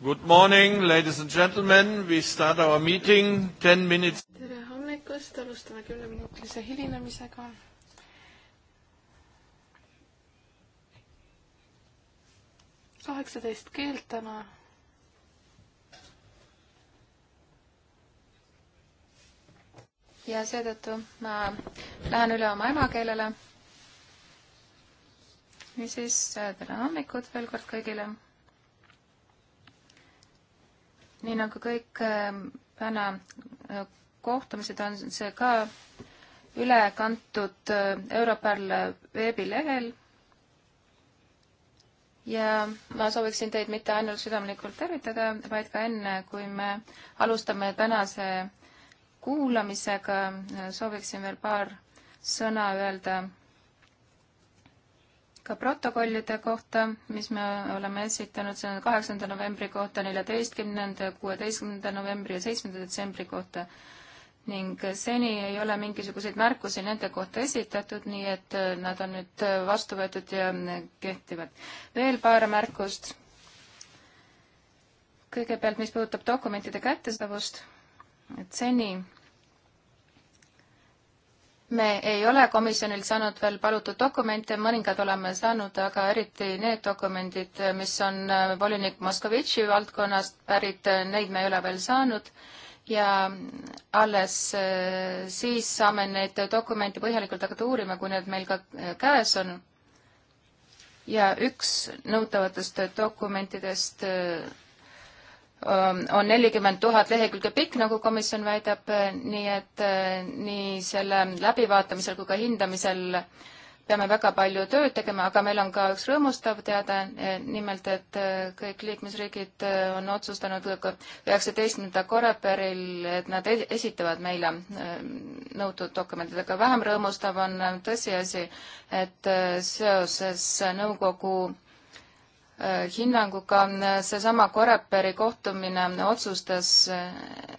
Good morning, ladies and gentlemen. We start our meeting 10 minutes. Tere hommikust! Alustame 10-minutilise hilinemisega. kaheksateist keelt täna. ja seetõttu ma lähen üle oma emakeelele. niisiis, tere hommikut veel kord kõigile nii nagu kõik ähm, täna äh, kohtumised on see ka üle kantud äh, Europarl veebilehel. ja ma sooviksin teid mitte ainult südamlikult tervitada, vaid ka enne, kui me alustame tänase kuulamisega, äh, sooviksin veel paar sõna öelda ka protokollide kohta, mis me oleme esitanud, see on kaheksanda novembri kohta, neljateistkümnenda, kuueteistkümnenda novembri ja seitsmenda detsembri kohta ning seni ei ole mingisuguseid märkusi nende kohta esitatud, nii et äh, nad on nüüd äh, vastu võetud ja äh, kehtivad. veel paar märkust. kõigepealt, mis puudutab dokumentide kättesaadavust, et seni me ei ole komisjonilt saanud veel palutud dokumente, mõningad oleme saanud, aga eriti need dokumendid, mis on äh, volinik Moskovitši valdkonnast pärit, äh, neid me ei ole veel saanud ja äh, alles siis saame neid dokumente põhjalikult hakata uurima, kui need meil ka käes on. ja üks nõutavatest dokumentidest on nelikümmend tuhat lehekülge pikk, nagu komisjon väidab, nii et nii selle läbivaatamisel kui ka hindamisel peame väga palju tööd tegema, aga meil on ka üks rõõmustav teade, nimelt et kõik liikmesriigid on otsustanud üheksateistkümnenda korraperil, et nad e-, esitavad meile nõutud dokumendid, aga vähem rõõmustav on tõsiasi, et seoses nõukogu hinnanguga seesama Koreperi kohtumine otsustas,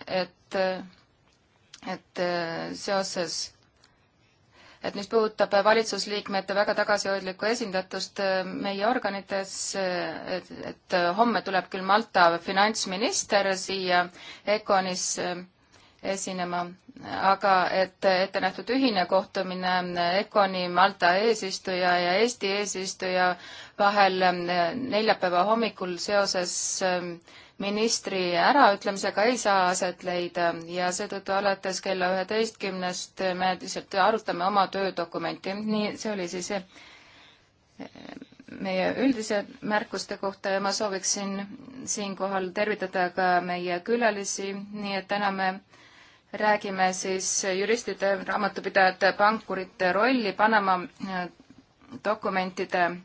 et, et seoses, et mis puudutab valitsusliikmete väga tagasihoidlikku esindatust meie organites, et, et homme tuleb küll Malta finantsminister siia EKONisse esinema, aga et ette nähtud ühine kohtumine ECONi Malta eesistuja ja Eesti eesistuja vahel neljapäeva hommikul seoses ähm, ministri äraütlemisega ei saa aset leida ja seetõttu alates kella üheteistkümnest me lihtsalt arutame oma töödokumenti, nii see oli siis äh, meie üldise märkuste kohta ja ma sooviksin siinkohal tervitada ka meie külalisi, nii et täname räägime siis juristide, raamatupidajate, pankurite rolli Panama äh, dokumentide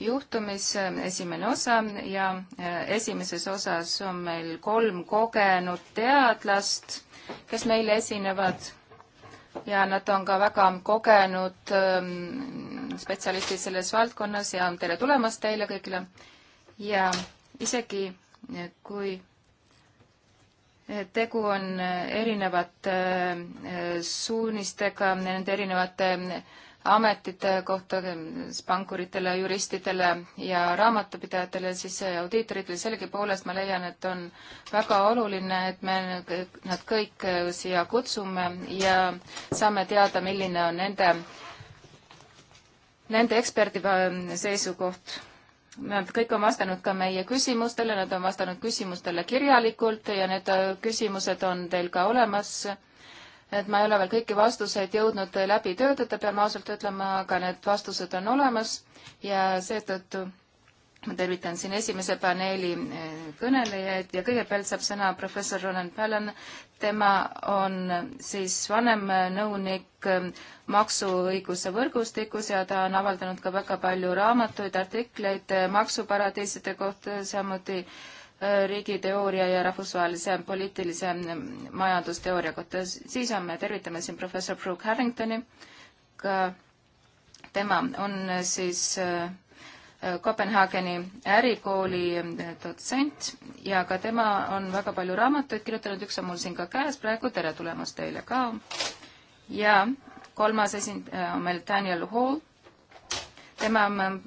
juhtumis äh, esimene osa ja äh, esimeses osas on meil kolm kogenud teadlast, kes meile esinevad ja nad on ka väga kogenud ähm, spetsialistid selles valdkonnas ja tere tulemast teile kõigile. ja isegi kui tegu on äh, erinevate äh, suunistega, nende erinevate äh, ametite kohta pankuritele, juristidele ja raamatupidajatele, siis audiitoritele, sellegipoolest ma leian, et on väga oluline, et me nad kõik siia kutsume ja saame teada, milline on nende, nende eksperdi seisukoht Nad kõik on vastanud ka meie küsimustele, nad on vastanud küsimustele kirjalikult ja need äh, küsimused on teil ka olemas. et ma ei ole veel kõiki vastuseid jõudnud läbi töötada, pean ausalt ütlema, aga need vastused on olemas ja seetõttu ma tervitan siin esimese paneeli eh, kõnelejaid ja kõigepealt saab sõna professor Roland Pallan. tema on siis vanemnõunik eh, maksuõiguse võrgustikus ja ta on avaldanud ka väga palju raamatuid, artikleid eh, maksuparadiiside kohta, samuti riigiteooria ja rahvusvahelise poliitilise mm, majandusteooria kohta. siis on, me tervitame siin professor Brooke Harringtoni, ka tema on siis äh, Kopenhaageni ärikooli eh, dotsent ja ka tema on väga palju raamatuid kirjutanud, üks on mul siin ka käes praegu, tere tulemast teile ka. ja kolmas esindaja eh, on meil Daniel Hall, tema on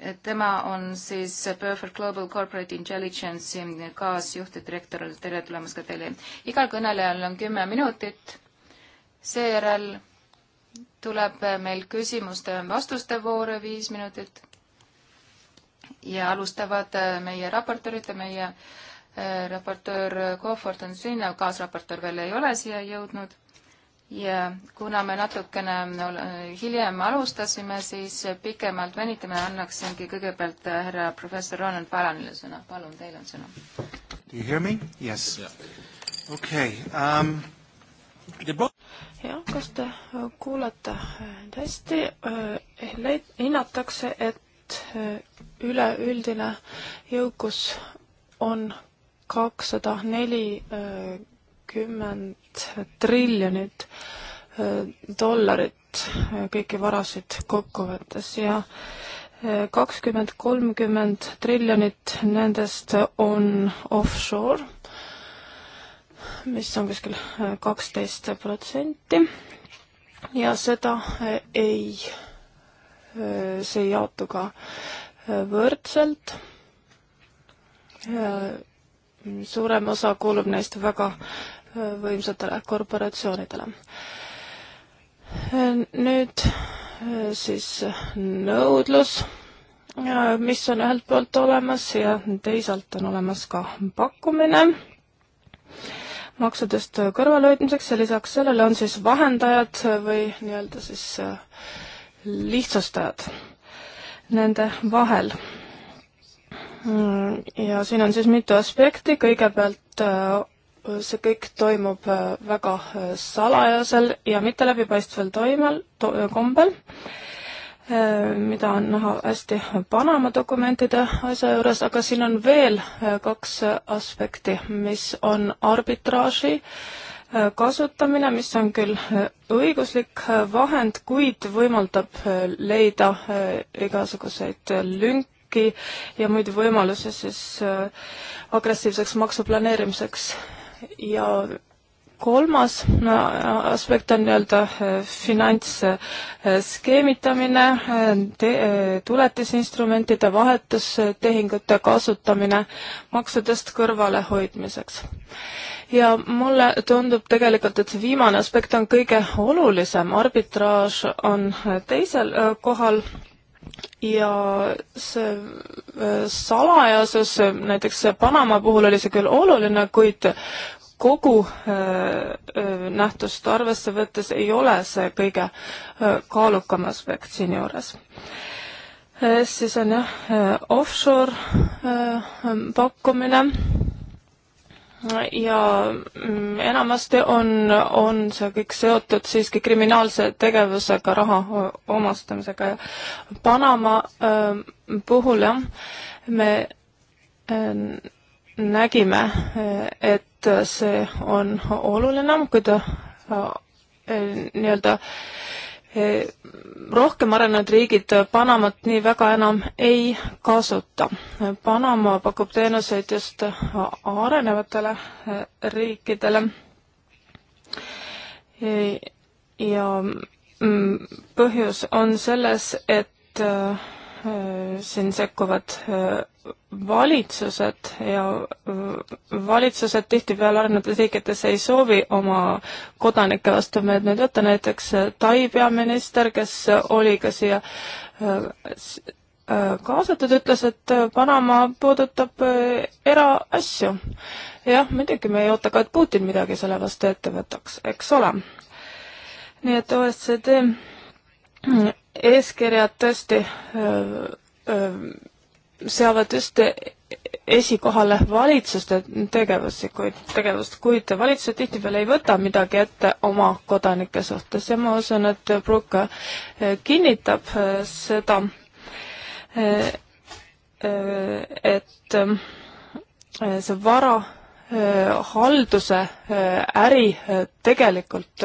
eh, tema on siis Perfect Global Corporate Intelligence'i kaasjuht ja direktor, tere tulemast ka teile. igal kõnelejal on kümme minutit, seejärel tuleb äh, meil küsimuste-vastuste voor viis minutit ja alustavad äh, meie raportöörid ja meie äh, raportöör Kohvort on siin, kaasraportöör veel ei ole siia jõudnud ja kuna me natukene hiljem alustasime, siis pikemalt venitame, annaksingi kõigepealt härra professor Ronald Palanile sõna. palun, teil on sõna. Do you hear me? Yes yeah.. Okay um,. The jah, kas te äh, kuulete äh, hästi, äh, eh, hinnatakse, et üleüldine jõukus on kakssada nelikümmend triljonit dollarit kõiki varasid kokkuvõttes ja kakskümmend, kolmkümmend triljonit nendest on offshore mis on kuskil äh, kaksteist protsenti ja seda äh, ei, äh, see ei jaotu ka võrdselt. suurem osa kuulub neist väga võimsatele korporatsioonidele. nüüd siis nõudlus, mis on ühelt poolt olemas ja teisalt on olemas ka pakkumine maksudest kõrvalehoidmiseks ja lisaks sellele on siis vahendajad või nii-öelda siis äh, lihtsustajad nende vahel. Mm, ja siin on siis mitu aspekti, kõigepealt äh, see kõik toimub äh, väga salajasel ja mitteläbipaistval toimel to,, kombel Äh, mida on näha hästi Panama dokumentide asja juures, aga siin on veel äh, kaks aspekti, mis on arbitraaži äh, kasutamine, mis on küll õiguslik vahend, kuid võimaldab leida igasuguseid lünki ja muid võimalusi siis agressiivseks maksuplaneerimiseks ja kolmas aspekt on nii-öelda äh, finantsskeemitamine, äh, äh, tuletisinstrumentide vahetustehingute kasutamine maksudest kõrvalehoidmiseks. ja mulle tundub tegelikult, et see viimane aspekt on kõige olulisem, arbitraaž on teisel kohal ja see salajasus, näiteks Panama puhul oli see küll oluline, kuid kogu äh, äh, nähtust arvesse võttes ei ole see kõige äh, kaalukam aspekt siinjuures. siis on jah, offshore pakkumine ja mm, enamasti on, on see kõik seotud siiski kriminaalse tegevusega, raha omastamisega ja Panama äh, puhul jah, me äh, nägime, et et äh, see on oluline, kui ta äh, äh, nii-öelda rohkem arenenud riigid Panamat nii väga enam ei kasuta. Panama pakub teenuseid just arenevatele riikidele ja mm, põhjus on selles, et Äh, siin sekkuvad äh, valitsused ja äh, valitsused tihtipeale arenevates riikides ei soovi oma kodanike vastu meetmeid võtta, näiteks Tai peaminister, kes oli ka siia kaasatud, ütles, et Panama puudutab eraasju. jah, muidugi me ei oota ka, et Putin midagi selle vastu ette võtaks, eks ole. nii et OSCD mm, eeskirjad tõesti öö, öö, seavad just esikohale valitsuste tegevusi, kuid, tegevust, kuid valitsused tihtipeale ei võta midagi ette oma kodanike suhtes ja ma usun, et Bruka kinnitab seda, et see vara Äh, halduse äh, äri äh, tegelikult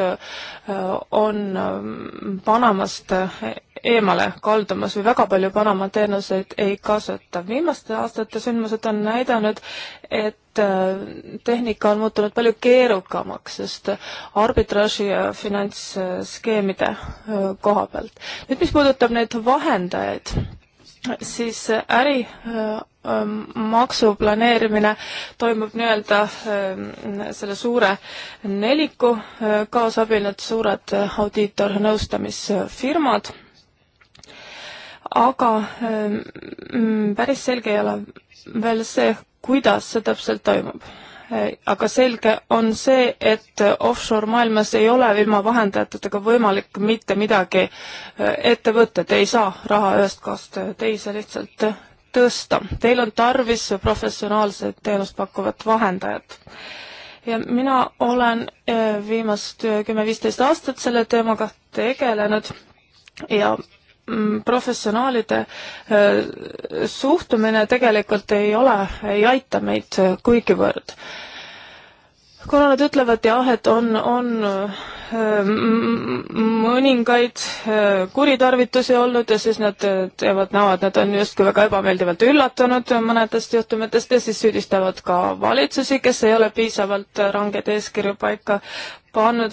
on ähm, Panamast eemale kaldumas või väga palju Panama teenuseid ei kasutata. viimaste aastate sündmused on näidanud, et tehnika on muutunud palju keerukamaks just arbitraaži ja finantsskeemide koha pealt. nüüd, mis puudutab neid vahendajaid, siis äri Ähm, maksuplaneerimine toimub nii-öelda ähm, selle suure neliku äh, kaasabil, need suured äh, audiitornõustamisfirmad, aga ähm, mm, päris selge ei ole veel see, kuidas see täpselt toimub. Äh, aga selge on see, et offshore maailmas ei ole ilma vahendajatega võimalik mitte midagi ette võtta, te ei saa raha ühest kohast teise lihtsalt tõsta. Teil on tarvis professionaalset teenust pakkuvat vahendajat. ja mina olen e, viimast e, kümme-viisteist aastat selle teemaga tegelenud ja mm, professionaalide e, suhtumine tegelikult ei ole, ei aita meid kuigivõrd kuna nad ütlevad jah, et on, on äh, mõningaid äh, kuritarvitusi olnud ja siis nad äh, teevad näo, et nad on justkui väga ebameeldivalt üllatunud mõnedest juhtumitest ja siis süüdistavad ka valitsusi, kes ei ole piisavalt rangeid eeskirju paika pannud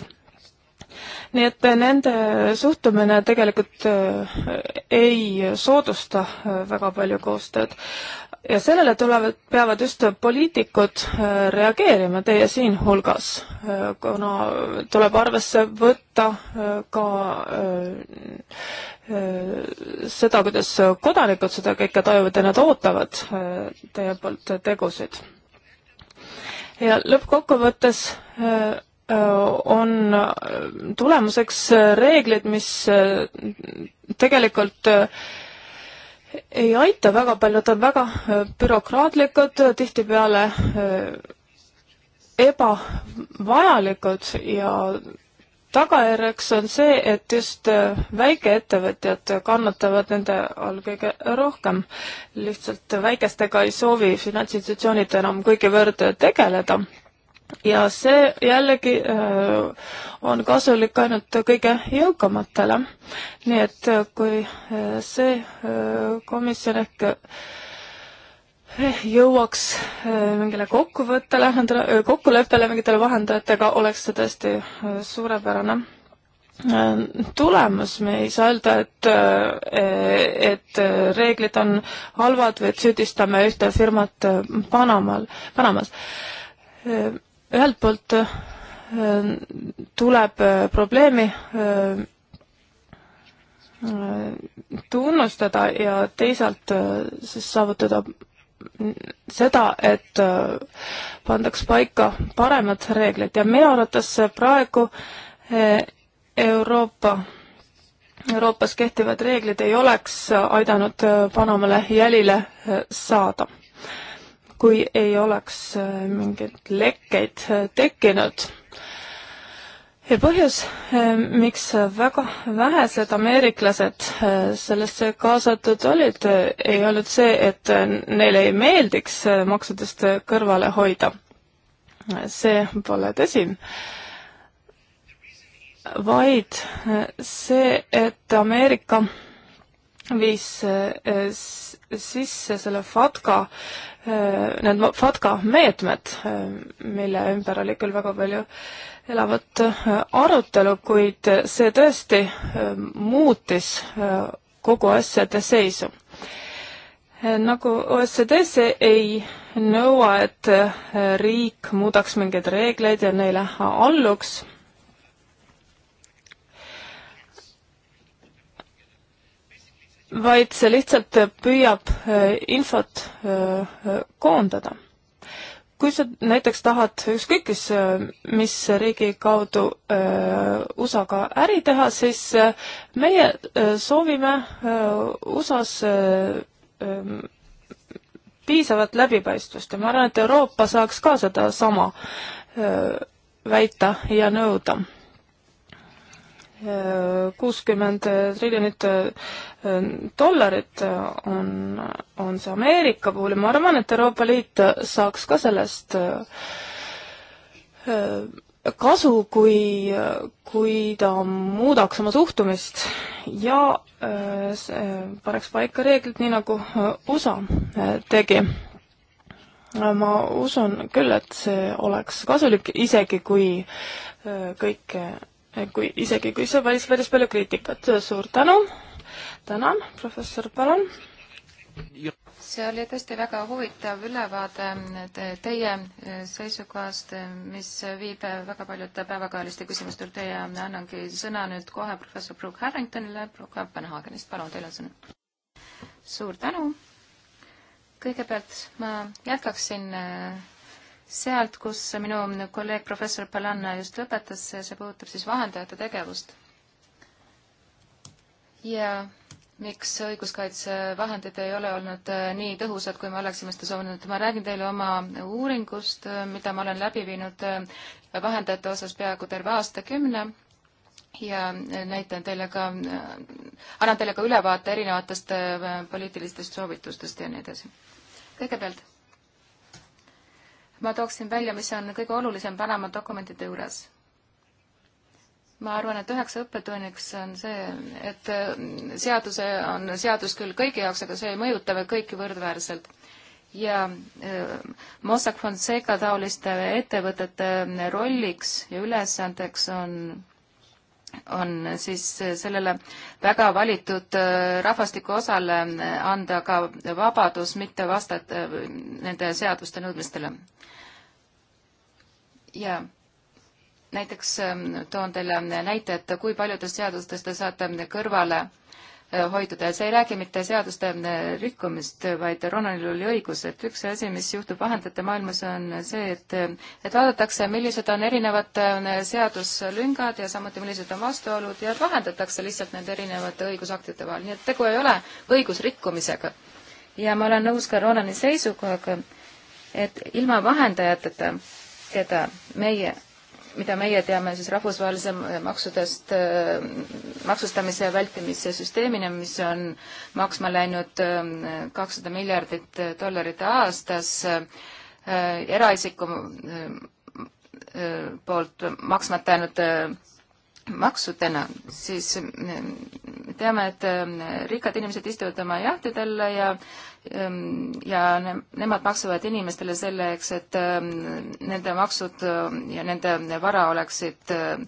nii et nende suhtumine tegelikult ei soodusta väga palju koostööd ja sellele tulevad, peavad just poliitikud äh, reageerima, teie siinhulgas, äh, kuna tuleb arvesse võtta äh, ka seda, kuidas kodanikud seda kõike tajuvad ja nad ootavad teie poolt tegusid. ja lõppkokkuvõttes on tulemuseks reeglid, mis tegelikult ei aita väga palju, nad on väga äh, bürokraatlikud, tihtipeale äh, ebavajalikud ja tagajärjeks on see, et just äh, väikeettevõtjad kannatavad nende all kõige rohkem. lihtsalt väikestega ei soovi finantsinstitutsioonid enam kuigivõrd tegeleda ja see jällegi äh, on kasulik ainult kõige jõukamatele. nii et äh, kui äh, see komisjon ehk jõuaks mingile kokkuvõttele, nendele kokkuleppele mingitele vahendajatega, oleks see tõesti suurepärane tulemus, me ei saa öelda, et, et reeglid on halvad või et süüdistame ühte firmat Panamal, Panamas ühelt poolt äh, tuleb äh, probleemi äh, tunnustada ja teisalt siis saavutada seda, et pandaks paika paremad reeglid ja minu arvates praegu Euroopa, Euroopas kehtivad reeglid ei oleks aidanud Panamale jälile saada kui ei oleks äh, mingeid lekkeid äh, tekkinud. ja põhjus, äh, miks väga vähesed ameeriklased sellesse kaasatud olid, ei olnud see, et neile ei meeldiks maksudest kõrvale hoida. see pole tõsi vaid see, et Ameerika viis sisse selle FATCA Äh, need FATKA meetmed, äh, mille ümber oli küll väga palju elavat äh, arutelu, kuid see tõesti muutis kogu asjade seisu. nagu OECD-s ei nõua, et riik muudaks mingeid reegleid ja neile alluks vaid see lihtsalt püüab äh, infot äh, äh, koondada. kui sa näiteks tahad ükskõik mis, mis riigi kaudu USA-ga äri teha, siis meie soovime USA-s piisavat läbipaistvust ja ma arvan, et Euroopa saaks ka sedasama väita ja nõuda kuuskümmend triljonit äh, dollarit on, on see Ameerika puhul ja ma arvan, et Euroopa Liit saaks ka sellest äh, kasu, kui, kui ta muudaks oma suhtumist ja äh, paneks paika reeglid, nii nagu USA tegi ma usun küll, et see oleks kasulik, isegi kui kõik kui, isegi kui see valis päris palju kriitikat. suur tänu, tänan, professor Palan. see oli tõesti väga huvitav ülevaade teie seisukohast, mis viib väga paljude päevakajaliste küsimuste juurde ja annangi sõna nüüd kohe professor Brooke Harringtonile, Brooke Kopenhaagenist, palun, teil on sõna. suur tänu kõigepealt ma jätkaksin sealt, kus minu kolleeg professor Palanna just lõpetas, see puudutab siis vahendajate tegevust. ja miks õiguskaitsevahendid ei ole olnud äh, nii tõhusad, kui me oleksime seda soovinud. ma räägin teile oma uuringust, äh, mida ma olen läbi viinud äh, vahendajate osas peaaegu terve aastakümne ja näitan teile ka, annan teile ka ülevaate erinevatest poliitilistest soovitustest ja nii edasi. kõigepealt ma tooksin välja, mis on kõige olulisem Panama dokumentide juures. ma arvan, et üheks õppetunniks on see, et äh, seaduse, on seadus küll kõigi jaoks, aga see ei mõjuta veel kõiki võrdväärselt. ja äh, Mossack Fonseca taoliste ettevõtete äh, rolliks ja ülesandeks on on siis sellele väga valitud äh, rahvastiku osale äh, anda ka vabadus mitte vastata äh, nende seaduste nõudmistele. ja näiteks ähm, toon teile näite, et kui paljudest seadustest te saate kõrvale äh, hoiduda ja see ei räägi mitte seaduste äh, rikkumist, vaid Ronanil oli õigus, et üks asi, mis juhtub vahendajate maailmas, on see, et et vaadatakse, millised on erinevad äh, seaduslüngad ja samuti, millised on vastuolud ja vahendatakse lihtsalt nende erinevate õigusaktide vahel, nii et tegu ei ole õigusrikkumisega. ja ma olen nõus ka Ronani seisukohaga, et ilma vahendajateta, keda meie mida meie teame siis rahvusvahelise maksudest, äh, maksustamise vältimise süsteemina, mis on maksma läinud äh, kakssada miljardit äh, dollarit aastas eraisiku poolt maksmata jäänud maksudena, siis me teame, et ähm, rikkad inimesed istuvad oma jahtidel ja ähm, ja ne, nemad maksavad inimestele selleks, et ähm, nende maksud ja nende vara oleksid äh,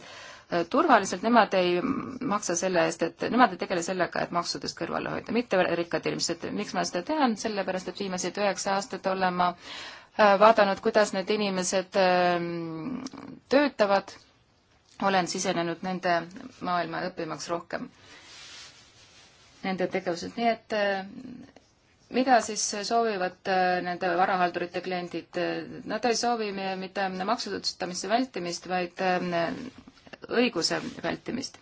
turvaliselt, nemad ei maksa selle eest, et nemad ei tegele sellega, et maksudest kõrvale hoida, mitte rikkad inimesed. miks ma seda tean, sellepärast et viimased üheksa aastat olen ma äh, vaadanud, kuidas need inimesed töötavad olen sisenenud nende maailma õppimaks rohkem nende tegevused, nii et äh, mida siis soovivad äh, nende varahaldurite kliendid? Nad ei soovi mitte maksustamise vältimist, vaid äh, õiguse vältimist.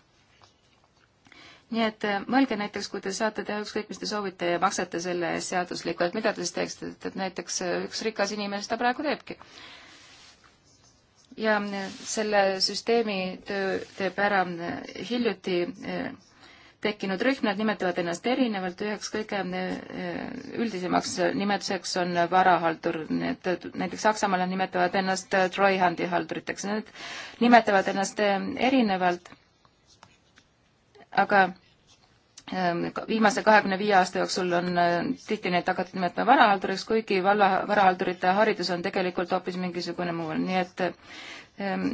nii et mõelge näiteks, kui te saate teha ükskõik, mis te soovite ja maksate selle eest seaduslikult, mida te siis teeksite, et näiteks üks rikas inimene seda praegu teebki ja e, selle süsteemi töö teeb ära e, hiljuti e, tekkinud rühm, nad nimetavad ennast erinevalt, üheks kõige üldisemaks nimetuseks on varahaldur, nii et näiteks Saksamaal nimetavad ennast Treuhandi halduriteks, need nimetavad ennast erinevalt, aga Ehm, viimase kahekümne viie aasta jooksul on äh, tihti neid hakatud nimetama varahalduriks, kuigi valla varahaldurite haridus on tegelikult hoopis mingisugune muu, nii et ehm,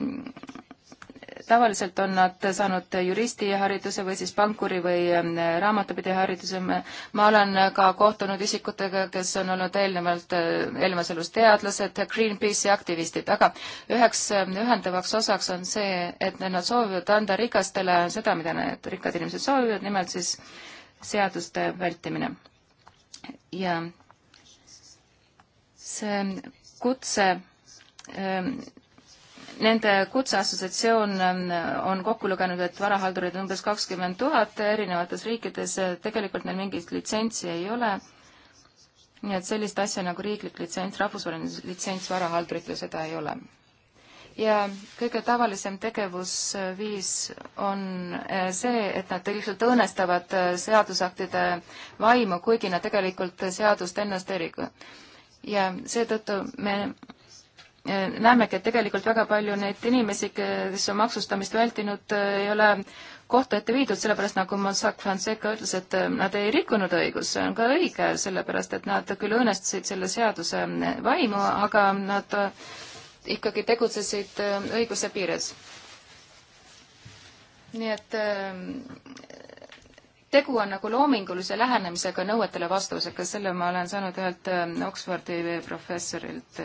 tavaliselt on nad saanud juristihariduse või siis pankuri või ähm, raamatupidajahariduse. ma olen ka kohtunud isikutega, kes on olnud eelnevalt, äh, eelnevas elus teadlased, Greenpeace'i aktivistid, aga üheks ähm, ühendavaks osaks on see, et nad soovivad anda rikastele seda, mida need rikkad inimesed soovivad, nimelt siis seaduste vältimine. ja see kutse ähm, Nende kutseassotsiatsioon ähm, on kokku lugenud, et varahaldureid on umbes kakskümmend tuhat erinevates riikides, tegelikult neil mingit litsentsi ei ole. nii et sellist asja nagu riiklik litsents, rahvusvaheline litsents varahalduritel seda ei ole. ja kõige tavalisem tegevusviis on äh, see, et nad tegelikult õõnestavad äh, seadusaktide vaimu, kuigi nad tegelikult seadust ennast ei riku. ja seetõttu me näemegi, et tegelikult väga palju neid inimesi, kes on maksustamist vältinud, ei ole kohtu ette viidud, sellepärast nagu Mossack Fonseca ütles, et nad ei rikkunud õigust, see on ka õige, sellepärast et nad küll õõnestasid selle seaduse vaimu, aga nad ikkagi tegutsesid õiguse piires. nii et ehm, tegu on nagu loomingulise lähenemisega nõuetele vastavusega, selle ma olen saanud ühelt ehm, Oxfordi professorilt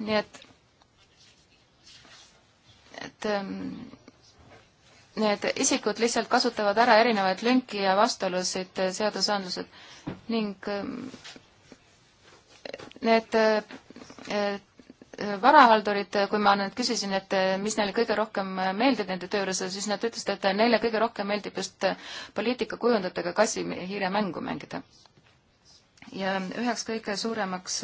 nii et, et ähm, need isikud lihtsalt kasutavad ära erinevaid lünki ja vastuolusid äh, seadusandlused ning ähm, need äh, äh, varahaldurid, kui ma nüüd küsisin, et mis neile kõige rohkem meeldib nende töö juures, siis nad ütlesid, et neile kõige rohkem meeldib just poliitikakujundajatega kassi-hiire mängu mängida. ja üheks kõige suuremaks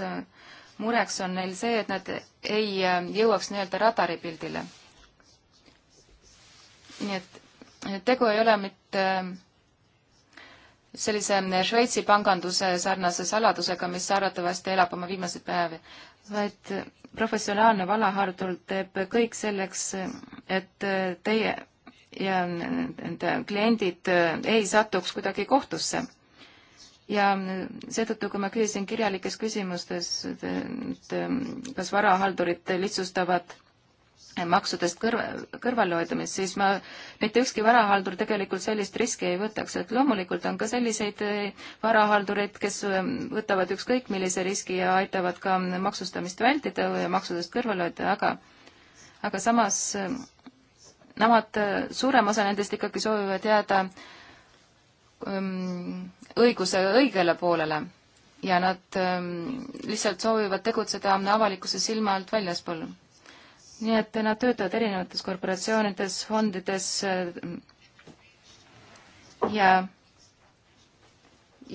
mureks on neil see, et nad ei äh, jõuaks nii-öelda radaripildile. nii et tegu ei ole mitte äh, sellise äh, Šveitsi panganduse sarnase saladusega, mis arvatavasti elab oma viimaseid päevi, vaid professionaalne valahardul teeb kõik selleks, et teie ja nende kliendid ei satuks kuidagi kohtusse ja seetõttu, kui ma küsisin kirjalikes küsimustes, et kas varahaldurid lihtsustavad maksudest kõrv-, kõrvalhoidumist, siis ma, mitte ükski varahaldur tegelikult sellist riski ei võtaks, et loomulikult on ka selliseid eh, varahaldureid, kes eh, võtavad ükskõik millise riski ja aitavad ka maksustamist vältida ja maksudest kõrvale hoida, aga aga samas eh, nemad, suurem osa nendest ikkagi soovivad jääda äh, Ähm, õiguse õigele poolele ja nad ähm, lihtsalt soovivad tegutseda avalikkuse silma alt väljaspool. nii et nad töötavad erinevates korporatsioonides, fondides äh, ja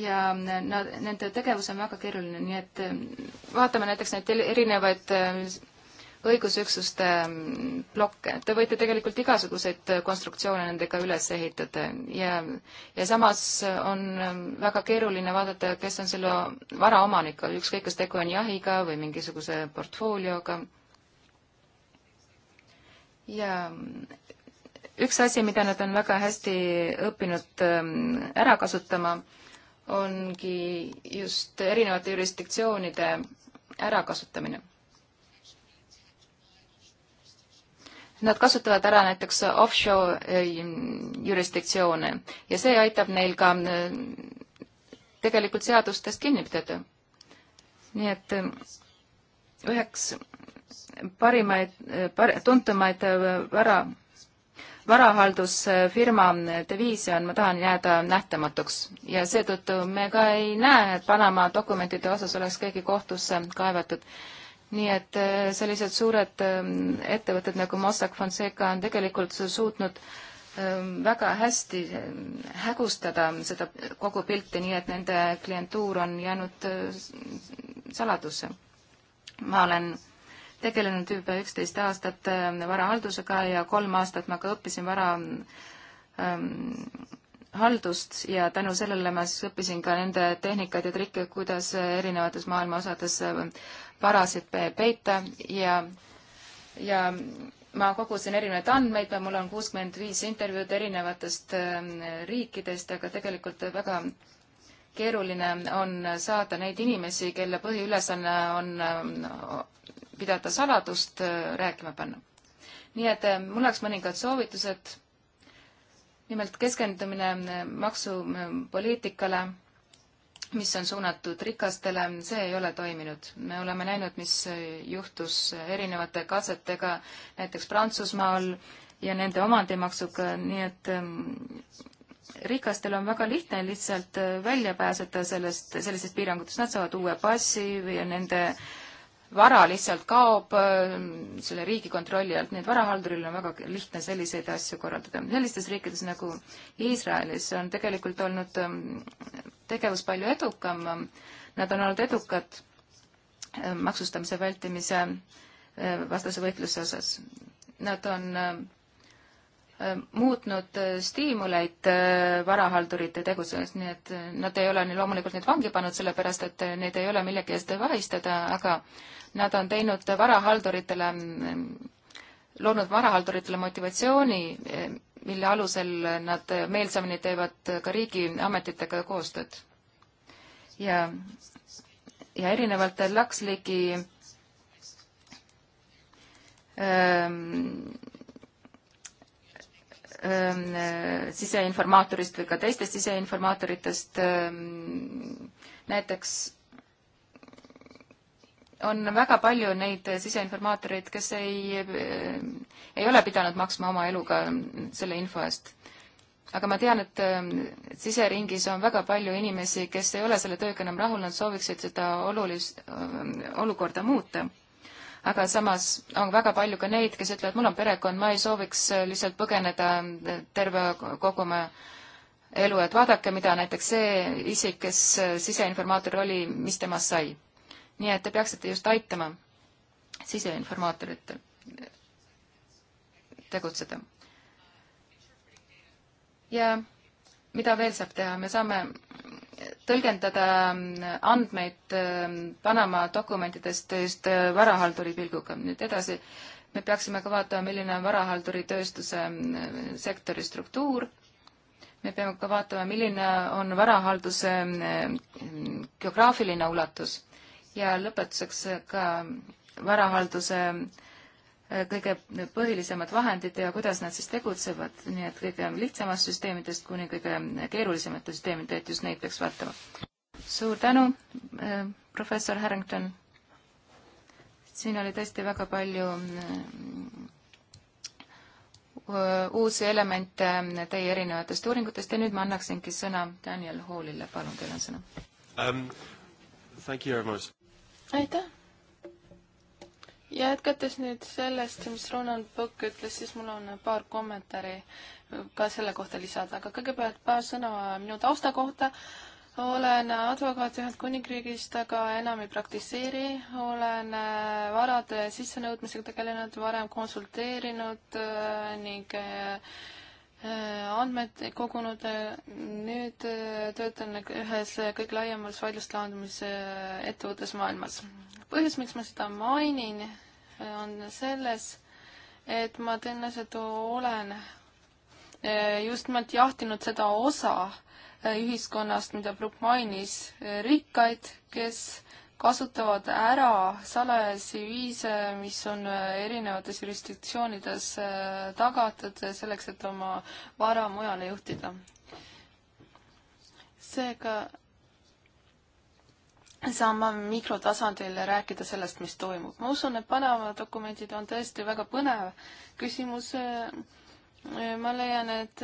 ja nad, nende tegevus on väga keeruline, nii et äh, vaatame näiteks neid erinevaid äh, õigusüksuste blokke. Mm, Te võite tegelikult igasuguseid konstruktsioone nendega üles ehitada ja, ja samas on mm, väga keeruline vaadata, kes on selle vara omanik, ükskõik kas tegu on jahiga või mingisuguse portfoolioga. ja mm, üks asi, mida nad on väga hästi õppinud ära kasutama, ongi just erinevate jurisdiktsioonide ärakasutamine Nad kasutavad ära näiteks offshore eh, jurisdiktsioone ja see aitab neil ka eh, tegelikult seadustest kinni pidada. nii et eh, üheks parimaid par,, tuntumaid vara, varahaldusfirma diviision, ma tahan jääda nähtamatuks ja seetõttu me ka ei näe, et Panama dokumentide osas oleks keegi kohtusse kaevatud nii et äh, sellised suured ähm, ettevõtted nagu Mossack Fonseca on tegelikult suutnud ähm, väga hästi äh, hägustada seda kogu pilti, nii et nende klientuur on jäänud äh, saladusse. ma olen tegelenud juba üksteist aastat ähm, varahaldusega ja kolm aastat ma ka õppisin vara ähm, haldust ja tänu sellele ma siis õppisin ka nende tehnikaid ja trikke, kuidas erinevates maailma osades varasid peita ja, ja ma kogusin erinevaid andmeid, mul on kuuskümmend viis intervjuud erinevatest ähm, riikidest, aga tegelikult väga keeruline on saada neid inimesi, kelle põhiülesanne on ähm, pidada saladust, äh, rääkima panna. nii et äh, mul oleks mõningad soovitused nimelt keskendumine eh, maksupoliitikale, mis on suunatud rikastele, see ei ole toiminud. me oleme näinud, mis eh, juhtus erinevate katsetega näiteks Prantsusmaal ja nende omandimaksuga, nii et eh, rikastel on väga lihtne lihtsalt välja pääseda sellest, sellistest piirangutest, nad saavad uue passi või nende äh, vara lihtsalt kaob ähm, selle riigi kontrolli alt, nii et varahalduril on väga lihtne selliseid asju korraldada. sellistes riikides nagu Iisraelis on tegelikult olnud ähm, tegevus palju edukam, nad on olnud edukad ähm, maksustamise vältimise äh, vastase võitluse osas. Nad on äh, muutnud äh, stiimuleid varahaldurite tegutsemiseks, nii et nad ei ole nii loomulikult neid vangi pannud, sellepärast et neid ei ole millegi eest vahistada, aga Nad on teinud varahalduritele, loonud varahalduritele motivatsiooni, mille alusel nad meelsamini teevad ka riigiametitega koostööd. ja, ja erinevalt Laksligi ähm, ähm, siseinformaatorist või ka teistest siseinformaatoritest. Ähm, näiteks on väga palju neid siseinformaatoreid, kes ei, eh, ei ole pidanud maksma oma eluga selle info eest. aga ma tean, et eh, siseringis on väga palju inimesi, kes ei ole selle tööga enam rahul, nad sooviksid seda olulist, eh, olukorda muuta. aga samas on väga palju ka neid, kes ütlevad, mul on perekond, ma ei sooviks lihtsalt põgeneda terve kogu oma elu, et vaadake, mida näiteks see isik, kes siseinformaator oli, mis temast sai nii et te peaksite just aitama siseinformaatoritel tegutseda. ja mida veel saab teha, me saame tõlgendada andmeid Panama dokumentidest just varahalduri pilguga. nüüd edasi, me peaksime ka vaatama, milline on varahalduri tööstuse sektori struktuur, me peame ka vaatama, milline on varahalduse geograafiline ulatus ja lõpetuseks ka varahalduse äh, kõige põhilisemad vahendid ja kuidas nad siis tegutsevad, nii et kõige lihtsamast süsteemidest kuni kõige keerulisemate süsteemide, et just neid peaks vaatama. suur tänu, äh, professor Harrington. siin oli tõesti väga palju äh, uusi elemente teie erinevatest uuringutest ja nüüd ma annaksingi sõna Daniel Hallile, palun, teil on sõna um,. Thank you very much aitäh! jätkates nüüd sellest, mis Ronald Book ütles, siis mul on paar kommentaari ka selle kohta lisada, aga kõigepealt paar sõna minu tausta kohta. olen advokaat Ühendkuningriigist, aga enam ei praktiseeri, olen äh, varade sissenõudmisega tegelenud, varem konsulteerinud äh, ning äh, Äh, andmed kogunud, äh, nüüd äh, töötan ühes kõige laiemas vaidluste lahendamise ettevõttes maailmas. põhjus, miks ma seda mainin, on selles, et ma tõenäoliselt olen just nimelt jahtinud seda osa ühiskonnast, mida Brooke mainis, rikkaid, kes kasutavad ära salajasi viise, mis on äh, erinevates jurisdiktsioonides äh, tagatud selleks, et oma vara mujale juhtida. seega saame mikrotasandil rääkida sellest, mis toimub. ma usun, et Panama dokumendid on tõesti väga põnev küsimus äh, ma leian, et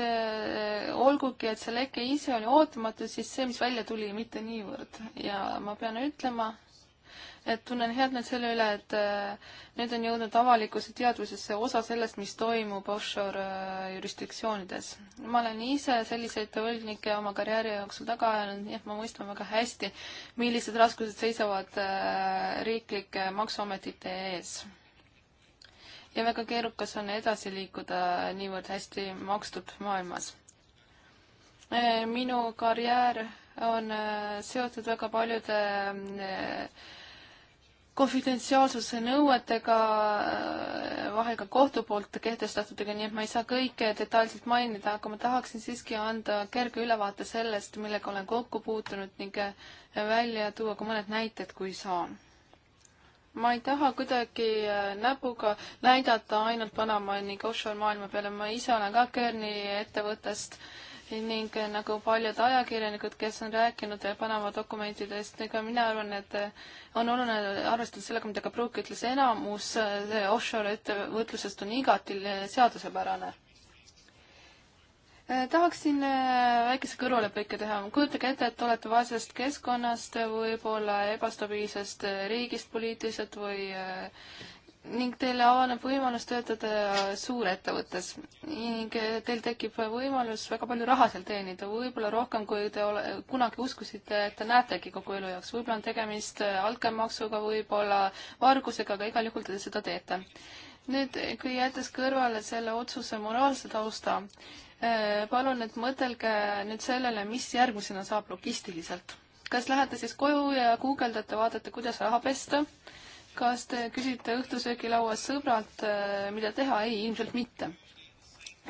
olgugi, et see leke ise oli ootamatu, siis see, mis välja tuli, mitte niivõrd ja ma pean ütlema, et tunnen head meelt selle üle, et äh, nüüd on jõudnud avalikkuse teadvusesse osa sellest, mis toimub offshore äh, jurisdiktsioonides. ma olen ise selliseid võlgnikke oma karjääri jooksul taga ajanud, nii et ma mõistan väga hästi, millised raskused seisavad äh, riiklike maksuametite ees. ja väga keerukas on edasi liikuda niivõrd hästi makstud maailmas. minu karjäär on seotud väga paljude konfidentsiaalsuse nõuetega, äh, vahel ka kohtu poolt kehtestatudega, nii et ma ei saa kõike detailselt mainida, aga ma tahaksin siiski anda kerge ülevaate sellest, millega olen kokku puutunud ning äh, välja tuua ka mõned näited, kui saan. ma ei taha kuidagi äh, näpuga näidata ainult Panama ning offshore maailma peale, ma ise olen ka Kerni ettevõttest äh, ning nagu paljud ajakirjanikud, kes on rääkinud Panama dokumentidest, ega mina arvan, et on oluline arvestada sellega, mida ka Pruuk ütles, enamus eh, offshore ettevõtlusest on igati eh, seadusepärane. Eh, tahaksin väikese kõrvalepõike teha, kujutage ette, et olete vaesest keskkonnast, võib-olla ebastabiilsest riigist poliitiliselt või äh, ning teile avaneb võimalus töötada suurettevõttes ning teil tekib võimalus väga palju raha seal teenida, võib-olla rohkem, kui te ole, kunagi uskusite, et te näetegi kogu elu jaoks. võib-olla on tegemist altkäemaksuga, võib-olla vargusega, aga igal juhul te seda teete. nüüd, kui jättes kõrvale selle otsuse moraalse tausta, eh, palun nüüd mõtelge nüüd sellele, mis järgmisena saab logistiliselt. kas lähete siis koju ja guugeldate, vaatate, kuidas raha pesta? kas te küsite õhtusöögilauas sõbralt, äh, mida teha? ei, ilmselt mitte.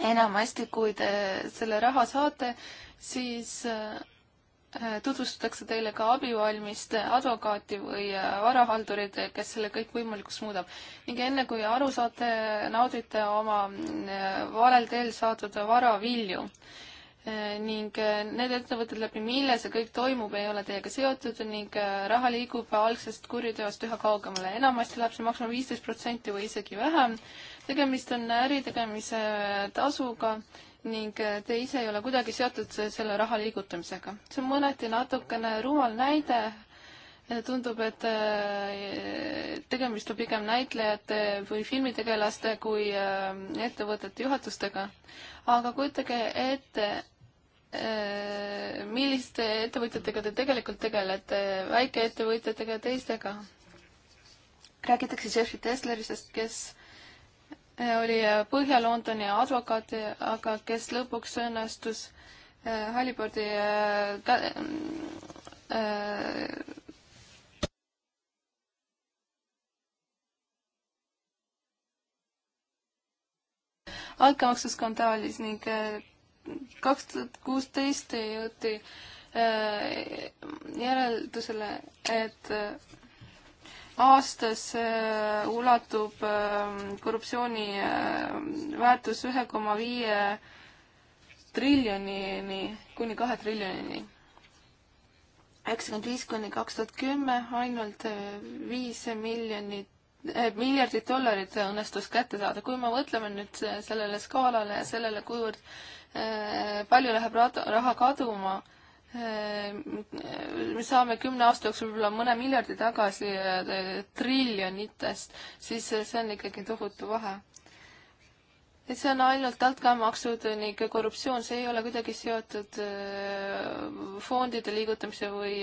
enamasti, kui te selle raha saate, siis äh, äh, tutvustatakse teile ka abivalmist advokaati või varahaldurid, kes selle kõik võimalikuks muudab. ning enne, kui aru saate, naudite oma valel teel saadud vara vilju. Äh, ning äh, need ettevõtted läbi, mille see kõik toimub, ei ole teiega seotud ning äh, raha liigub algsest kuriteost üha kaugemale. enamasti läheb see maksma viisteist protsenti või isegi vähem. tegemist on äritegemise tasuga ning te ise ei ole kuidagi seotud selle raha liigutamisega. see on mõneti natukene rumal näide. tundub, et tegemist on pigem näitlejate või filmitegelaste kui ettevõtete juhatustega. aga kujutage ette, Äh, milliste ettevõtjatega te tegelikult tegelete, väikeettevõtjatega ja teistega? räägitakse Jeffrey Teslerist, kes äh, oli äh, Põhja-Londoni advokaat, aga kes lõpuks õnnestus Halliburdi äh, äh, altkäemaksuskandaalis ning kaks tuhat kuusteist jõuti äh, järeldusele, et äh, aastas äh, ulatub korruptsiooni väärtus ühe koma viie triljonini, kuni kahe triljonini. üheksakümmend viis kuni kaks tuhat kümme ainult viis miljonit miljardit dollarit õnnestus kätte saada. kui me mõtleme nüüd sellele skaalale ja sellele, kuivõrd eh, palju läheb raha kaduma, eh, me saame kümne aasta jooksul võib-olla mõne miljardi tagasi eh, triljonitest, siis see on ikkagi tohutu vahe. et see on ainult altkäemaksud ning korruptsioon, see ei ole kuidagi seotud fondide liigutamise või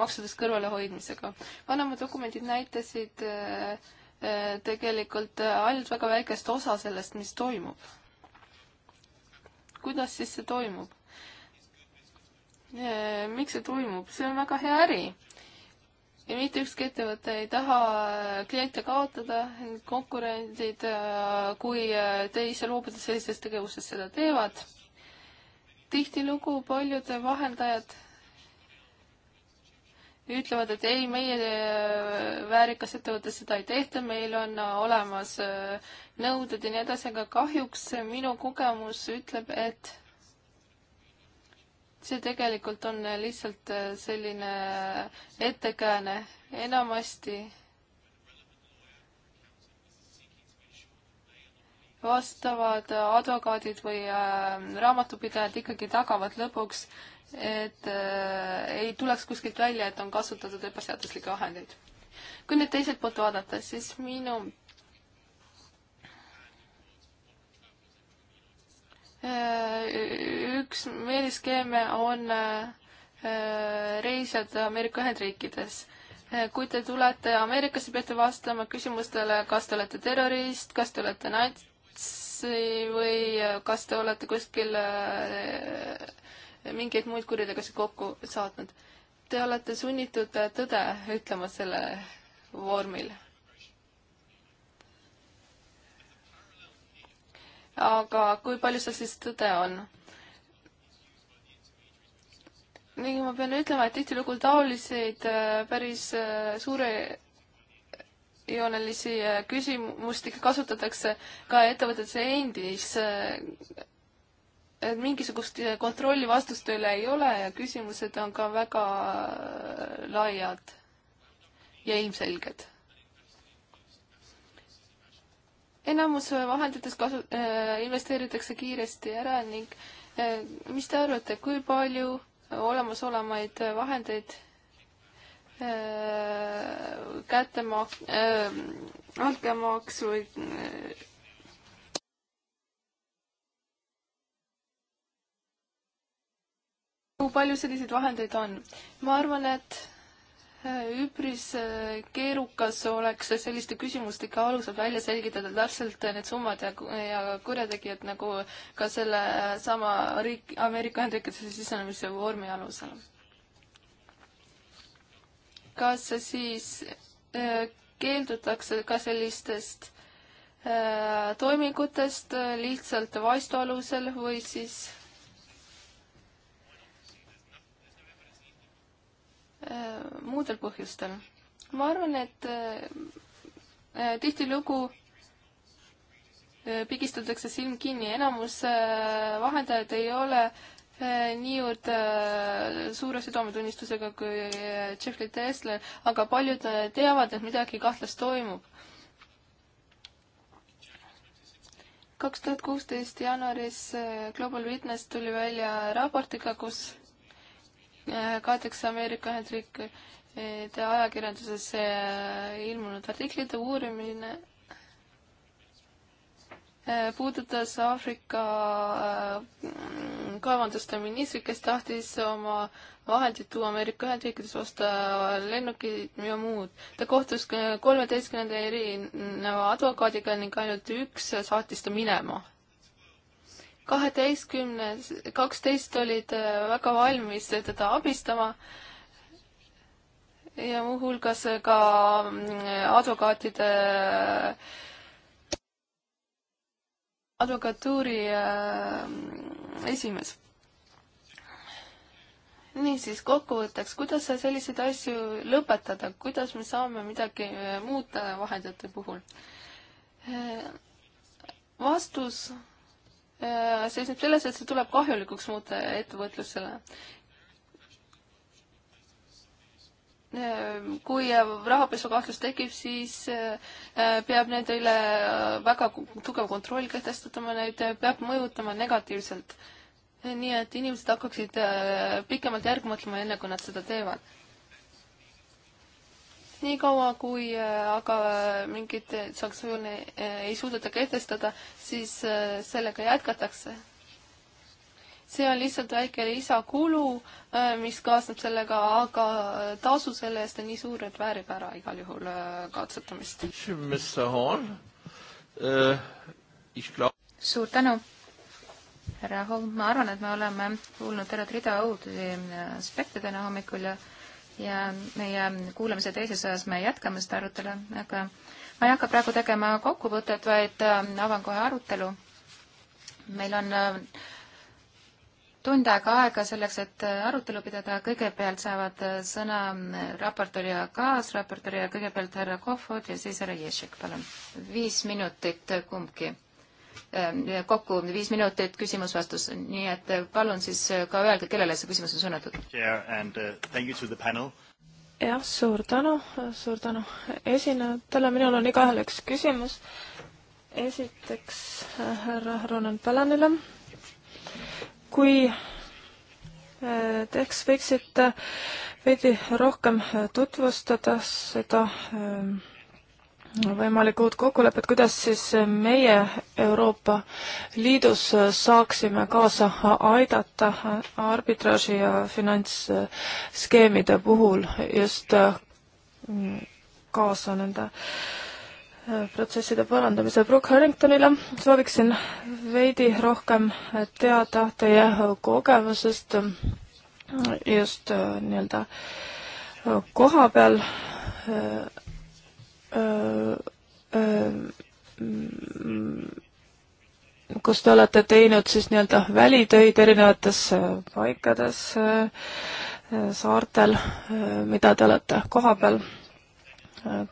maksudest kõrvalehoidmisega. Panama dokumendid näitasid äh, Äh, tegelikult äh, ainult väga väikest osa sellest, mis toimub. kuidas siis see toimub? Äh, miks see toimub? see on väga hea äri. ja mitte ükski ettevõte ei taha kliente kaotada, konkurendid, kui teise loobuda sellisest tegevusest, seda teevad. tihtilugu paljud vahendajad ütlevad, et ei, meie äh, väärikas ettevõttes seda ei tehta, meil on äh, olemas äh, nõuded ja nii edasi, aga kahjuks minu kogemus ütleb, et see tegelikult on lihtsalt selline ettekääne. enamasti vastavad advokaadid või äh, raamatupidajad ikkagi tagavad lõpuks, et äh, ei tuleks kuskilt välja, et on kasutatud ebaseaduslikke vahendeid. kui nüüd teiselt poolt vaadata, siis minu äh, üks meeliskeeme on reisijad Ameerika Ühendriikides kui te tulete Ameerikasse, peate vastama küsimustele, kas te olete terrorist, kas te olete nats-, või kas te olete kuskil äh, mingeid muid kuritegusid kokku saatnud. Te olete sunnitud äh, tõde ütlema selle vormil. aga kui palju seal siis tõde on? ning ma pean ütlema, et tihtilugu taoliseid äh, päris suure joonelisi küsimustikke kasutatakse ka ettevõtetes endis. et mingisugust kontrolli vastuste üle ei ole ja küsimused on ka väga laiad ja ilmselged. enamus vahenditest kasu- äh,, investeeritakse kiiresti ära ning äh, mis te arvate, kui palju olemasolevaid vahendeid Äh, kättemak-, äh, altkäemaksu äh. kui palju selliseid vahendeid on? ma arvan, et üpris keerukas oleks selliste küsimustike alusel välja selgitada täpselt need summad ja, ja kurjategijad nagu ka selle sama riik, Ameerika Ühendriikide sisenemise vormi alusel kas siis äh, keeldutakse ka sellistest äh, toimingutest äh, lihtsalt vaistu alusel või siis muudel põhjustel. ma arvan, et tihtilugu pigistatakse silm kinni, enamus vahendajaid ei ole Eh, niivõrd eh, suure südametunnistusega kui eh, Jeffrey Tesler, aga paljud teavad, et midagi kahtlast toimub. kaks tuhat kuusteist jaanuaris Global Witness tuli välja raportiga, kus kaetakse Ameerika Ühendriikide ajakirjanduses ilmunud artiklite uurimine Äh, puudutas Aafrika äh, kaevanduste ministrit, kes tahtis oma vahendid tuua Ameerika Ühendriikides osta lennukid ja muud. ta kohtus kolmeteistkümnenda erineva advokaadiga ning ainult üks saatis ta minema. kaheteistkümnes, kaksteist olid äh, väga valmis teda abistama ja muuhulgas ka mm, advokaatide äh, advokatuuri äh, esimees. niisiis, kokkuvõtteks, kuidas selliseid asju lõpetada, kuidas me saame midagi äh, muuta vahendajate puhul? Äh, vastus seisneb selles, et see tuleb kahjulikuks muuta ettevõtlusele. kui rahapesukahtlus tekib, siis äh, peab nende üle äh, väga tugev kontroll kehtestatama, neid äh, peab mõjutama negatiivselt. nii et inimesed hakkaksid pikemalt järgi mõtlema, enne kui nad seda teevad. niikaua, kui aga mingit sanktsiooni ei suudeta kehtestada, siis sellega jätkatakse see on lihtsalt väike lisakulu, äh, mis kaasneb sellega, aga äh, tasu selle eest on nii suur, et väärib ära igal juhul äh, katsetamist. suur tänu, härra Holm, ma arvan, et me oleme kuulnud tervet rida õudusi aspekte täna hommikul ja ja meie kuulamise teises ojas me jätkame seda arutelu, aga ma ei hakka praegu tegema kokkuvõtet, vaid avan kohe arutelu. meil on äh, tund aega aega selleks, et äh, arutelu pidada, kõigepealt saavad äh, sõna äh, raportöör ja kaasraportöör ja kõigepealt härra Kohvod ja siis härra Ježek, palun. viis minutit kumbki. Ähm, kokku viis minutit küsimus-vastus, nii et palun siis ka öelge, kellele see küsimus on suunatud. Uh, jah, suur tänu, suur tänu esinejatele, minul on igaühel üks küsimus. esiteks härra Ronan Palanile kui äh, te eks võiksite äh, veidi rohkem äh, tutvustada seda võimalikku uut kokkulepet, kuidas siis meie Euroopa Liidus saaksime kaasa aidata arbitraaži ja finantsskeemide puhul just kaasa nende äh, protsesside parandamisel. Brooke Harringtonile sooviksin veidi rohkem teada teie kogemusest just äh, nii-öelda äh, koha peal äh, mm, kus te olete teinud siis nii-öelda välitöid erinevates paikades, saartel, mida te olete koha peal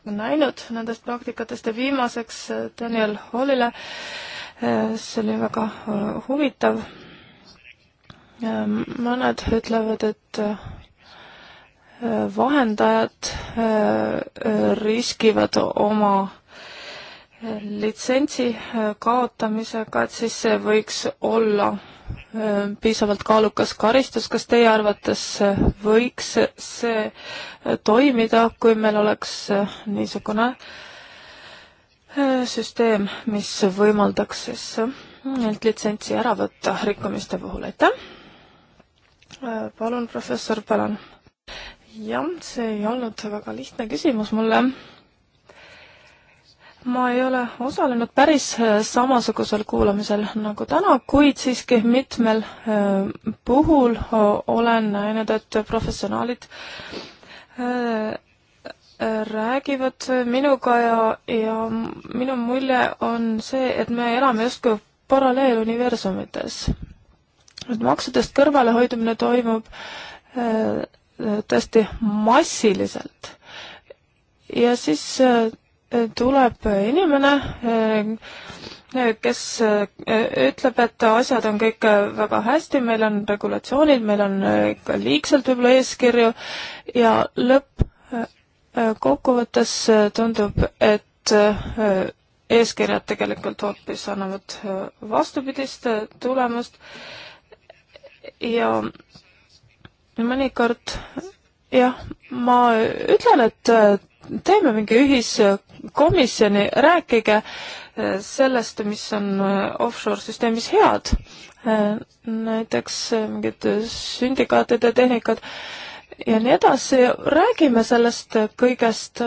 näinud nendest praktikatest ja viimaseks äh, Daniel Hallile, äh, see oli väga äh, huvitav. mõned ütlevad, et vahendajad riskivad oma litsentsi kaotamisega, et siis see võiks olla piisavalt kaalukas karistus, kas teie arvates võiks see toimida, kui meil oleks niisugune süsteem, mis võimaldaks siis neilt litsentsi ära võtta rikkumiste puhul, aitäh! palun, professor Palan. jah, see ei olnud väga lihtne küsimus mulle ma ei ole osalenud päris äh, samasugusel kuulamisel nagu täna, kuid siiski mitmel äh, puhul olen näinud, et professionaalid äh, räägivad minuga ja, ja minu mulje on see, et me elame justkui paralleeluniversumites. et maksudest kõrvalehoidumine toimub tõesti massiliselt. ja siis tuleb inimene, kes ütleb, et asjad on kõik väga hästi, meil on regulatsioonid, meil on ka liigselt võib-olla eeskirju ja lõppkokkuvõttes tundub, et eeskirjad tegelikult hoopis annavad vastupidist tulemust ja mõnikord jah, ma ütlen, et teeme mingi ühiskomisjoni komisjoni, rääkige äh, sellest, mis on äh, offshore-süsteemis head. Äh, näiteks mingid sündikaatide tehnikad ja nii edasi, räägime sellest kõigest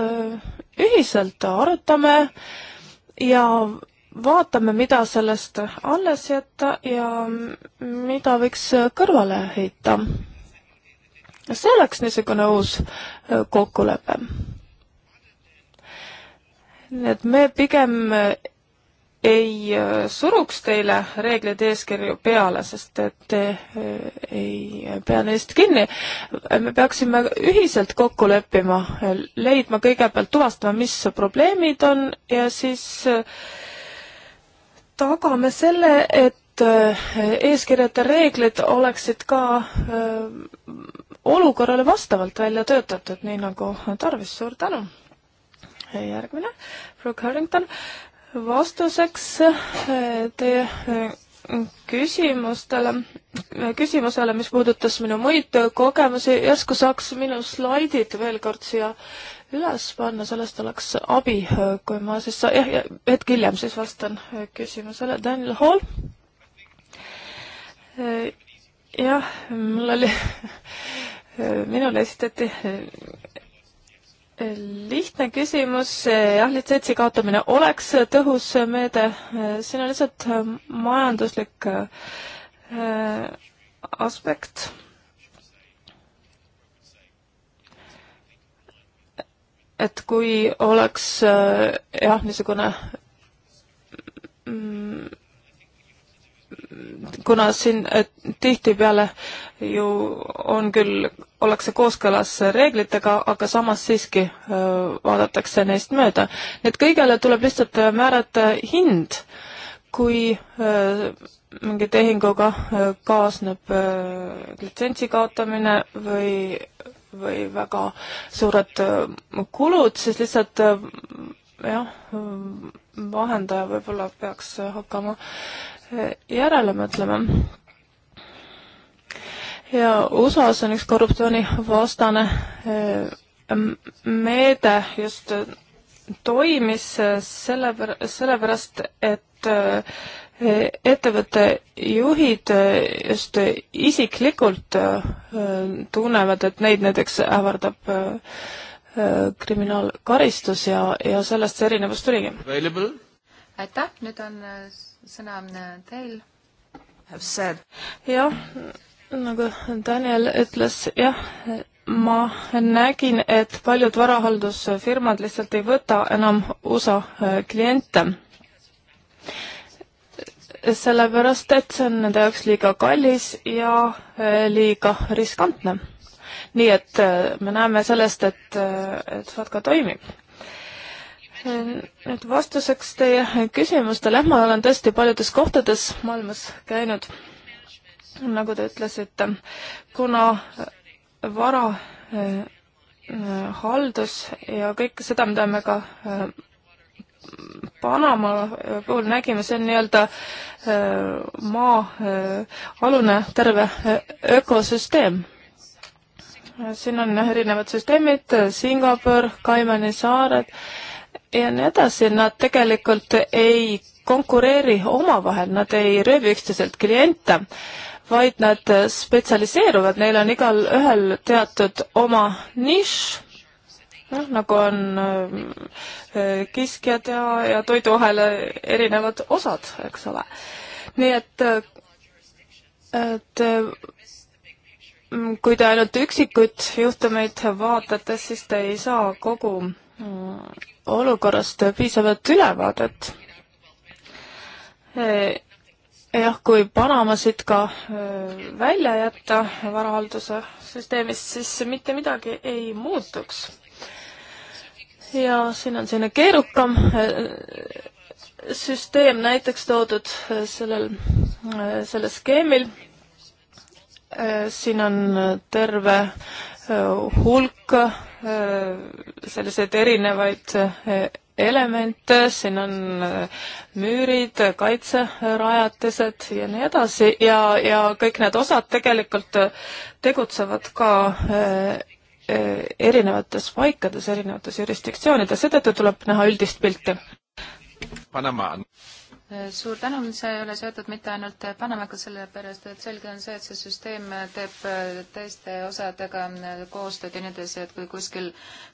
ühiselt, arutame ja vaatame, mida sellest alles jätta ja mm, mida võiks kõrvale heita. see oleks niisugune uus kokkulepe nii et me pigem äh, ei äh, suruks teile reegleid eeskirju peale, sest et te äh, ei pea neist kinni. me peaksime ühiselt kokku leppima, leidma kõigepealt, tuvastama, mis probleemid on ja siis tagame selle, et eeskirjad ja reeglid oleksid ka olukorrale vastavalt välja töötatud, nii nagu tarvis. suur tänu! järgmine, proua Carrington, vastuseks eh, teie eh, küsimustele, eh, küsimusele, mis puudutas minu muid kogemusi, järsku saaks minu slaidid veel kord siia üles panna, sellest oleks abi, kui ma siis, jah, hetk hiljem siis vastan küsimusele. Daniel Hall. jah, mul oli, minule esitati lihtne küsimus, jah, litsentsi kaotamine oleks tõhus meede, siin on lihtsalt äh, majanduslik äh, aspekt. et kui oleks äh, jah, niisugune mm, kuna siin äh, tihtipeale ju on küll, ollakse kooskõlas reeglitega, aga samas siiski äh, vaadatakse neist mööda. nii et kõigele tuleb lihtsalt äh, määrata hind, kui mingi tehinguga kaasneb litsentsi kaotamine või, või väga suured kulud, siis lihtsalt jah, vahendaja võib-olla peaks hakkama järele mõtlema. ja USA-s on üks korruptsioonivastane eh, meede just eh, toimis eh, selle, sellepärast, et ettevõtte juhid just isiklikult tunnevad, et neid näiteks ähvardab kriminaalkaristus ja, ja sellest see erinevus tuligi aitäh, nüüd on äh, sõna äh, teil. jah, nagu Daniel ütles, jah, ma nägin, et paljud varahaldusfirmad lihtsalt ei võta enam USA äh, kliente. sellepärast, et see on nende jaoks liiga kallis ja liiga riskantne. nii et me näeme sellest, et, et FATKA toimib nüüd vastuseks teie küsimustele, ma olen tõesti paljudes kohtades maailmas käinud, nagu te ütlesite, kuna vara äh, haldus ja kõik seda, mida me ka äh, Panama puhul nägime, see on nii-öelda äh, maa-alune terve ökosüsteem. siin on jah, erinevad süsteemid, Singapur, Kaimani saared ja nii edasi, nad tegelikult ei konkureeri omavahel, nad ei röövi üksteiselt kliente, vaid nad spetsialiseeruvad, neil on igalühel teatud oma nišš, noh, nagu on äh, kiskjad ja, ja toiduahela erinevad osad, eks ole. nii et, et mm, kui te ainult üksikuid juhtumeid vaatate, siis te ei saa kogu Äh, olukorrast piisavat ülevaadet. Äh, jah, kui Panamasid ka äh, välja jätta varahalduse süsteemist, siis mitte midagi ei muutuks. ja siin on selline keerukam süsteem näiteks toodud sellel, sellel skeemil siin on terve hulk äh, selliseid erinevaid äh, elemente, siin on äh, müürid, kaitserajatised ja nii edasi ja, ja kõik need osad tegelikult tegutsevad ka erinevates paikades, erinevates jurisdiktsioonides, seetõttu tuleb näha üldist pilti. Panama suur tänu, see ei ole seotud mitte ainult Panamaga, sellepärast et selge on see, et see süsteem teeb teiste osadega koostööd ja nii edasi, et kui kuskil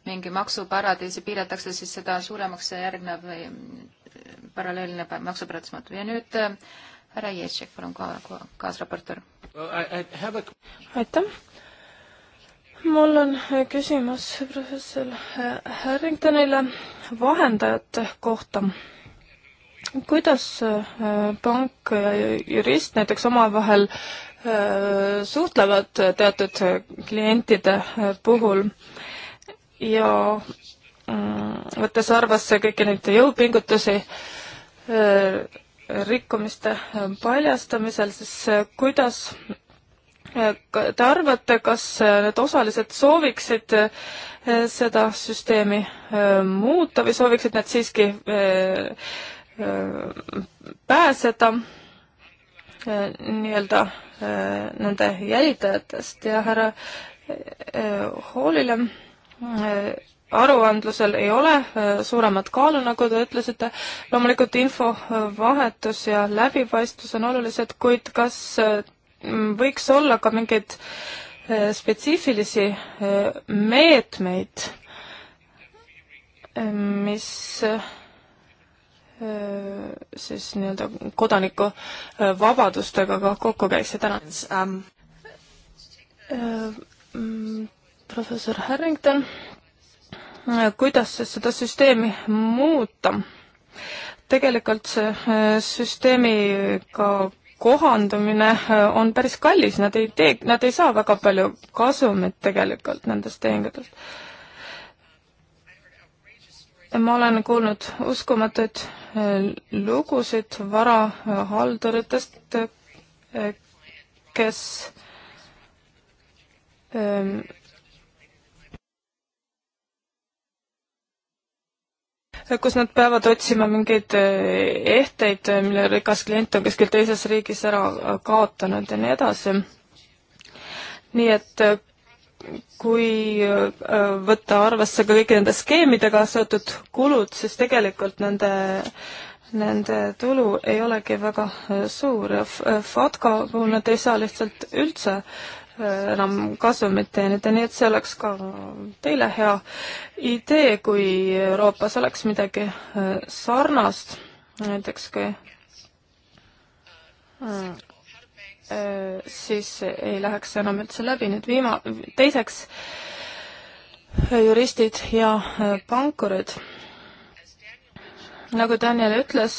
mingi maksuparadiisi piiratakse, siis seda suuremaks järgneb paralleelne maksuparadiis. ja nüüd äh, härra Ještšek, palun ka, ka, kaasraportöör. aitäh mul on küsimus professor äh, Harringtonile vahendajate kohta kuidas äh, pank ja jurist näiteks omavahel äh, suhtlevad teatud klientide äh, puhul ja mm, võttes arvesse kõiki neid jõupingutusi rikkumiste paljastamisel, siis kuidas te arvate, kas need osalised sooviksid seda süsteemi muuta või sooviksid nad siiski pääseda eh, nii-öelda eh, nende jälitajatest ja härra eh, Hoolile aruandlusel ei ole suuremat kaalu, nagu te ütlesite. loomulikult infovahetus ja läbipaistvus on olulised, kuid kas võiks olla ka mingeid spetsiifilisi meetmeid, mis siis nii-öelda kodanikuvabadustega ka kokku käis see täna um,. professor Harrington, kuidas siis seda süsteemi muuta? tegelikult see süsteemiga kohandumine on päris kallis, nad ei tee, nad ei saa väga palju kasumit tegelikult nendest tehingutest ma olen kuulnud uskumatuid äh, lugusid varahalduritest, äh, kes ähm, kus nad peavad otsima mingeid äh, ehteid, mille rikas klient on kuskil teises riigis ära kaotanud ja nii edasi. nii et kui äh, võtta arvesse ka kõigi nende skeemidega seotud kulud, siis tegelikult nende, nende tulu ei olegi väga äh, suur. FATCA äh, puhul nad ei saa lihtsalt üldse enam kasumit teenida, nii et see oleks ka teile hea idee, kui Euroopas oleks midagi sarnast, näiteks kui Äh, siis ei läheks see enam üldse läbi. nüüd viima-, teiseks äh, juristid ja äh, pankurid. nagu Daniel ütles,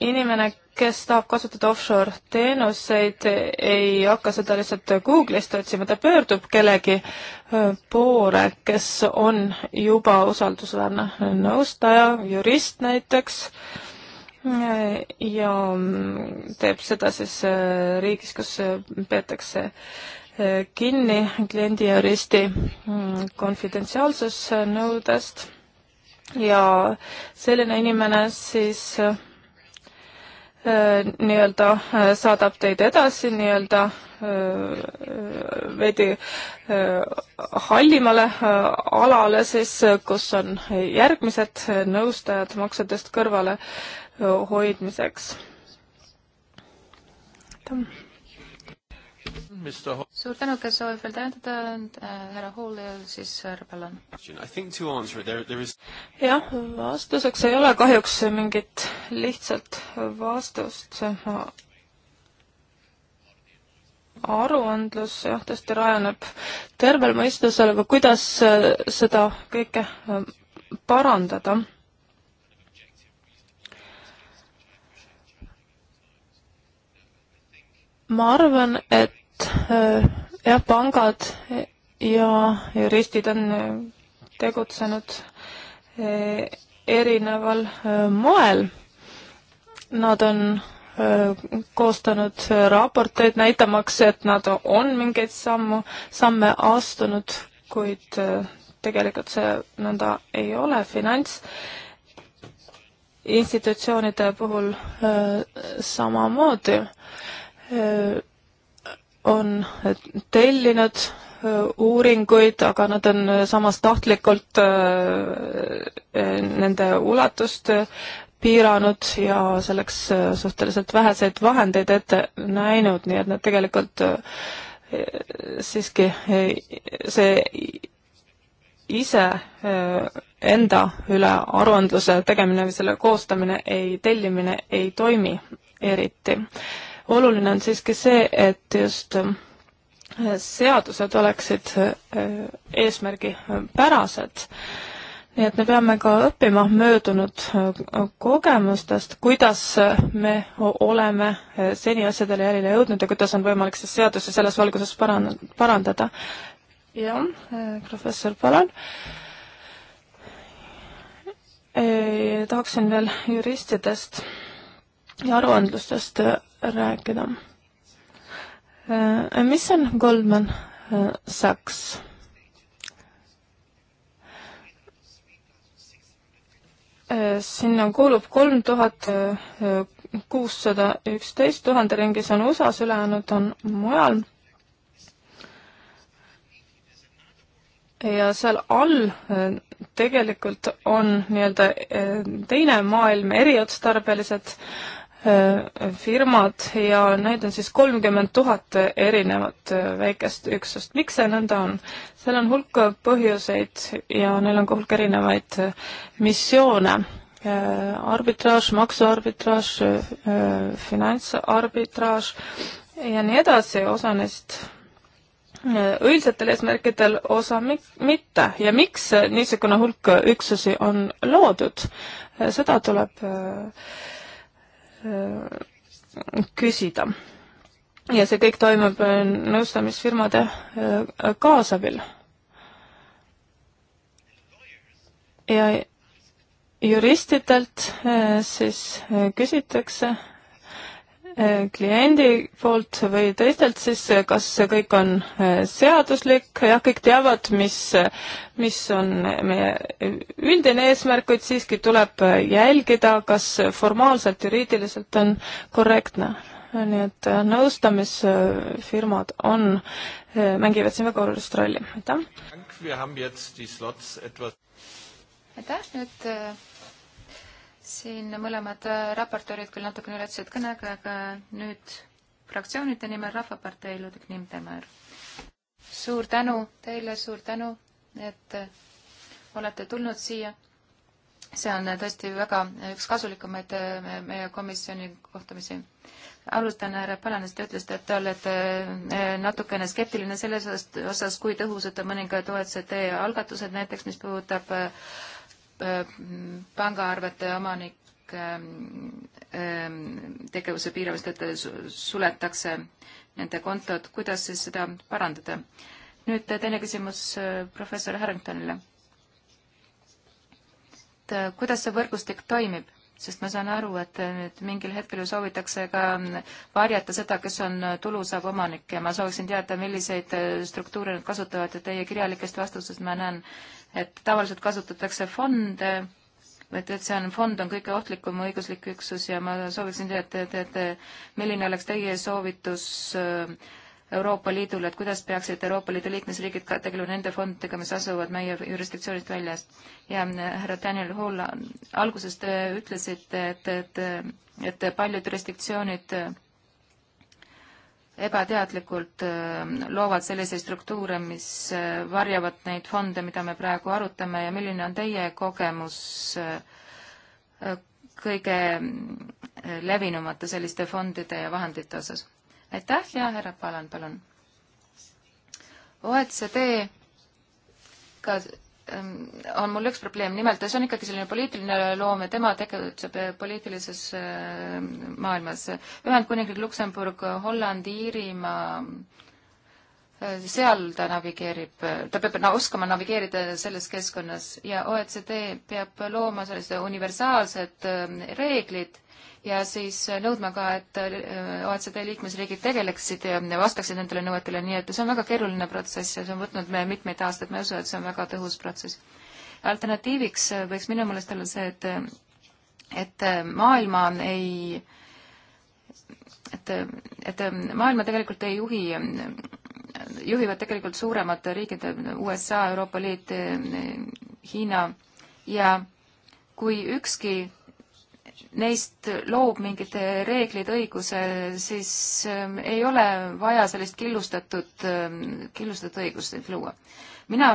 inimene, kes tahab kasutada offshore teenuseid, ei hakka seda lihtsalt Google'ist otsima, ta pöördub kellegi poole, kes on juba usaldusväärne nõustaja, jurist näiteks, ja mm, teeb seda siis äh, riigis, kus äh, peetakse äh, kinni kliendi ja juristi mm, konfidentsiaalsusnõudest ja selline inimene siis nii-öelda saadab teid edasi nii-öelda veidi hallimale alale siis, kus on järgmised nõustajad maksudest kõrvale hoidmiseks. suur tänu, kes soovib veel täiendada, härra Hall ja siis härra Pallan. jah, vastuseks ei ole kahjuks mingit lihtsat vastust. aruandlus jah, tõesti rajaneb tervel mõistusel, aga kuidas eh, seda kõike eh, parandada ma arvan, et äh, jah, pangad ja juristid on äh, tegutsenud äh, erineval moel. Nad on koostanud raporteid näitamaks, et nad on mingeid sammu, samme astunud, kuid tegelikult see nõnda ei ole. finantsinstitutsioonide puhul samamoodi äh, Äh, on tellinud äh, uuringuid, aga nad on samas tahtlikult äh, nende ulatust piiranud ja selleks suhteliselt väheseid vahendeid ette näinud, nii et nad tegelikult siiski see ise enda üle aruandluse tegemine või selle koostamine ei, tellimine ei toimi eriti oluline on siiski see, et just äh, seadused oleksid äh, eesmärgipärased. nii et me peame ka õppima möödunud äh, kogemustest, kuidas me oleme seni asjadele jälile jõudnud ja kuidas on võimalik siis seadusi selles valguses paran-, parandada. jah, professor, palun tahaksin veel juristidest ja aruandlustest rääkida. Äh, mis on Goldman äh, Sachs? Äh, sinna kuulub kolm tuhat kuussada üksteist, tuhande ringis on USA-s, ülejäänud on mujal ja seal all tegelikult on nii-öelda teine maailm, eriotstarbelised Äh, firmad ja neid on siis kolmkümmend tuhat erinevat äh, väikest üksust. miks see nõnda on? seal on hulk põhjuseid ja neil on ka hulk erinevaid äh, missioone. arbitraaž, maksuarbitraaž, finantsarbitraaž ja nii edasi, osa neist õilsatel eesmärkidel, osa mi-, mitte. ja miks niisugune hulk üksusi on loodud, seda tuleb äh, Äh, küsida. ja see kõik toimub äh, nõustamisfirmade äh, kaasabil. ja juristidelt siis küsitakse Äh, kliendi poolt või teistelt siis, äh, kas see kõik on äh, seaduslik, jah, kõik teavad, mis, mis on meie üldine eesmärk, kuid siiski tuleb jälgida, kas formaalselt, juriidiliselt on korrektne. nii et nõustamisfirmad on, mängivad siin väga olulist rolli, aitäh. aitäh, nüüd siin mõlemad äh, raportöörid küll natukene ületasid kõnega, aga nüüd fraktsioonide nimel Rahvapartei Ludvig Nimdemäär. suur tänu teile, suur tänu, et äh, olete tulnud siia. see on äh, tõesti väga üks kasulikumaid meie komisjoni kohtumisi. alustan härra Palanast, te ütlesite, et te olete natukene skeptiline selles osas, kui tõhusad on mõningad OECD algatused, näiteks mis puudutab äh, Äh, pangaarvete omanike ähm, tegevuse piiramist, et suletakse nende kontod, kuidas siis seda parandada? nüüd äh, teine küsimus äh, professor Harringtonile. et kuidas see võrgustik toimib? sest ma saan aru, et nüüd mingil hetkel ju soovitakse ka mm, varjata seda, kes on tulusaav omanik ja ma sooviksin teada, milliseid struktuure nad kasutavad ja teie kirjalikest vastustest ma näen, et tavaliselt kasutatakse fonde, et, et see on, fond on kõige ohtlikum õiguslik üksus ja ma sooviksin teada, et, et, et milline oleks teie soovitus äh, Euroopa Liidule, et kuidas peaksid Euroopa Liidu liikmesriigid ka tegelema nende fondidega, mis asuvad meie jurisdiktsioonist väljas. ja äh, härra Daniel Hall, alguses te ütlesite, et, et, et paljud jurisdiktsioonid äh, ebateadlikult äh, loovad selliseid struktuure, mis äh, varjavad neid fonde, mida me praegu arutame ja milline on teie kogemus äh, kõige levinumate selliste fondide ja vahendite osas? aitäh ja härra Palan, palun. OECD ka Ehm, on mul üks probleem, nimelt see on ikkagi selline poliitiline loom ja tema tegutseb eh, poliitilises ehm, maailmas. Ühendkuningriik, Luksemburg, Holland, Iirimaa, eh, seal ta navigeerib, eh, ta peab na, oskama navigeerida selles keskkonnas ja OECD peab looma sellised universaalsed ehm, reeglid ja siis nõudma ka, et äh, OECD liikmesriigid tegeleksid ja vastaksid nendele nõuetele, nii et see on väga keeruline protsess ja see on võtnud me mitmeid aastaid, ma ei usu, et see on väga tõhus protsess. alternatiiviks äh, võiks minu meelest olla see, et, et äh, maailma ei, et, et maailma tegelikult ei juhi juhivad tegelikult suuremad riigid, USA, Euroopa Liit, Hiina ja kui ükski neist loob mingid reeglid, õiguse, siis ähm, ei ole vaja sellist killustatud, ähm, killustatud õigust luua. mina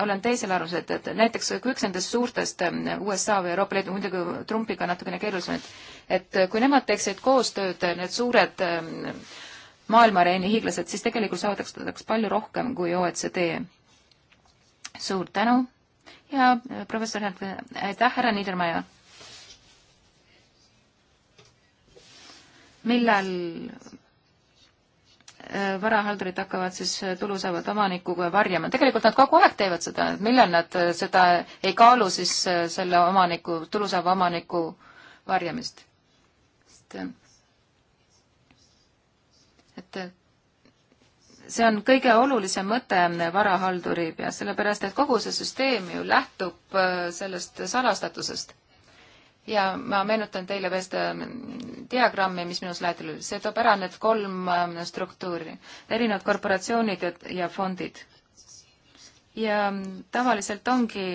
olen teisel arvamusel, et, et näiteks kui üks nendest suurtest ähm, USA või Euroopa Liidu, muidugi Trumpiga natukene keerulisem, et et kui nemad teeksid koostööd, äh, need suured maailmareeni hiiglased, siis tegelikult saavutatakse palju rohkem kui OECD. suur tänu ja äh, professor, aitäh, härra Niedermayer! millal äh, varahaldurid hakkavad siis äh, tulu saavat omanikku varjama. tegelikult nad kogu aeg teevad seda, et millal nad äh, seda ei kaalu siis selle omaniku, tulu saava omaniku varjamist. et see on kõige olulisem mõte varahalduri peas, sellepärast et kogu see süsteem ju lähtub sellest salastatusest ja ma meenutan teile veel seda mm, diagrammi, mis minu slaidil oli, see toob ära need kolm mm, struktuuri, erinevad korporatsioonid ja, ja fondid. ja mm, tavaliselt ongi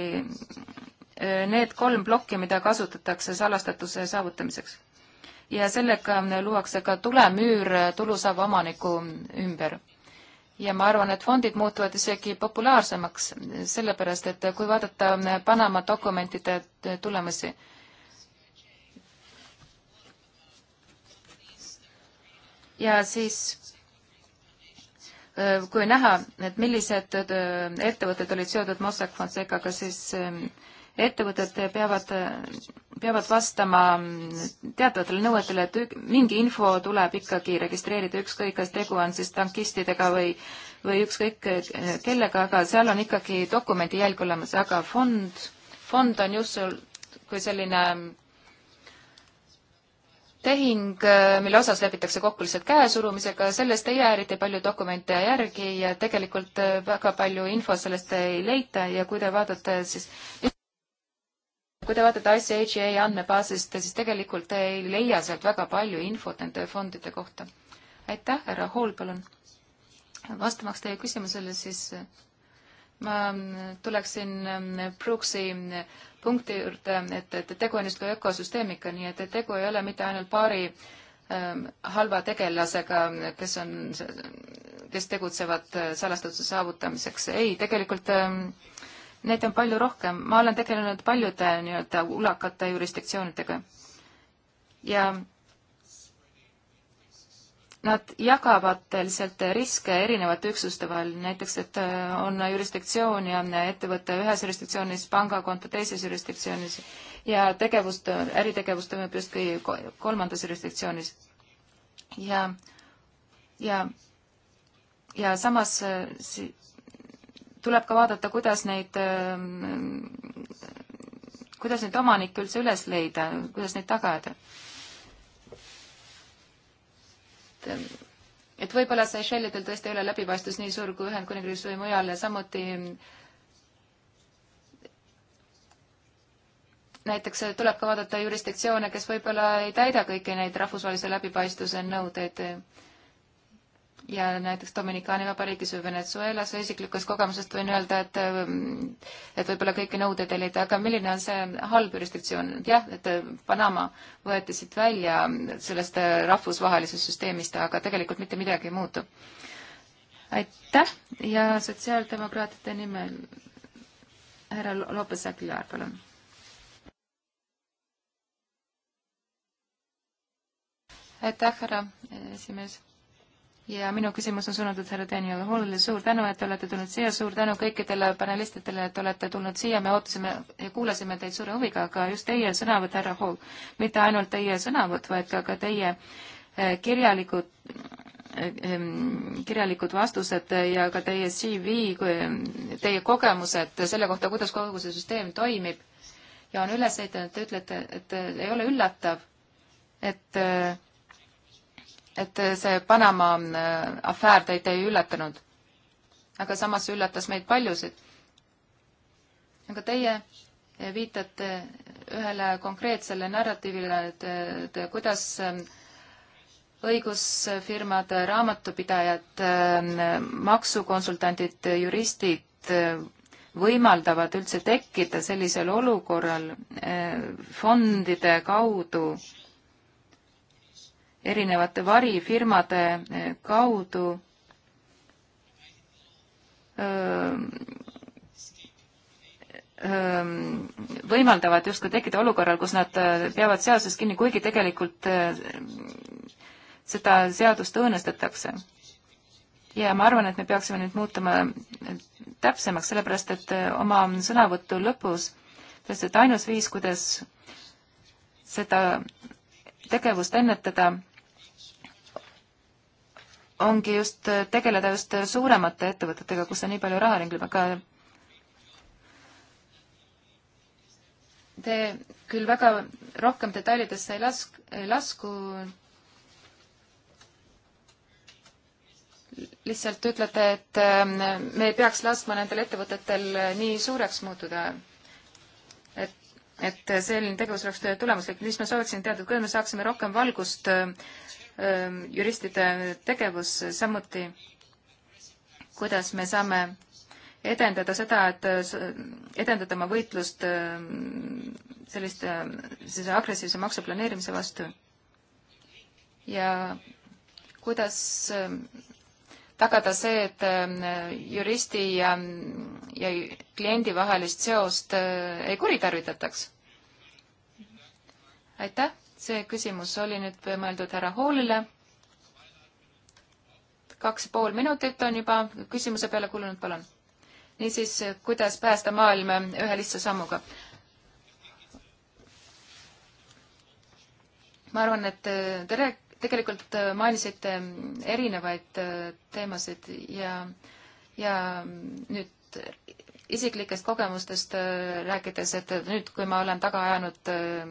need kolm plokki, mida kasutatakse salastatuse saavutamiseks. ja sellega luuakse ka tulemüür tulusaava omaniku ümber ja ma arvan, et fondid muutuvad isegi populaarsemaks, sellepärast et kui vaadata Panama dokumentide tulemusi, ja siis äh, kui näha, et millised äh, ettevõtted olid seotud Mossack Fonsecaga, siis ähm, ettevõtted peavad, äh, peavad vastama mm, teatavatele nõuetele, et ük, mingi info tuleb ikkagi registreerida, ükskõik kas tegu on siis tankistidega või, või ükskõik kellega, aga seal on ikkagi dokumendi jälg olemas, aga fond, fond on just sul kui selline mm, tehing, mille osas lepitakse kokku lihtsalt käesurumisega, sellest ei jää eriti palju dokumente järgi ja tegelikult äh, väga palju info sellest ei leita ja kui te vaatate, siis kui te vaatate ICHA andmebaasist, siis tegelikult ei leia sealt väga palju infot nende fondide kohta. aitäh, härra Hool, palun. vastamaks teie küsimusele, siis äh, ma ähm, tuleksin ähm, Brooksi äh, punkti juurde, et, et tegu on justkui ökosüsteemiga, nii et, et tegu ei ole mitte ainult paari ähm, halva tegelasega, kes on, kes tegutsevad äh, salastatuse saavutamiseks. ei, tegelikult ähm, neid on palju rohkem. ma olen tegelenud paljude nii-öelda ulakate jurisdiktsioonidega. ja Nad jagavad lihtsalt riske erinevate üksuste vahel, näiteks et äh, on jurisdiktsioon ja on ettevõte ühes jurisdiktsioonis, pangakonto teises jurisdiktsioonis ja tegevust, äritegevus toimub justkui kolmandas jurisdiktsioonis. ja, ja, ja samas äh, si tuleb ka vaadata, kuidas neid, ähm, kuidas neid omanikke üldse üles leida, kuidas neid tagada et et võib-olla Seychellidel tõesti ei ole läbipaistvus nii suur kui Ühendkuningriigis või mujal ja samuti näiteks tuleb ka vaadata jurisdiktsioone, kes võib-olla ei täida kõiki neid rahvusvahelise läbipaistvuse nõudeid et ja näiteks Dominikaani Vabariigis või Venezuelas isiklikust kogemusest võin öelda, et mm, et võib-olla kõiki nõudeid ei leida, aga milline on see halb jurisdiktsioon? jah, et Panama võeti siit välja sellest rahvusvahelisest süsteemist, aga tegelikult mitte midagi ei muutu. aitäh ja sotsiaaldemokraatide nimel härra Lopez Aguilar, palun. aitäh, härra esimees ja minu küsimus on suunatud härra Daniel Hallile, suur tänu, et olete tulnud siia, suur tänu kõikidele panelistidele, et olete tulnud siia, me ootasime ja kuulasime teid suure huviga, aga just teie sõnavõtt, härra Hall, mitte ainult teie sõnavõtt, vaid ka, ka teie eh, kirjalikud eh, ehm, kirjalikud vastused ja ka teie CV, eh, teie kogemused selle kohta, kuidas kogu see süsteem toimib ja on üles ehitanud, te ütlete, et ei ole üllatav, et et äh, see Panama äh, afäär teid ei üllatanud. aga samas üllatas meid paljusid. aga teie äh, viitate ühele konkreetsele narratiivile, et, et kuidas ähm, õigusfirmad, raamatupidajad, ähm, maksukonsultandid, juristid võimaldavad üldse tekkida sellisel olukorral fondide kaudu erinevate varifirmade eh, kaudu võimaldavad justkui tekkida olukorral, kus nad eh, peavad seadusest kinni, kuigi tegelikult eh, seda seadust õõnestatakse. ja ma arvan, et me peaksime nüüd muutuma täpsemaks, sellepärast et oma sõnavõtu lõpus, sest et ainus viis, kuidas seda tegevust ennetada, ongi just äh, tegeleda just äh, suuremate ettevõtetega, kus on nii palju raha ringleb, aga te küll väga rohkem detailidesse ei lask-, ei lasku, lihtsalt ütlete, et ähm, me ei peaks laskma nendel ettevõtetel äh, nii suureks muutuda. et, et selline tegevus oleks tulemuslik, mis ma sooviksin teada, kuidas me saaksime rohkem valgust Ähm, juristide tegevus samuti, kuidas me saame edendada seda, et äh, edendada oma võitlust ähm, selliste, siis agressiivse maksuplaneerimise vastu ja kuidas ähm, tagada see, et juristi ja, ja kliendi vahelist seost äh, ei kuritarvitataks? aitäh! see küsimus oli nüüd mõeldud härra Hallile. kaks ja pool minutit on juba küsimuse peale kulunud, palun. niisiis, kuidas päästa maailm ühe lihtsa sammuga? ma arvan, et te rääk-, tegelikult mainisite erinevaid teemasid ja, ja nüüd isiklikest kogemustest äh, rääkides, et nüüd, kui ma olen taga ajanud äh,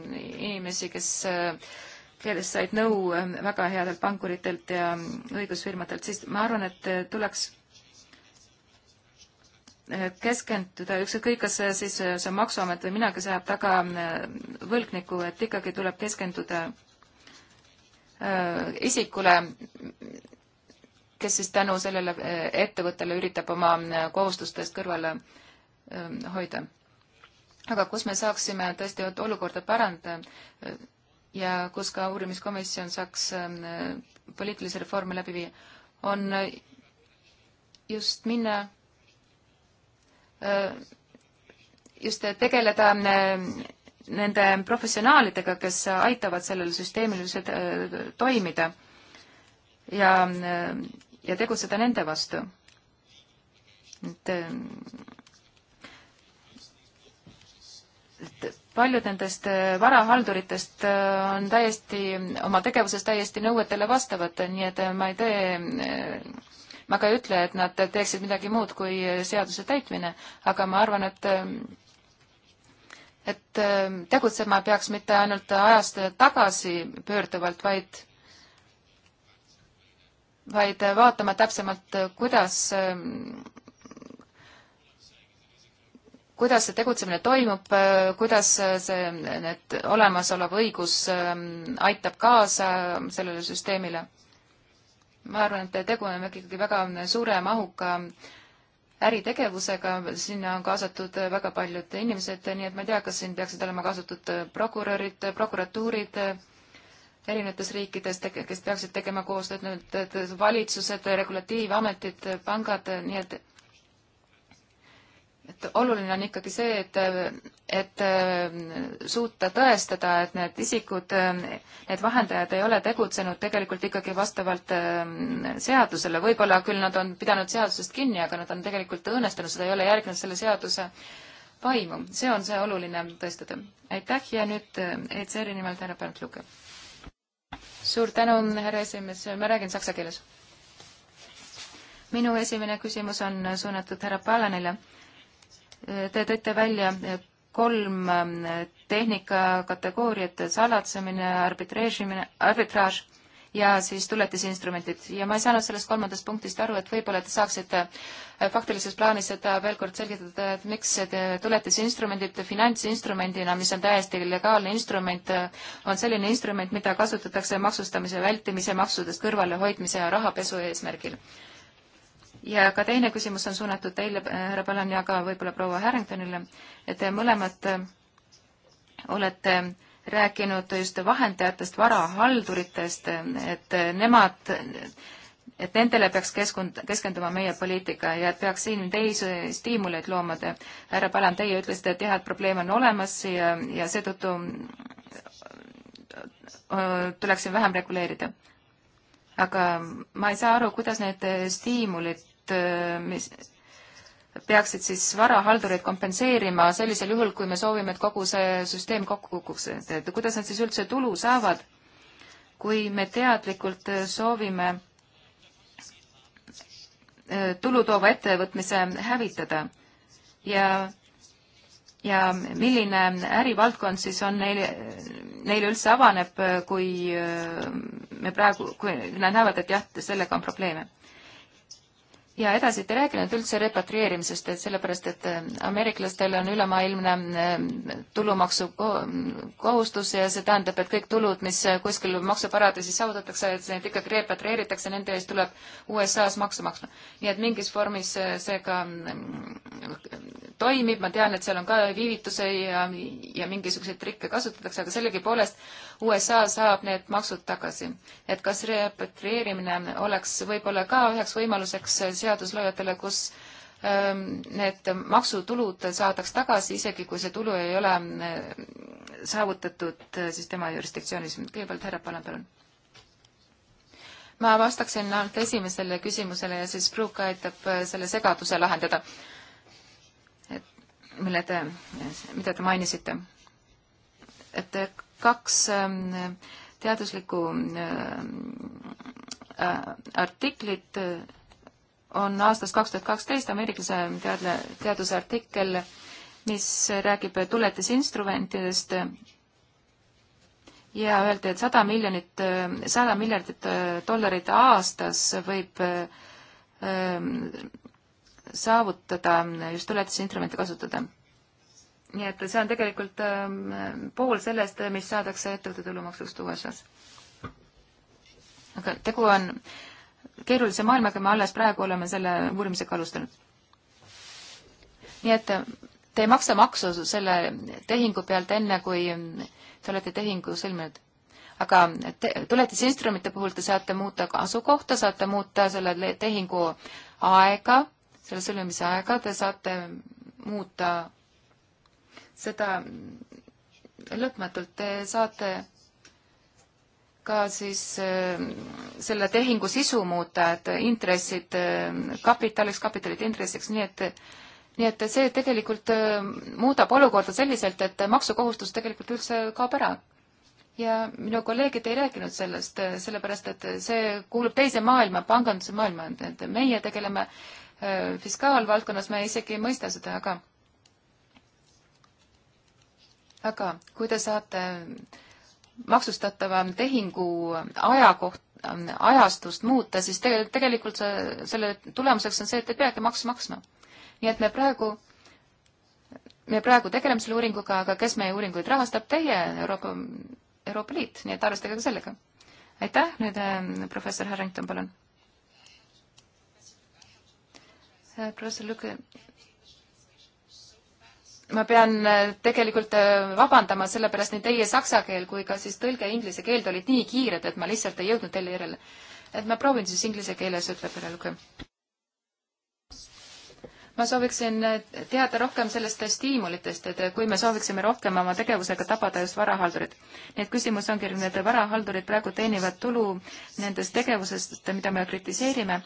inimesi, kes, äh, kellest said nõu ähm, väga headelt pankuritelt ja mm, õigusfirmadelt, siis ma arvan, et tuleks keskenduda, ükskõik, kas siis see on Maksuamet või mina, kes ajab taga mm, võlgniku, et ikkagi tuleb keskenduda isikule, kes siis tänu sellele ettevõttele üritab oma mm, kohustustest kõrvale Ähm, hoida. aga kus me saaksime tõesti olukorda parandada äh, ja kus ka uurimiskomisjon saaks ähm, poliitilisi reforme läbi viia, on äh, just minna, äh, just tegeleda nende professionaalidega, kes aitavad sellel süsteemil toimida ja, ja tegutseda nende vastu. et ähm, paljud nendest äh, varahalduritest äh, on täiesti, oma tegevuses täiesti nõuetele vastavad, nii et äh, ma ei tee, ma ka ei ütle, et nad teeksid midagi muud kui seaduse täitmine, aga ma arvan, et et tegutsema peaks mitte ainult ajast tagasi pöörduvalt, vaid vaid vaatama täpsemalt, kuidas kuidas see tegutsemine toimub, kuidas see, need olemasolev õigus ähm, aitab kaasa sellele süsteemile? ma arvan, et tegu on ikkagi väga suure mahuka äritegevusega, sinna on kaasatud väga paljud inimesed, nii et ma ei tea, kas siin peaksid olema kaasatud prokurörid, prokuratuurid erinevates riikides, kes peaksid tegema koostööd, need valitsused, regulatiivametid, pangad, nii et et oluline on ikkagi see, et, et äh, suuta tõestada, et need isikud, äh, need vahendajad ei ole tegutsenud tegelikult ikkagi vastavalt äh, seadusele. võib-olla küll nad on pidanud seadusest kinni, aga nad on tegelikult õõnestanud seda, ei ole järgnenud selle seaduse vaimu. see on see oluline tõestada. aitäh ja nüüd ECR-i nimel härra Bernt Luke. suur tänu, härra esimees, ma räägin saksa keeles. minu esimene küsimus on suunatud härra Palanile Te tõite välja eh, kolm eh, tehnika kategooriat, eh, salatsemine, arbitraažimine, arbitraaž ja siis tuletisinstrumendid ja ma ei saanud sellest kolmandast punktist aru, et võib-olla te saaksite faktilises plaanis seda veel kord selgitada, et miks tuletisinstrumendid finantsinstrumendina, mis on täiesti legaalne instrument, on selline instrument, mida kasutatakse maksustamise vältimise, maksudest kõrvalehoidmise ja rahapesu eesmärgil ja ka teine küsimus on suunatud teile, eh, härra Palan, ja ka võib-olla proua Harringtonile, et te mõlemad eh, olete rääkinud just vahendajatest, varahalduritest, eh, et nemad, et nendele peaks keskund-, keskenduma meie poliitika ja et peaks siin teisi stiimuleid looma. härra Palan, teie ütlesite, et jah, et probleem on olemas ja, ja seetõttu tuleks siin vähem reguleerida aga ma ei saa aru, kuidas need stiimulid Äh, mis peaksid siis varahaldureid kompenseerima sellisel juhul, kui me soovime, et kogu see süsteem kokku kukuks, et kuidas nad siis üldse tulu saavad, kui me teadlikult äh, soovime äh, tulu toova ettevõtmise hävitada ja, ja milline ärivaldkond siis on neile, neile üldse avaneb, kui me praegu, kui nad näevad, et jah, sellega on probleeme ja edasi te ei rääkinud üldse repatrieerimisest, et sellepärast, et äh, ameeriklastel on ülemaailmne äh, tulumaksukohustus ja see tähendab, et kõik tulud, mis äh, kuskil maksuparadiisis saavutatakse, et need ikkagi repatrieeritakse, nende eest tuleb USA-s maksu maksma. nii et mingis vormis see ka mm, toimib, ma tean, et seal on ka viivituse ja, ja mingisuguseid trikke kasutatakse, aga sellegipoolest USA saab need maksud tagasi. et kas repatrieerimine oleks võib-olla ka üheks võimaluseks seadusloojatele, kus ähm, need maksutulud saadaks tagasi, isegi kui see tulu ei ole äh, saavutatud äh, siis tema jurisdiktsioonis. kõigepealt härra Palan, palun. ma vastaksin ainult esimesele küsimusele ja siis Pruuk aitab äh, selle segaduse lahendada, et mille te, mida te mainisite. et kaks ähm, teaduslikku artiklit on aastast kaks tuhat kaksteist ameeriklase teadle, teaduse artikkel, mis räägib tuletisinstrumentidest ja öeldi, et sada miljonit, sada miljardit äh, dollarit aastas võib ähm, saavutada just tuletisinstrumente kasutada. nii et see on tegelikult ähm, pool sellest, mis saadakse ettevõtte tulumaksust USA-s. aga tegu on äh, keerulise maailmaga me alles praegu oleme selle uurimisega alustanud. nii et äh, te ei maksa maksu selle tehingu pealt enne, kui äh, te olete tehingu sõlminud. aga te, tuletisinstrumente puhul te saate muuta asukohta, saate muuta selle tehingu aega, selle sõlmimise aega, te saate muuta seda lõpmatult, te saate ka siis ähm, selle tehingu sisu muuta, et intressid ähm, kapitaliks, kapitalid intressiks, nii et nii et see tegelikult ähm, muudab olukorda selliselt, et maksukohustus tegelikult üldse kaob ära. ja minu kolleegid ei rääkinud sellest, äh, sellepärast et see kuulub teise maailma, panganduse maailma, et meie tegeleme äh, fiskaalvaldkonnas, me isegi ei mõista seda, aga aga kui te saate äh, maksustatava tehingu ajakoht, ajastust muuta, siis tegelikult, tegelikult see, selle tulemuseks on see, et ei peagi maksu maksma. nii et me praegu, me praegu tegeleme selle uuringuga, aga kes meie uuringuid rahastab, teie, Euroopa, Euroopa Liit, nii et arvestage ka sellega. aitäh, nüüd ähm, professor Harrington, palun. Äh, professor Luke, ma pean äh, tegelikult äh, vabandama, sellepärast nii teie saksa keel kui ka siis tõlge inglise keelde olid nii kiired, et ma lihtsalt ei jõudnud teile järele. et ma proovin siis inglise keeles, ütleb järelelugeja. ma sooviksin äh, teada rohkem sellest stiimulitest, et kui me sooviksime rohkem oma tegevusega tabada just varahaldurit. nii et küsimus ongi, need varahaldurid praegu teenivad tulu nendest tegevusest, mida me kritiseerime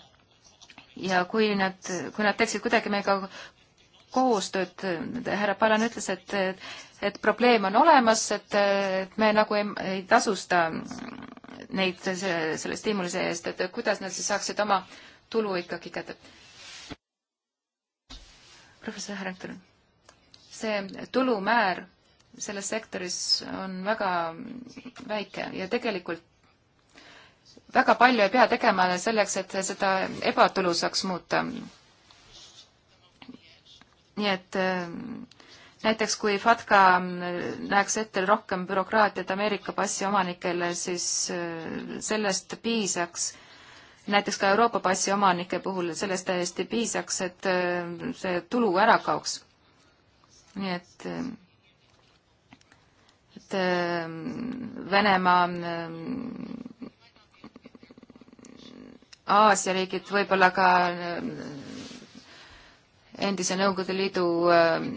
ja kui nad, kui nad teeksid kuidagi meiega koostööd. härra Palan ütles, et, et probleem on olemas, et, et me nagu ei, ei tasusta neid selle, selle stiimuli seest, et kuidas nad siis saaksid oma tulu ikkagi kätte. professor Härang, palun. see tulumäär selles sektoris on väga väike ja tegelikult väga palju ei pea tegema selleks, et seda ebatulu saaks muuta nii et ähm, näiteks kui FATCA ähm, näeks ette rohkem bürokraatiat Ameerika passi omanikele, siis äh, sellest piisaks, näiteks ka Euroopa passi omanike puhul sellest täiesti piisaks, et äh, see tulu ära kaoks. nii et, ähm, et Venemaa Aasia riigid võib-olla ka endise Nõukogude Liidu äh,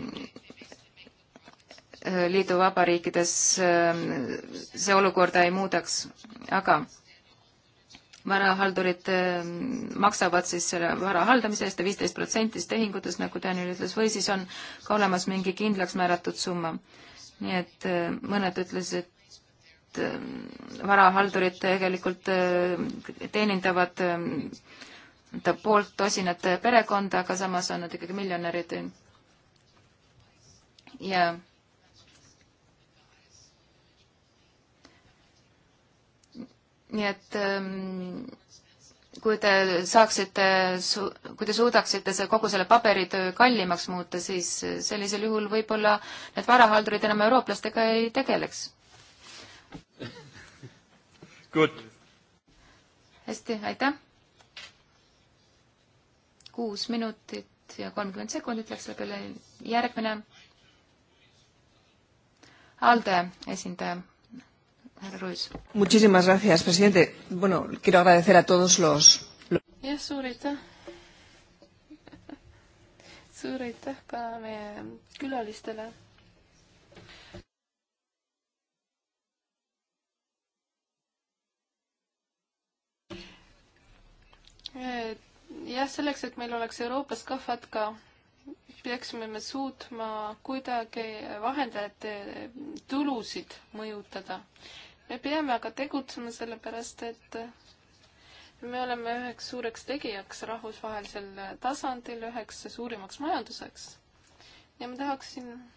äh, liidu vabariikides äh, see olukorda ei muudaks, aga varahaldurid maksavad siis selle vara haldamise eest viisteist protsenti tehingutes, nagu Daniel ütles, või siis on ka olemas mingi kindlaks määratud summa. nii et mõned ütlesid, varahaldurid tegelikult teenindavad poolt tosinat perekonda, aga samas on nad ikkagi miljonärid. ja nii et ähm, kui te saaksite, kui te suudaksite see kogu selle paberitöö kallimaks muuta, siis sellisel juhul võib-olla need varahaldurid enam eurooplastega ei tegeleks. hästi, aitäh! kuus minutit ja kolmkümmend sekundit läks selle peale. järgmine ALDE esindaja, härra Ruiz. Muchísimas gracias, presidente. Bueno, quiero agradecer a todos los. jah, suur aitäh. suur aitäh ka meie külalistele et jah, selleks, et meil oleks Euroopas ka FATKA, peaksime me suutma kuidagi vahendajate tulusid mõjutada. me peame aga tegutsema sellepärast, et me oleme üheks suureks tegijaks rahvusvahelisel tasandil, üheks suurimaks majanduseks. ja ma tahaksin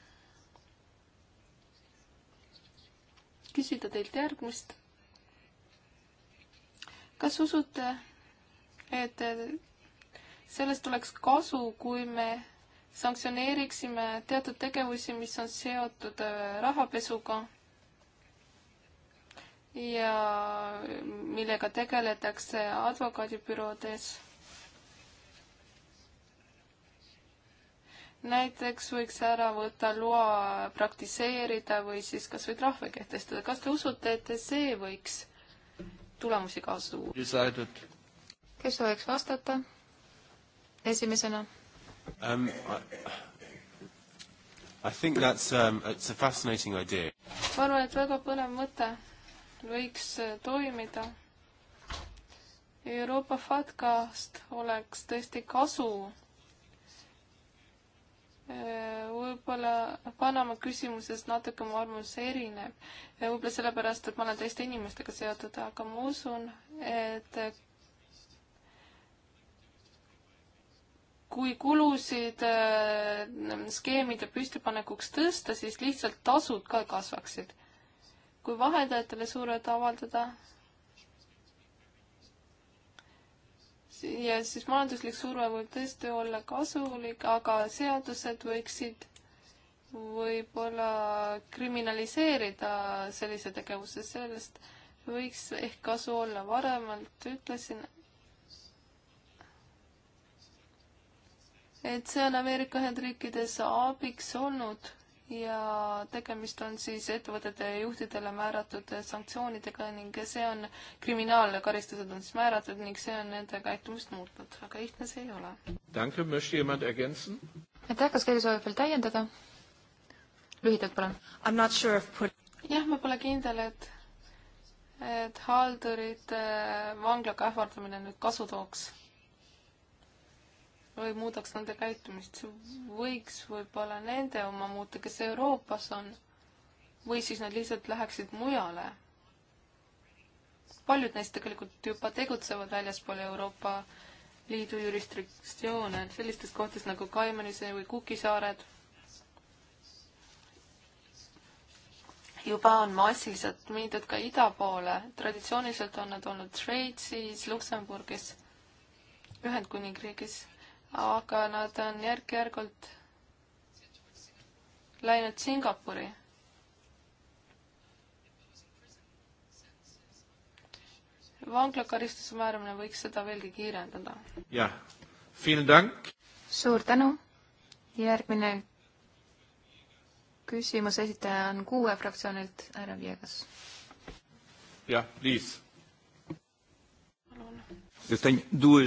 küsida teilt järgmist. kas usute, et sellest oleks kasu, kui me sanktsioneeriksime teatud tegevusi, mis on seotud äh, rahapesuga ja millega tegeletakse advokaadibüroodes. näiteks võiks ära võtta loa praktiseerida või siis kas või trahve kehtestada. kas te usute, et see võiks tulemusi kaasa tuua? kes sooviks vastata? esimesena um,? I think that's um, it's a fascinating idea. ma arvan, et väga põnev mõte võiks äh, toimida. Euroopa FATCast oleks tõesti kasu. Äh, võib-olla Panama küsimuses natuke mu arvamus erineb, äh, võib-olla sellepärast, et ma olen teiste inimestega seotud, aga ma usun, et kui kulusid äh, skeemide püstipanekuks tõsta, siis lihtsalt tasud ka kasvaksid. kui vahendajatele survet avaldada, ja siis majanduslik surve võib tõesti olla kasulik, aga seadused võiksid võib-olla kriminaliseerida sellise tegevuse, sellest võiks ehk kasu olla. varemalt ütlesin, et see on Ameerika Ühendriikides abiks olnud ja tegemist on siis ettevõtete juhtidele määratud sanktsioonidega ning see on kriminaalne, karistused on siis määratud ning see on nende käitumist muutnud, aga lihtne see ei ole. aitäh, kas keegi soovib veel täiendada? lühidalt palun. Sure put... jah, ma pole kindel, et et haldurite eh, vanglaga ähvardamine nüüd kasu tooks või muudaks nende käitumist. võiks võib-olla nende oma muuta, kes Euroopas on. või siis nad lihtsalt läheksid mujale. paljud neist tegelikult juba tegutsevad väljaspool Euroopa Liidu jurisdiktsioone, sellistes kohtades nagu Kaimanise või Kuki saared. juba on massiliselt mindud ka ida poole, traditsiooniliselt on nad olnud Šveitsis, Luksemburgis, Ühendkuningriigis aga nad on järk-järgult läinud Singapuri. vanglakaristuse määramine võiks seda veelgi kiirendada. jah, suur tänu. järgmine küsimuse esitaja on kuue fraktsioonilt, härra Viegas. jah, Liis. palun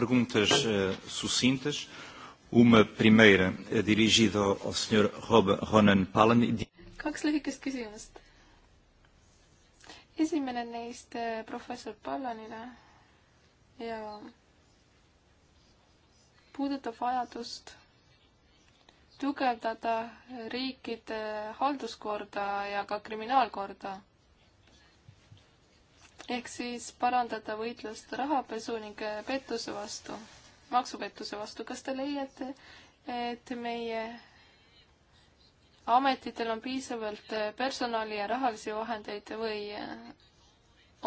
perguntas uh, sucintas. Uma primeira eh, dirigida ao Sr. Ronan Palan. E kaks lühikest küsimust. esimene neist eh, professor Pallanile ja puudutab vajadust tugevdada riikide halduskorda ja ka kriminaalkorda ehk siis parandada võitlust rahapesu ning pettuse vastu, maksupettuse vastu. kas te leiate, et meie ametitel on piisavalt personali ja rahalisi vahendeid või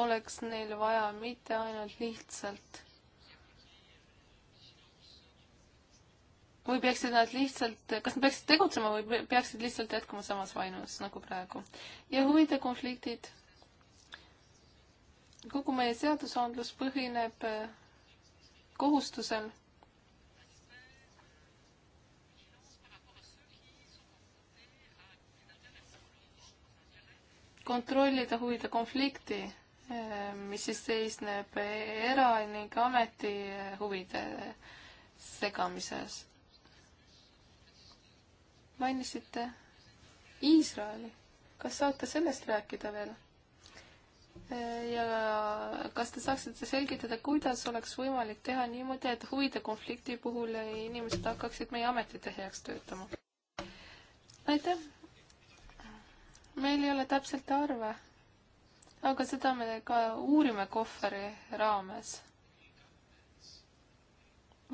oleks neil vaja mitte ainult lihtsalt või peaksid nad lihtsalt, kas nad peaksid tegutsema või peaksid lihtsalt jätkama samas vaimus nagu praegu? ja huvide konfliktid kogu meie seadusandlus põhineb äh, kohustusel kontrollida huvide konflikti, äh, mis siis seisneb era- ning ametihuvide äh, segamises. mainisite Iisraeli, kas saate sellest rääkida veel? ja kas te saaksite selgitada, kuidas oleks võimalik teha niimoodi, et huvide konflikti puhul inimesed hakkaksid meie ametite heaks töötama? aitäh! meil ei ole täpselt arve, aga seda me ka uurime kohveri raames.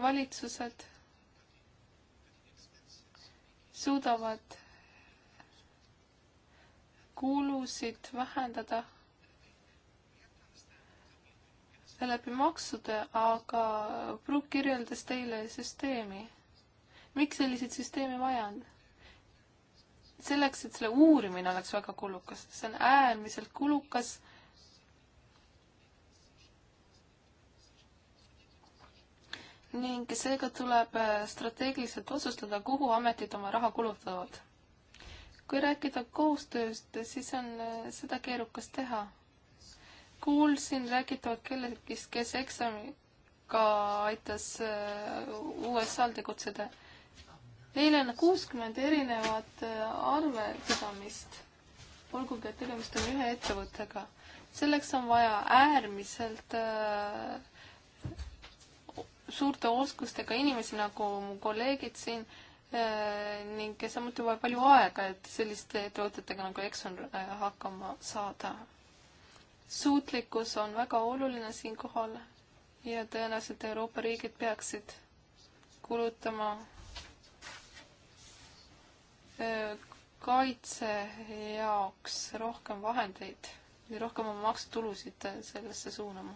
valitsused suudavad kulusid vähendada läbi maksude, aga Brug kirjeldas teile süsteemi. miks selliseid süsteeme vaja on? selleks, et selle uurimine oleks väga kulukas, see on äärmiselt kulukas ning seega tuleb äh, strateegiliselt otsustada, kuhu ametid oma raha kulutavad. kui rääkida koostööst, siis on äh, seda keerukas teha kuulsin räägitavat kellegi, kes eksamiga aitas äh, USA-l tegutseda. Neil on kuuskümmend erinevat äh, arvepidamist, olgugi et tegemist on ühe ettevõttega. selleks on vaja äärmiselt äh, suurte oskustega inimesi, nagu mu kolleegid siin, ning samuti vaja palju aega, et selliste ettevõtetega nagu Exxon hakkama saada suutlikkus on väga oluline siinkohal ja tõenäoliselt Euroopa riigid peaksid kulutama kaitse jaoks rohkem vahendeid ja rohkem oma maksutulusid sellesse suunama.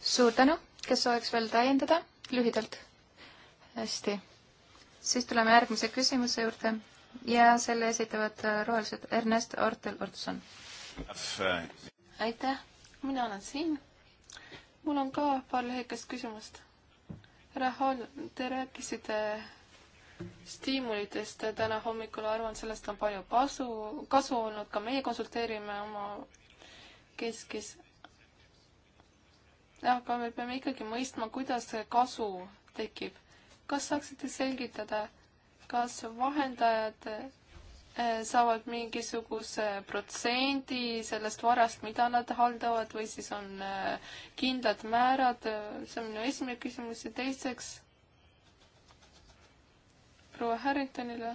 suur tänu, kes sooviks veel täiendada lühidalt? hästi, siis tuleme järgmise küsimuse juurde ja selle esitavad äh, rohelised Ernest Ortel Ortson. aitäh, mina olen siin. mul on ka paar lühikest küsimust. Rahul, te rääkisite stiimulitest täna hommikul, arvan, sellest on palju kasu, kasu olnud, ka meie konsulteerime oma keskis. aga me peame ikkagi mõistma, kuidas see kasu tekib. kas saaksite selgitada kas vahendajad eh, saavad mingisuguse protsendi sellest varast, mida nad haldavad või siis on eh, kindlad määrad, see on minu esimene küsimus ja teiseks proua Harringtonile.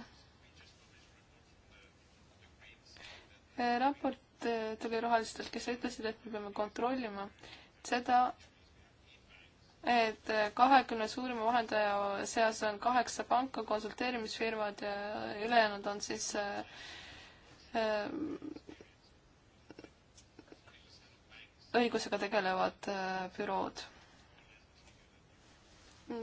Eh, raport tuli rohelistelt, kes ütlesid, et me peame kontrollima seda, et kahekümne suurima vahendaja seas on kaheksa panka, konsulteerimisfirmad ja ülejäänud on siis äh, õigusega tegelevad äh, bürood.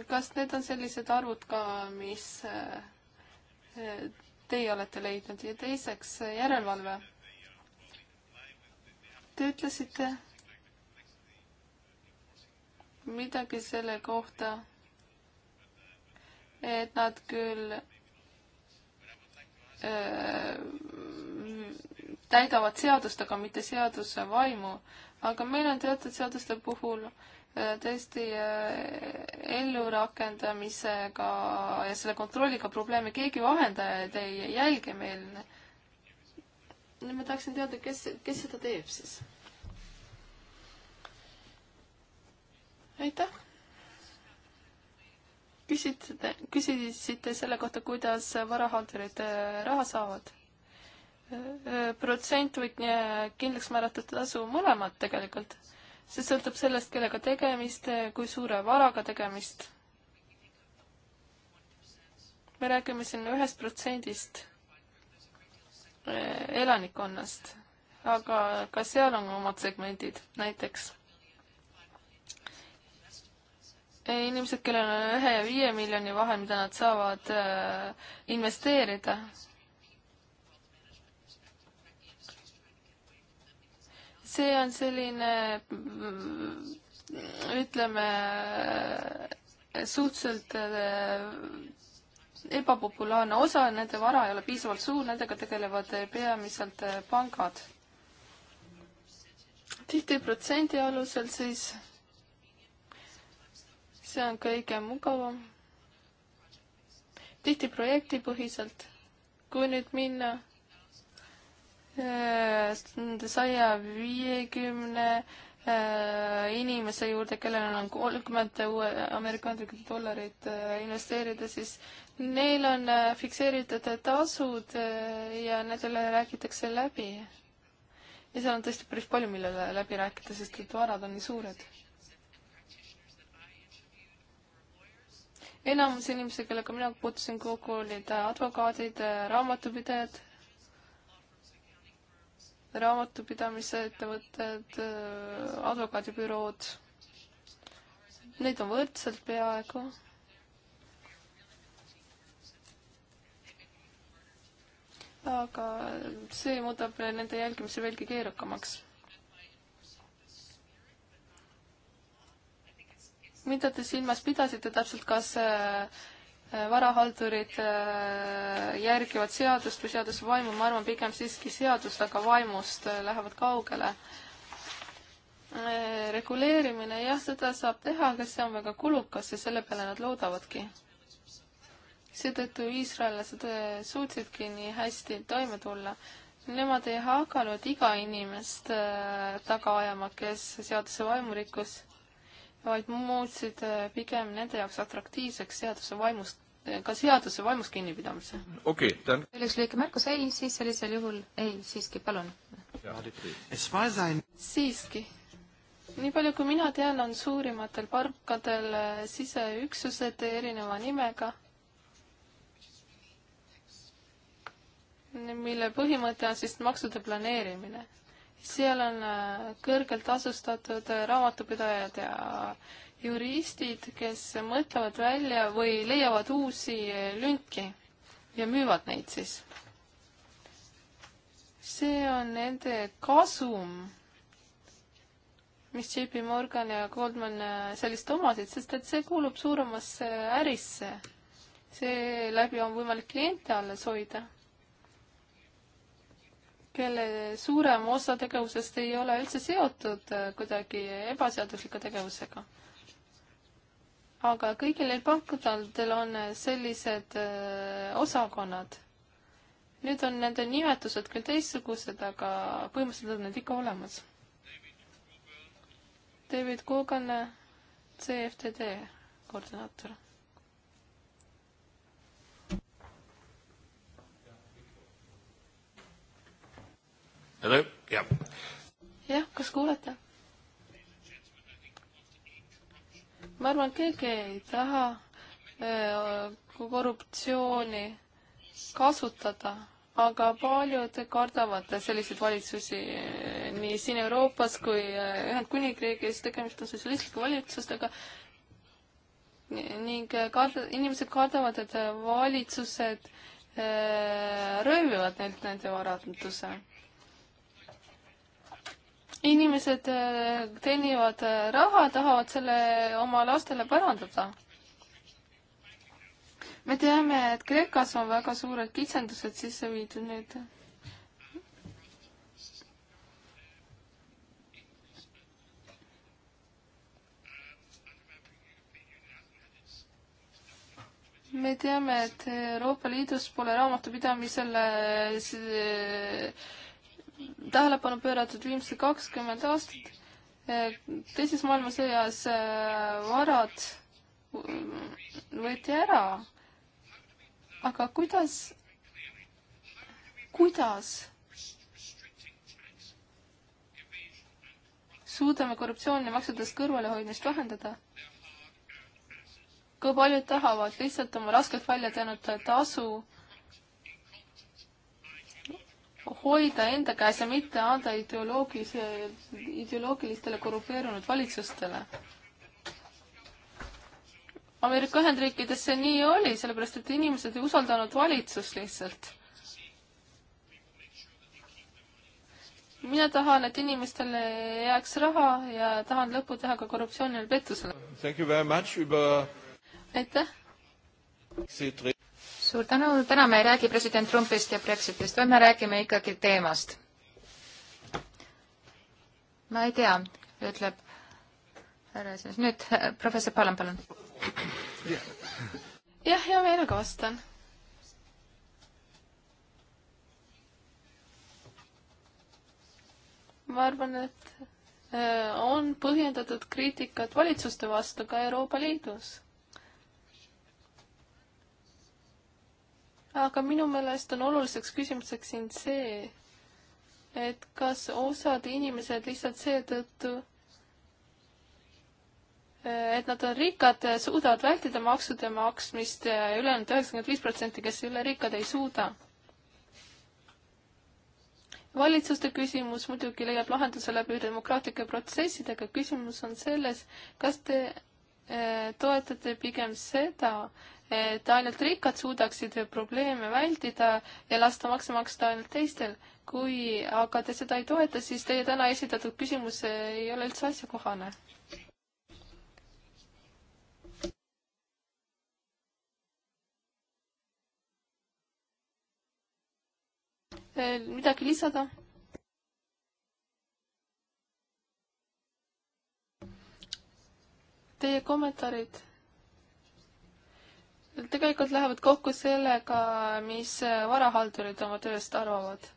kas need on sellised arvud ka, mis äh, teie olete leidnud ja teiseks järelevalve? Te ütlesite midagi selle kohta, et nad küll öö, äh, täidavad seadust, aga mitte seaduse vaimu. aga meil on teatud seaduste puhul äh, tõesti äh, ellurakendamisega ja selle kontrolliga probleeme, keegi vahendajaid ei jälgi meil. nüüd ma tahaksin teada, kes, kes seda teeb siis? aitäh! küsisite, küsisite selle kohta, kuidas varahaldurid äh, raha saavad? Äh, äh, protsent või kindlaks määratud tasu mõlemad tegelikult. see sõltub sellest, kellega tegemist, kui suure varaga tegemist. me räägime siin ühest protsendist elanikkonnast, aga ka seal on omad segmendid, näiteks inimesed, kellel on ühe ja viie miljoni vahel, mida nad saavad äh, investeerida. see on selline, mm, ütleme, äh, suhteliselt äh, ebapopulaarne osa, nende vara ei ole piisavalt suur, nendega tegelevad peamiselt pangad. tihti protsendi alusel siis see on kõige mugavam. tihti projektipõhiselt, kui nüüd minna nende äh, saja viiekümne äh, inimese juurde, kellel on kolmkümmend Ameerika Ühendriikide dollarit äh, investeerida, siis neil on fikseeritud tasud ja nendele räägitakse läbi. ja seal on tõesti päris palju, millele läbi rääkida, sest et varad on nii suured enamus inimesi, kellega mina puutusin kokku, olid advokaadid, raamatupidajad, raamatupidamise ettevõtted, advokaadibürood. Neid on võrdselt peaaegu. aga see muudab nende jälgimise veelgi keerukamaks mida te silmas pidasite täpselt, kas äh, äh, varahaldurid äh, järgivad seadust või seaduse vaimu, ma arvan pigem siiski seadust, aga vaimust lähevad kaugele. reguleerimine, jah, seda saab teha, aga see on väga kulukas ja selle peale nad loodavadki. seetõttu iisraellased suutsidki nii hästi toime tulla. Nemad ei hakanud iga inimest taga ajama, kes seaduse vaimu rikkus vaid muutsid äh, pigem nende jaoks atraktiivseks seaduse vaimust, äh, ka seaduse vaimust kinnipidamise. okei okay,, tänan. veel üks lühike märkus, ei, siis sellisel juhul, ei, siiski, palun. siiski, nii palju kui mina tean, on suurimatel parkadel äh, siseüksused erineva nimega, mille põhimõte on siis maksude planeerimine seal on äh, kõrgelt tasustatud äh, raamatupidajad ja juristid, kes mõtlevad välja või leiavad uusi äh, lünki ja müüvad neid siis. see on nende kasum, mis JP Morgan ja Goldman sellist omasid, sest et see kuulub suuremasse ärisse. seeläbi on võimalik kliente alles hoida kelle suurem osa tegevusest ei ole üldse seotud äh, kuidagi ebaseadusliku tegevusega. aga kõigil neil pankadel on äh, sellised äh, osakonnad. nüüd on nende nimetused küll teistsugused, aga põhimõtteliselt on need ikka olemas. David Kugan, CFTD koordinaator Hello? jah yeah.. jah, kas kuulete? ma arvan, et keegi ei taha äh, korruptsiooni kasutada, aga paljud kardavad selliseid valitsusi äh, nii siin Euroopas kui äh, Ühendkuningriigis, tegemist on sotsialistlike valitsustega ning kard-, inimesed kardavad, et valitsused röövivad neilt nende varaduse inimesed äh, teenivad äh, raha, tahavad selle oma lastele pärandada. me teame, et Kreekas on väga suured kitsendused sisse viidud nüüd. me teame, et Euroopa Liidus pole raamatupidamisele tähelepanu pööratud viimased kakskümmend aastat. Eh, teises maailmasõjas eh, varad võeti ära. aga kuidas, kuidas suudame korruptsiooni maksudest kõrvalehoidmist vähendada? kui paljud tahavad lihtsalt oma raskelt välja teenutajate tasu ta hoida enda käes ja mitte anda ideoloogilise, ideoloogilistele korrumpeerunud valitsustele. Ameerika Ühendriikides see nii oli, sellepärast et inimesed ei usaldanud valitsust lihtsalt. mina tahan, et inimestele jääks raha ja tahan lõpu teha ka korruptsioonile, pettusele. aitäh! suur tänu, täna me ei räägi president Trumpist ja Brexitist, vaid me räägime ikkagi teemast. ma ei tea, ütleb härra esimees, nüüd professor Palam, palun. jah, hea meelega vastan ma arvan, et äh, on põhjendatud kriitikat valitsuste vastu ka Euroopa Liidus. aga minu meelest on oluliseks küsimuseks siin see, et kas osad inimesed lihtsalt seetõttu, et nad on rikkad, suudavad vältida maksude maksmist ja ülejäänud üheksakümmend viis protsenti, kes üle rikkad ei suuda. valitsuste küsimus muidugi leiab lahenduse läbi demokraatlike protsessidega, küsimus on selles, kas te eh, toetate pigem seda, et ainult rikkad suudaksid probleeme vältida ja lasta makse maksta ainult teistel. kui aga te seda ei toeta, siis teie täna esitatud küsimus ei ole üldse asjakohane. midagi lisada? Teie kommentaarid tegelikult lähevad kokku sellega, mis varahaldurid oma tööst arvavad.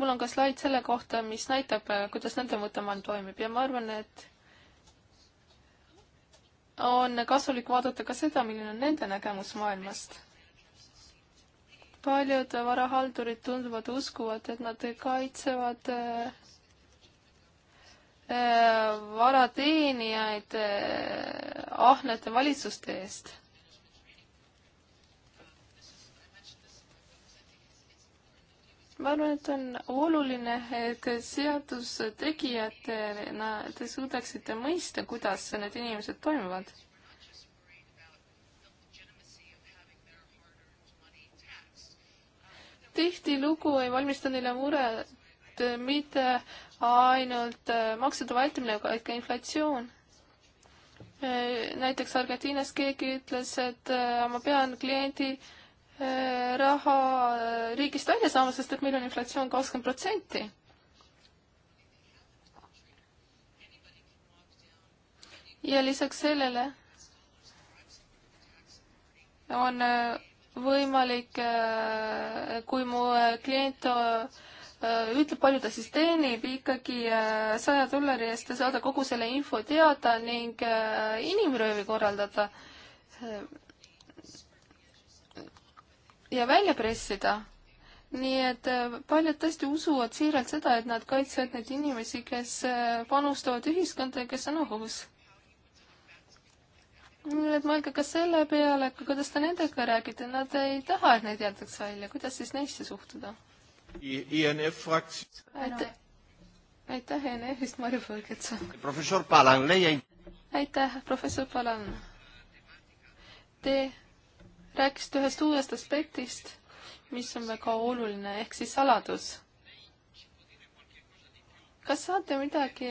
mul on ka slaid selle kohta, mis näitab, kuidas nende mõttemaailm toimib ja ma arvan, et on kasulik vaadata ka seda, milline on nende nägemus maailmast. paljud varahaldurid tunduvad uskuvat, et nad kaitsevad eh, varateenijaid eh, ahnete valitsuste eest ma arvan, et on oluline, et seaduse tegijatena te suudaksite mõista, kuidas need inimesed toimuvad. tihtilugu ei valmista neile muret mitte ainult äh, maksude vältimine, vaid ka inflatsioon äh, näiteks Argentiinas keegi ütles, et äh, ma pean kliendi Eh, raha eh, riigist välja saama, sest et meil on inflatsioon kakskümmend protsenti. ja lisaks sellele on eh, võimalik, kui mu klient ütleb, palju ta siis teenib, ikkagi saja dollari eest saada kogu selle info teada ning inimröövi korraldada ja välja pressida. nii et äh, paljud tõesti usuvad siiralt seda, et nad kaitsevad neid inimesi, kes äh, panustavad ühiskonda ja kes on ohus. nii et mõelge ka selle peale, kuidas te nendega räägite, nad ei taha, et neid jäetaks välja, kuidas siis neisse suhtuda? INF fraktsioon. aitäh INF-ist, Marju Põlgetsa. professor Palan, leia. aitäh, professor Palan. Te rääkisite ühest uuest aspektist, mis on väga oluline, ehk siis saladus. kas saate midagi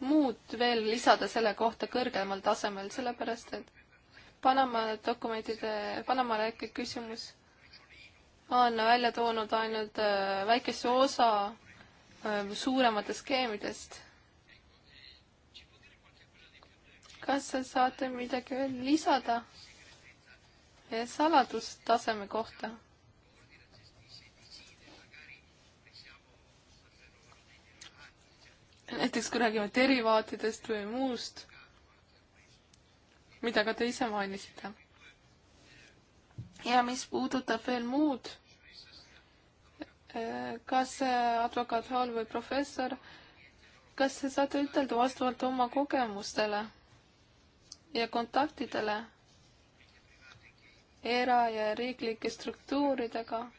muud veel lisada selle kohta kõrgemal tasemel, sellepärast et Panama dokumentide, Panama rääkib küsimus on välja toonud ainult äh, väikese osa äh, suurematest skeemidest. kas saate midagi veel lisada saladustaseme kohta. näiteks kui räägime derivaatidest või muust, mida ka te ise mainisite. ja mis puudutab veel muud, kas advokaat Hall või professor, kas te saate ütelda vastavalt oma kogemustele ja kontaktidele era- ja riiklike struktuuridega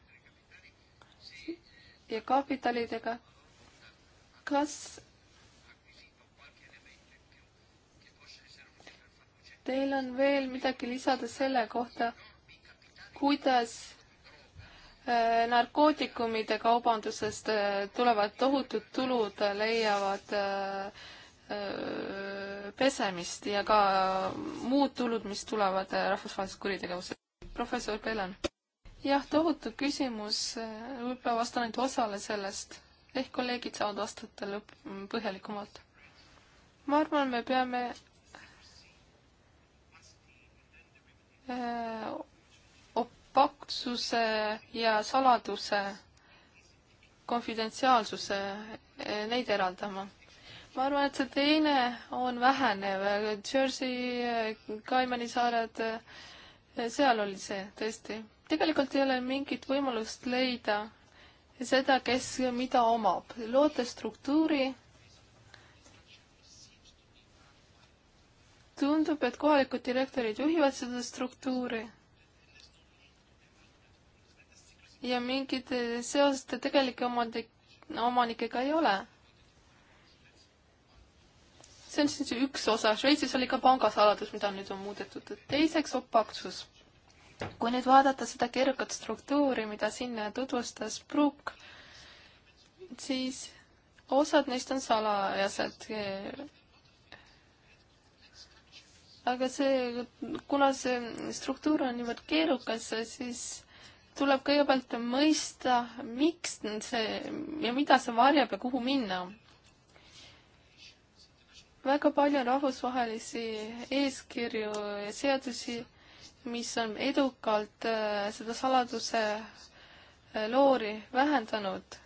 ja kapitalidega. kas teil on veel midagi lisada selle kohta, kuidas äh, narkootikumide kaubandusest äh, tulevad tohutud tulud äh, leiavad pesemist ja ka muud tulud, mis tulevad rahvusvahelisest kuritegevusest professor Pelen. jah, tohutu küsimus, võib-olla vastan ainult osale sellest, ehk kolleegid saavad vastata lõpp, mm, põhjalikumalt. ma arvan, me peame äh, opaksuse ja saladuse, konfidentsiaalsuse, äh, neid eraldama ma arvan, et see teine on vähenev, Jersey, äh, Kaimani saared äh,, seal oli see tõesti. tegelikult ei ole mingit võimalust leida seda, kes mida omab. loote struktuuri tundub, et kohalikud direktorid juhivad seda struktuuri. ja mingit seost tegelike omanik, omanikega ei ole see on siis üks osa, Šveitsis oli ka pangasaladus, mida nüüd on muudetud, teiseks opaksus. kui nüüd vaadata seda keerukat struktuuri, mida siin tutvustas Brooke, siis osad neist on salajased. aga see, kuna see struktuur on niivõrd keerukas, siis tuleb kõigepealt mõista, miks see ja mida see varjab ja kuhu minna väga palju on rahvusvahelisi eeskirju ja seadusi, mis on edukalt äh, seda saladuse äh, loori vähendanud äh,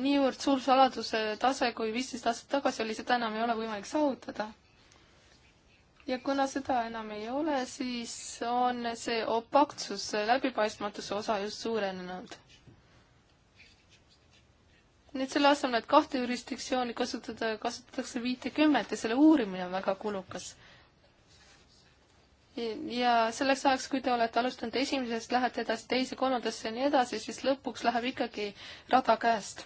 niivõrd suur saladuse tase kui viisteist aastat tagasi oli, seda enam ei ole võimalik saavutada. ja kuna seda enam ei ole, siis on see opaktsus, läbipaistmatuse osa just suurenenud nüüd selle asemel, et kahte jurisdiktsiooni kasutada, kasutatakse viitekümmet ja selle uurimine on väga kulukas. ja selleks ajaks, kui te olete alustanud esimesest, lähete edasi teise, kolmandasse ja nii edasi, siis lõpuks läheb ikkagi rada käest.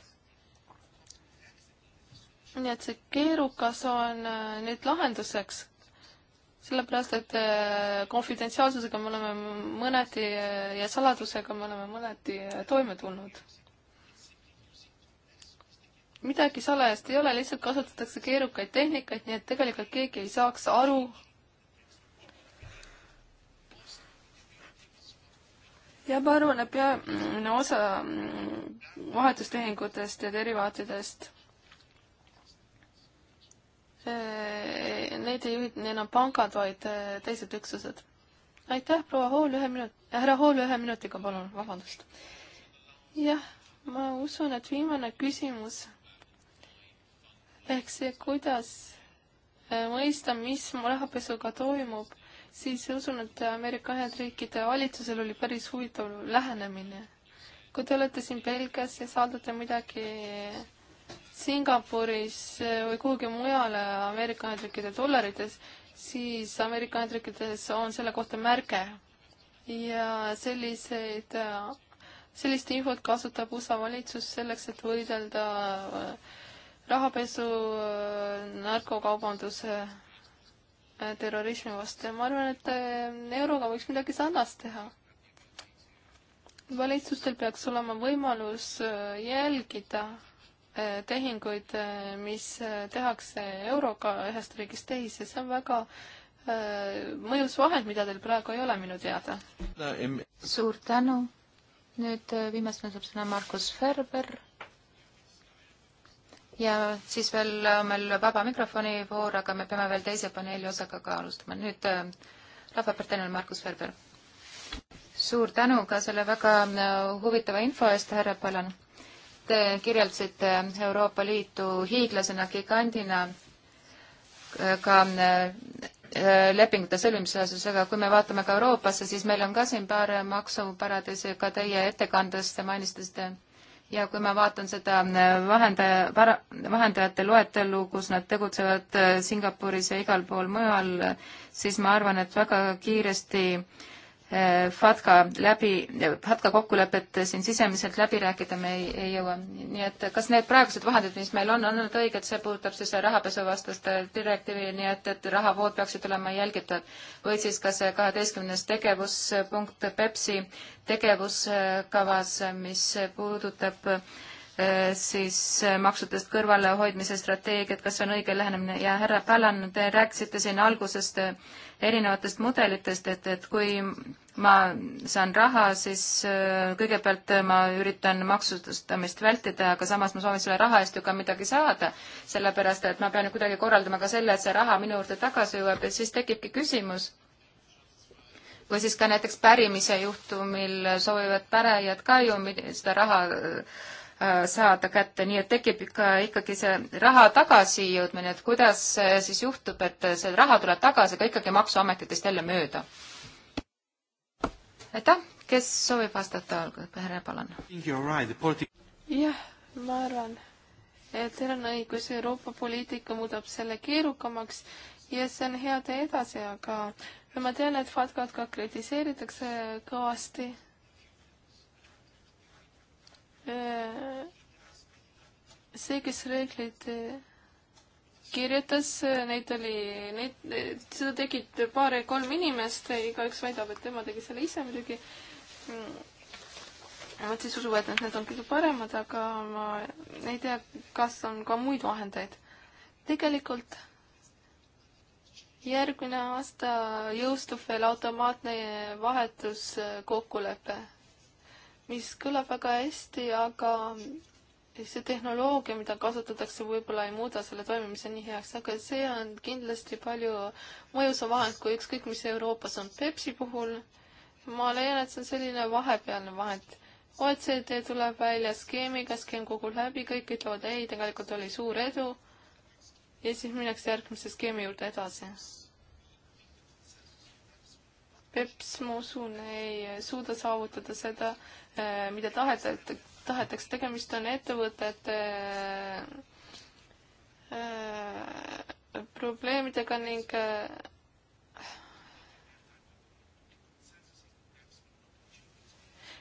nii et see keerukas on äh, nüüd lahenduseks, sellepärast et äh, konfidentsiaalsusega me oleme mõneti äh, ja saladusega me oleme mõneti toime tulnud midagi salajast ei ole, lihtsalt kasutatakse keerukaid tehnikaid, nii et tegelikult keegi ei saaks aru. ja ma arvan, et pea- no,, osa vahetustehingutest ja derivaatidest eh, Neid ei juhi enam pangad, vaid eh, teised üksused. aitäh, proua Hool, ühe minut-, härra Hool, ühe minutiga, palun, vabandust. jah, ma usun, et viimane küsimus ehk see, kuidas äh, mõista, mis rahapesuga toimub, siis usun, et Ameerika Ühendriikide valitsusel oli päris huvitav lähenemine. kui te olete siin Belgias ja saadate midagi Singapuris äh, või kuhugi mujale Ameerika Ühendriikide dollarites, siis Ameerika Ühendriikides on selle kohta märge ja selliseid, äh, sellist infot kasutab USA valitsus selleks, et võidelda äh, rahapesu, narkokaubanduse, terrorismi vastu ja ma arvan, et äh, euroga võiks midagi sarnast teha. valitsustel peaks olema võimalus äh, jälgida äh, tehinguid, mis tehakse euroga ühest riigist teise, see on väga mõjus vahend, mida teil praegu ei ole minu teada. suur tänu. nüüd viimasena saab sõna Markus Ferber ja siis veel on äh, meil vaba mikrofoni voor, aga me peame veel teise paneeli osaga ka alustama. nüüd äh, rahvapartei Markus Verber. suur tänu ka selle väga äh, huvitava info eest, härra Palan. Te kirjeldasite Euroopa Liitu hiiglasena, gigandina ka lepingute sõlmimise osas, aga kui me vaatame ka Euroopasse, siis meil on ka siin paar maksuparadiisi, ka teie ettekandes te mainisite ja kui ma vaatan seda äh, vahendaja, vahendajate loetelu, kus nad tegutsevad äh, Singapuris ja igal pool mujal, äh, siis ma arvan, et väga kiiresti FATKA läbi, FATKA kokkulepet siin sisemiselt läbi rääkida me ei, ei jõua. nii et kas need praegused vahendid, mis meil on, on need õiged, see puudutab siis rahapesuvastaste direktiivi, nii et, et rahavood peaksid olema jälgitav. või siis ka see kaheteistkümnes tegevuspunkt Pepsi tegevuskavas, mis puudutab äh, Äh, siis äh, maksudest kõrvalehoidmise strateegiat, kas see on õige lähenemine ja härra Palan, te rääkisite siin algusest äh, erinevatest mudelitest, et, et kui ma saan raha, siis kõigepealt ma üritan maksustamist vältida, aga samas ma soovin selle raha eest ju ka midagi saada, sellepärast et ma pean ju kuidagi korraldama ka selle, et see raha minu juurde tagasi jõuab ja siis tekibki küsimus või siis ka näiteks pärimise juhtumil soovivad pärajad ka ju seda raha Äh, saada kätte, nii et tekib ikka, ikkagi see raha tagasijõudmine, et kuidas äh, siis juhtub, et äh, see raha tuleb tagasi, aga ikkagi Maksuametitest jälle mööda. aitäh, kes soovib vastata, olgu, härra Palan. jah, ma arvan, et teil on õigus, Euroopa poliitika muudab selle keerukamaks ja see on hea tee edasi, aga no ma tean, et FATCAt ka kritiseeritakse kõvasti Äh, see, kes reeglid äh, kirjutas, äh, neid oli, neid, seda tegid paar-kolm inimest, igaüks väidab, et tema tegi selle ise muidugi. Mm. Nad siis usuvad, et need on kõige paremad, aga ma ei tea, kas on ka muid vahendeid. tegelikult järgmine aasta jõustub veel automaatne vahetuskokkulepe mis kõlab väga hästi, aga see tehnoloogia, mida kasutatakse, võib-olla ei muuda selle toimimise nii heaks, aga see on kindlasti palju mõjusam vahend kui ükskõik, mis Euroopas on Pepsi puhul. ma leian, et see on selline vahepealne vahend. OECD tuleb välja skeemiga, skeem kogub läbi, kõik ütlevad ei, tegelikult oli suur edu. ja siis minnakse järgmise skeemi juurde edasi PEPS, ma usun, ei suuda saavutada seda, eh, mida tahetakse, tahetakse, tegemist on ettevõtete äh, probleemidega ning äh,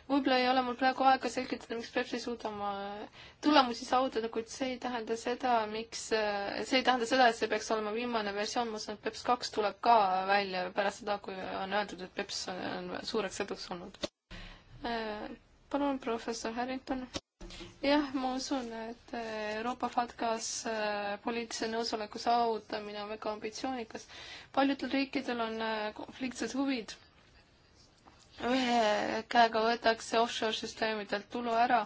võib-olla ei ole mul praegu aega selgitada, miks Peps ei suuda oma tulemusi saavutada, kuid see ei tähenda seda, miks, see ei tähenda seda, et see peaks olema viimane versioon, ma usun, et Peps kaks tuleb ka välja pärast seda, kui on öeldud, et Peps on suureks eduks olnud. Äh, palun, professor Harrington jah, ma usun, et äh, Euroopa FATCas äh, poliitilise nõusoleku saavutamine on väga ambitsioonikas. paljudel riikidel on konfliktsed huvid ühe käega võetakse offshore süsteemidelt tulu ära,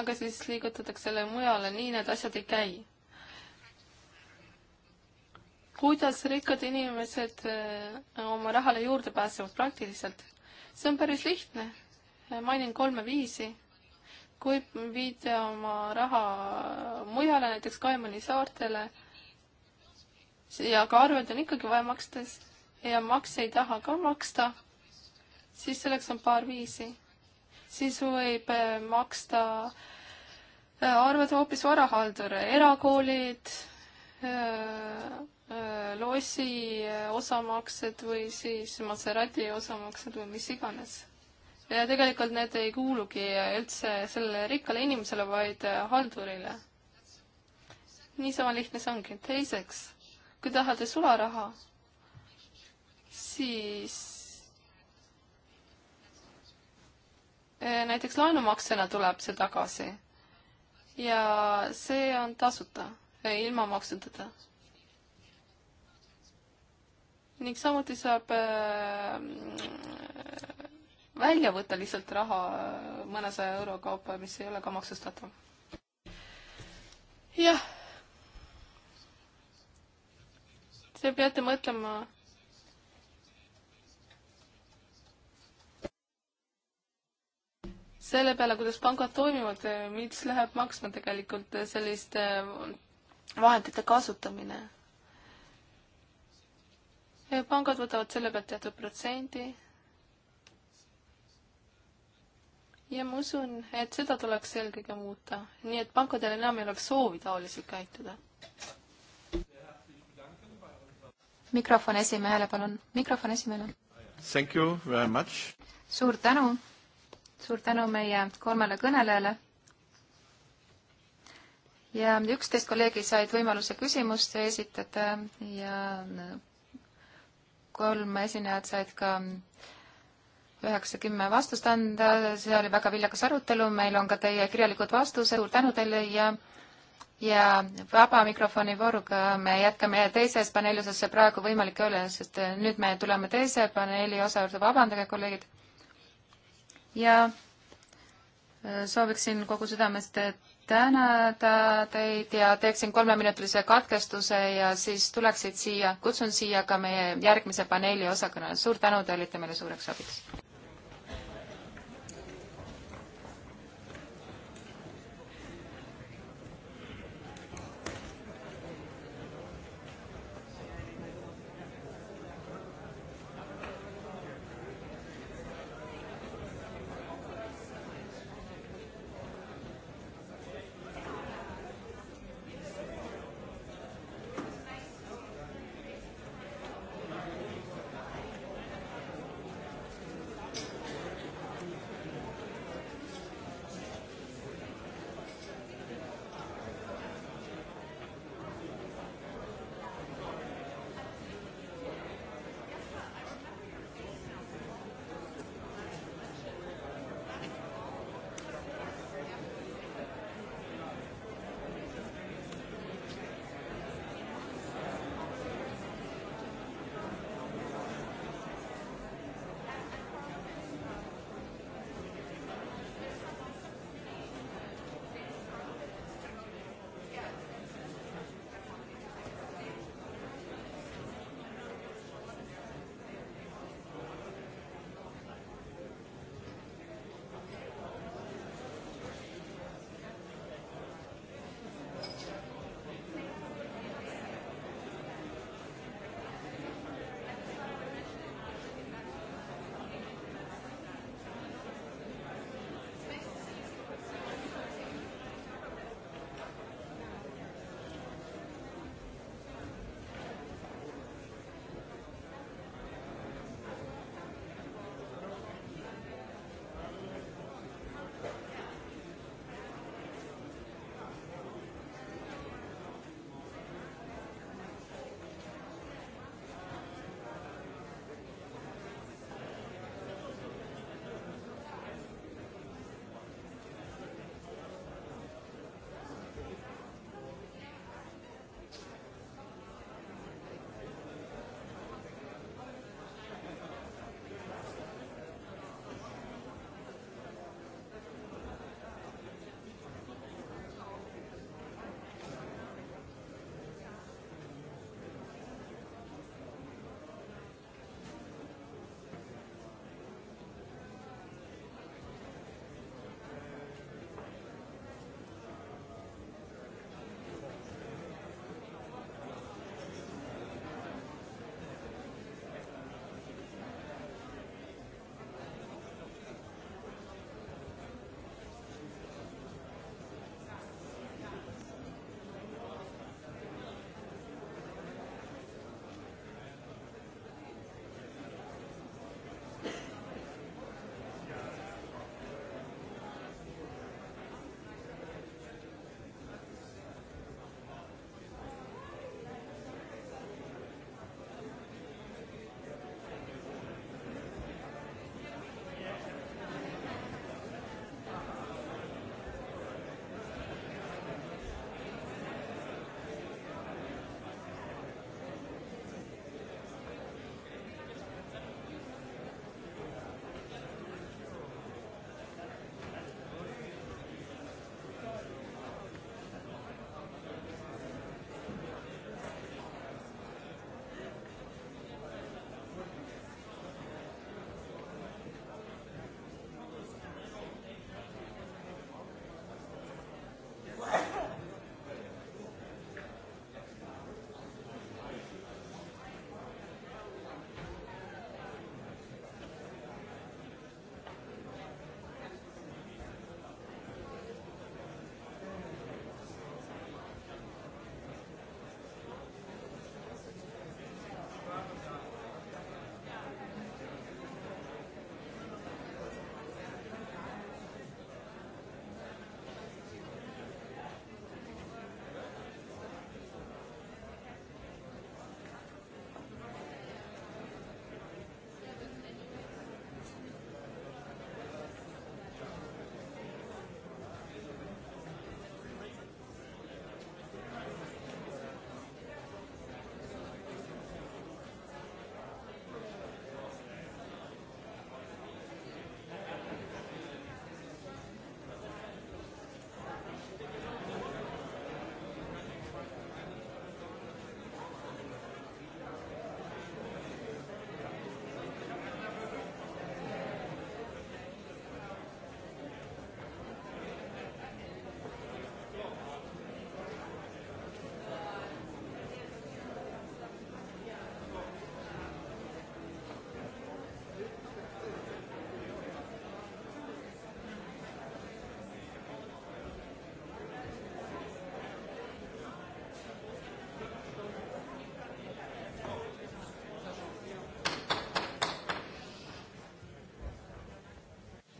aga siis liigutatakse selle mujale, nii need asjad ei käi. kuidas rikkad inimesed eh, oma rahale juurde pääsevad praktiliselt? see on päris lihtne. mainin kolme viisi. kui viite oma raha mujale, näiteks Kaimani saartele, ja ka arved on ikkagi vaja maksta ja makse ei taha ka maksta siis selleks on paar viisi. siis võib äh, maksta äh, arved hoopis varahaldur, erakoolid, äh, lossi osamaksed või siis Maserati osamaksed või mis iganes. ja tegelikult need ei kuulugi üldse sellele rikkale inimesele, vaid haldurile. niisama lihtne see ongi. teiseks, kui tahate sularaha, siis Äh, näiteks laenumaksena tuleb see tagasi. ja see on tasuta, äh, ilma maksudeta. ning samuti saab äh, välja võtta lihtsalt raha mõnesaja euro kaupa, mis ei ole ka maksustatav. jah. Te peate mõtlema selle peale, kuidas pangad toimivad, mis läheb maksma tegelikult selliste eh, vahendite kasutamine. Eh, pangad võtavad selle pealt teatud protsendi. ja ma usun, et seda tuleks eelkõige muuta, nii et pankadel enam ei oleks soovi taoliselt käituda. mikrofon esimehele, palun. mikrofon esimehele. Thank you very much. suur tänu suur tänu meie kolmele kõnelejale. ja üksteist kolleegi said võimaluse küsimust esitada ja kolm esinejat said ka üheksa, kümme vastust anda, see oli väga viljakas arutelu, meil on ka teie kirjalikud vastused, suur tänu teile ja ja vaba mikrofoni vooruga me jätkame teises paneelis, sest see praegu võimalik ei ole, sest nüüd me tuleme teise paneeli osa juurde, vabandage, kolleegid ja äh, sooviksin kogu südamest tänada teid ja teeksin kolmeminutilise katkestuse ja siis tuleksid siia, kutsun siia ka meie järgmise paneeli osakonna. suur tänu, te olite meile suureks abiks.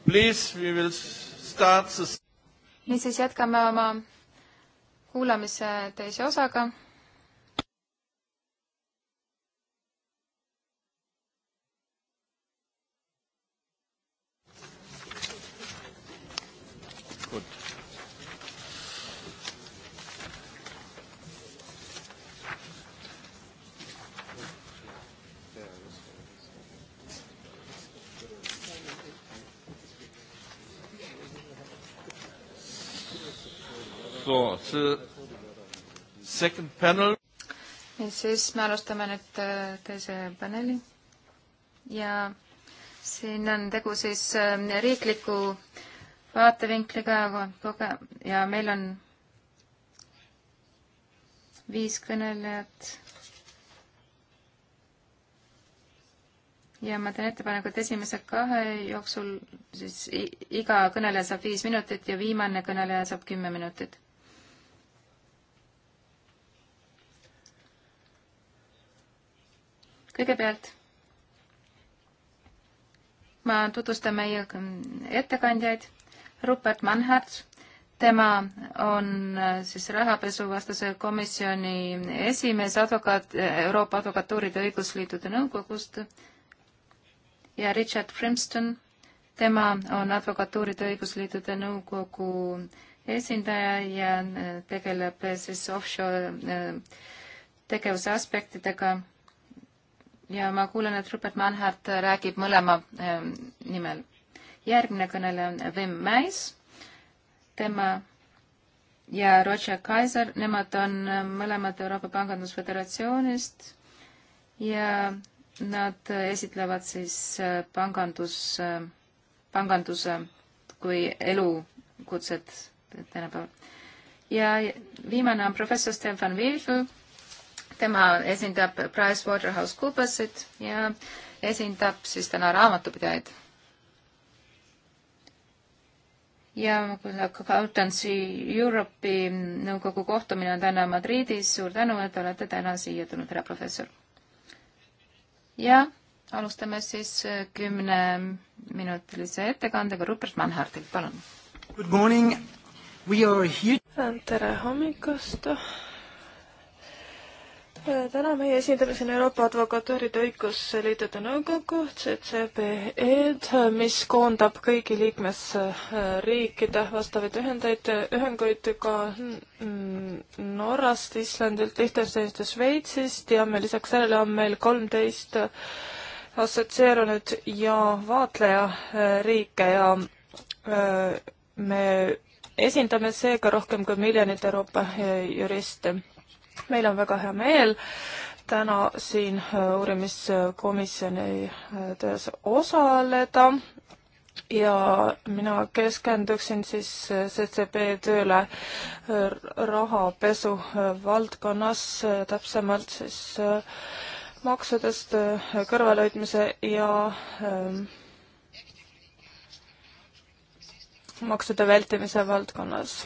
Please, we will start the... niisiis jätkame oma kuulamise teise osaga panel. ja siis me alustame nüüd äh, teise paneli ja siin on tegu siis äh, riikliku vaatevinkliga ja meil on viis kõnelejat. ja ma teen ettepaneku, et esimese kahe jooksul siis iga kõneleja saab viis minutit ja viimane kõneleja saab kümme minutit kõigepealt ma tutvustan meie ettekandjaid. Rupert Manhart, tema on äh, siis rahapesuvastase komisjoni esimees advokaat, äh, Euroopa Advokatuuride Õigusliitude Nõukogust ja Richard Frimston, tema on Advokatuuride Õigusliitude Nõukogu esindaja ja äh, tegeleb siis offshore tegevuse aspektidega ja ma kuulen, et Rupert Manhart räägib mõlema ähm, nimel. järgmine kõneleja on Wim Mäis, tema ja Roger Kaiser, nemad on ähm, mõlemad Euroopa Pangandusföderatsioonist ja nad esitlevad siis äh, pangandus, ähm, panganduse kui elukutset tänapäeval. ja viimane on professor Stefan Vilfug, tema esindab PricewaterhouseCoopersit ja esindab siis täna raamatupidajaid. ja Accountancy Europe'i nõukogu kohtumine on täna Madridis, suur tänu, et olete täna siia tulnud, härra professor. ja alustame siis kümneminutilise ettekandega Rupert Manhartilt, palun. tere hommikust täna meie esindame siin Euroopa Advokatuuride Õigusliitude Nõukogu, CCPE-d, mis koondab kõigi liikmesriikide vastavaid ühendeid, ühenguid ka Norrast, Islandilt, Liechtensteinist ja Šveitsist ja me lisaks sellele on meil kolmteist assotsieerunud ja vaatleja äh, riike ja äh, me esindame seega rohkem kui miljonit Euroopa äh, juriste meil on väga hea meel täna siin äh, uurimiskomisjoni äh, töös osaleda ja mina keskenduksin siis äh, CCP tööle rahapesu valdkonnas, täpsemalt siis maksudest kõrvalehoidmise ja ähm, maksude vältimise valdkonnas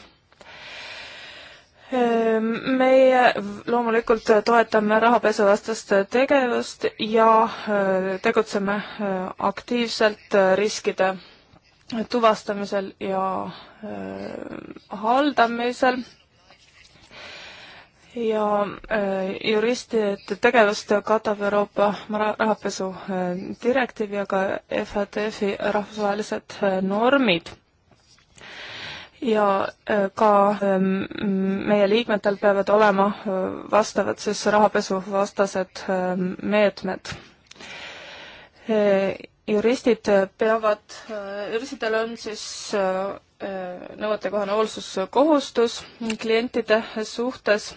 Ehm, meie loomulikult toetame rahapesuvastast tegevust ja äh, tegutseme äh, aktiivselt äh, riskide tuvastamisel ja haldamisel ja juristide tegevust katab Euroopa rahapesu direktiiv ja ka FATF-i rahvusvahelised normid ja äh, ka ähm, meie liikmetel peavad olema äh, vastavad siis rahapesuvastased ähm, meetmed. Äh, juristid peavad, juristidel on siis nõuetekohane hoolsuskohustus klientide suhtes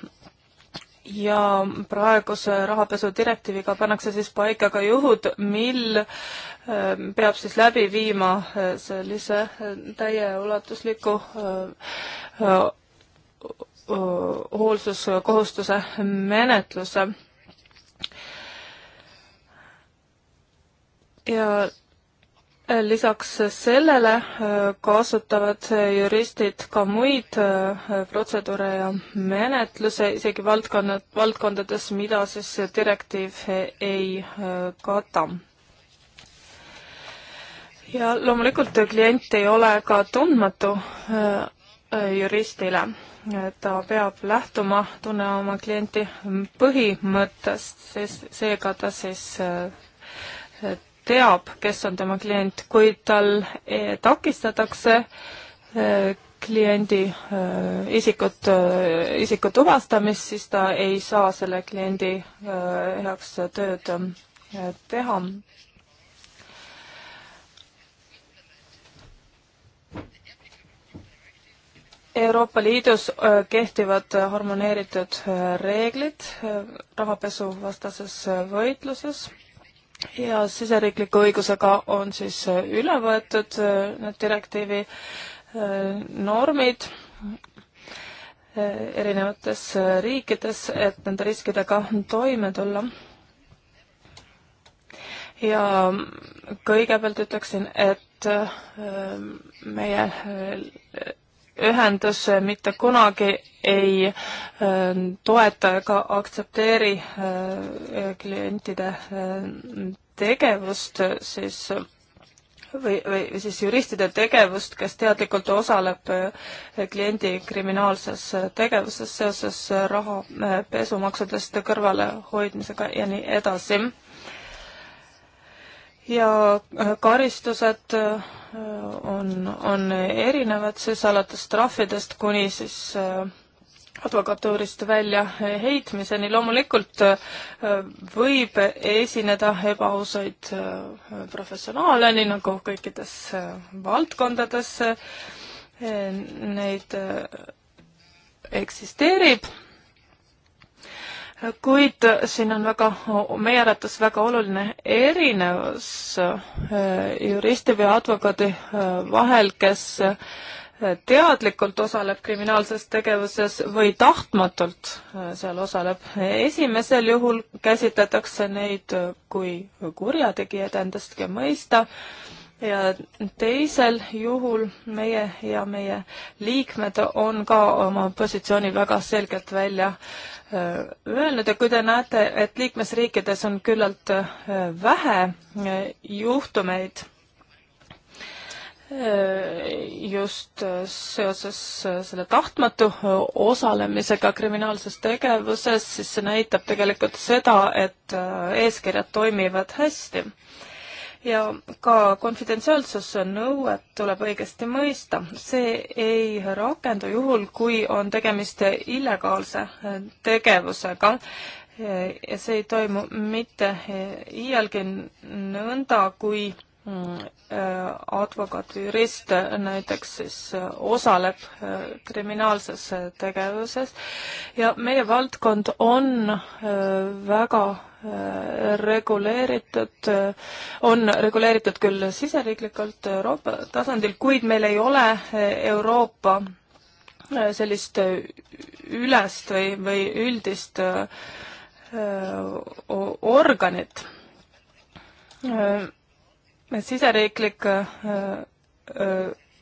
ja praeguse rahapesudirektiiviga pannakse siis paika ka juhud, mil äh, peab siis läbi viima äh, sellise äh, täieulatusliku hoolsuskohustuse menetluse. ja lisaks sellele äh, kasutavad juristid ka muid äh, protseduure ja menetluse, isegi valdkonnad, valdkondades, mida siis direktiiv ei äh, kata. ja loomulikult klient ei ole ka tundmatu juristile, ta peab lähtuma, tunnema oma klienti põhimõttest, siis seega ta siis teab, kes on tema klient, kuid tal e, takistatakse e, kliendi e, isikut, isiku tuvastamist, siis ta ei saa selle kliendi heaks tööd teha. Euroopa Liidus kehtivad harmoneeritud reeglid rahapesuvastases võitluses ja siseriikliku õigusega on siis äh, üle võetud äh, need direktiivi äh, normid erinevates riikides, et nende riskidega toime tulla. ja kõigepealt ütleksin, et meie ühendus mitte kunagi ei äh, toeta ega aktsepteeri äh, klientide äh, tegevust, siis või, või siis juristide tegevust, kes teadlikult osaleb kliendi kriminaalses tegevuses seoses rahapesumaksudest kõrvalehoidmisega ja nii edasi ja äh, karistused äh, on, on erinevad siis alates trahvidest kuni siis äh, advokatuurist välja heitmiseni. loomulikult võib esineda ebaausaid professionaale, nii nagu kõikides valdkondades neid eksisteerib kuid siin on väga, meie arvates väga oluline erinevus äh, juristi või advokaadi äh, vahel, kes äh, teadlikult osaleb kriminaalses tegevuses või tahtmatult seal osaleb. esimesel juhul käsitletakse neid kui kurjategijaid endastki mõista ja teisel juhul meie ja meie liikmed on ka oma positsiooni väga selgelt välja äh, öelnud ja kui te näete, et liikmesriikides on küllalt äh, vähe äh, juhtumeid just seoses selle tahtmatu osalemisega kriminaalses tegevuses, siis see näitab tegelikult seda, et eeskirjad toimivad hästi ja ka konfidentsiaalsuse nõuet tuleb õigesti mõista. see ei rakendu juhul, kui on tegemist illegaalse äh, tegevusega äh, ja see ei toimu mitte äh, iialgi nõnda, kui mm, advokaat, jurist näiteks siis osaleb kriminaalses tegevuses ja meie valdkond on väga reguleeritud, on reguleeritud küll siseriiklikult Euroopa tasandil, kuid meil ei ole Euroopa äh, sellist äh, ülest või, või üldist äh, organit. siseriiklik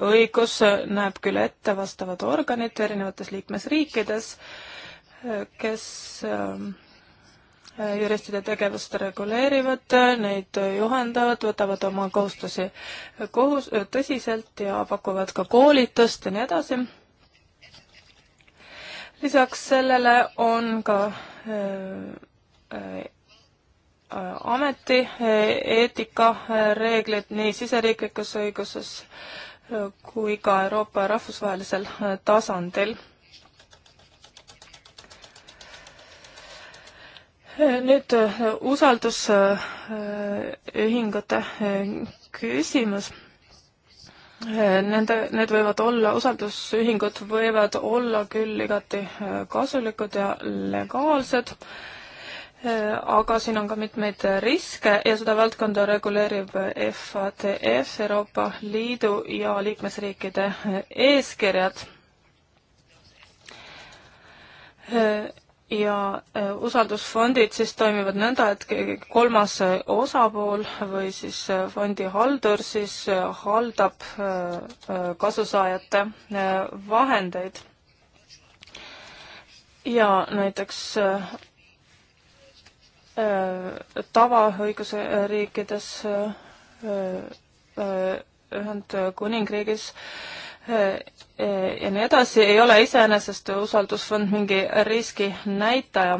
õigus näeb küll ette vastavad organid erinevates liikmesriikides, kes äh, juristide tegevust reguleerivad, neid juhendavad, võtavad oma kohustusi kohus, tõsiselt ja pakuvad ka koolitust ja nii edasi. lisaks sellele on ka äh, äh, ameti äh, eetikareeglid nii siseriiklikus õiguses kui ka Euroopa ja rahvusvahelisel tasandil nüüd äh, usaldusühingute äh, äh, küsimus. Nende, need võivad olla, usaldusühingud võivad olla küll igati kasulikud ja legaalsed, aga siin on ka mitmeid riske ja seda valdkonda reguleerib FATF, Euroopa Liidu ja liikmesriikide eeskirjad ja äh, usaldusfondid siis toimivad nõnda, et keegi kolmas äh, osapool või siis äh, fondihaldur siis haldab kasusaajate vahendeid. ja näiteks tavaõiguse riikides Ühendkuningriigis äh, Äh, äh, ja nii edasi, ei ole iseenesest usaldusfond mingi riskinäitaja.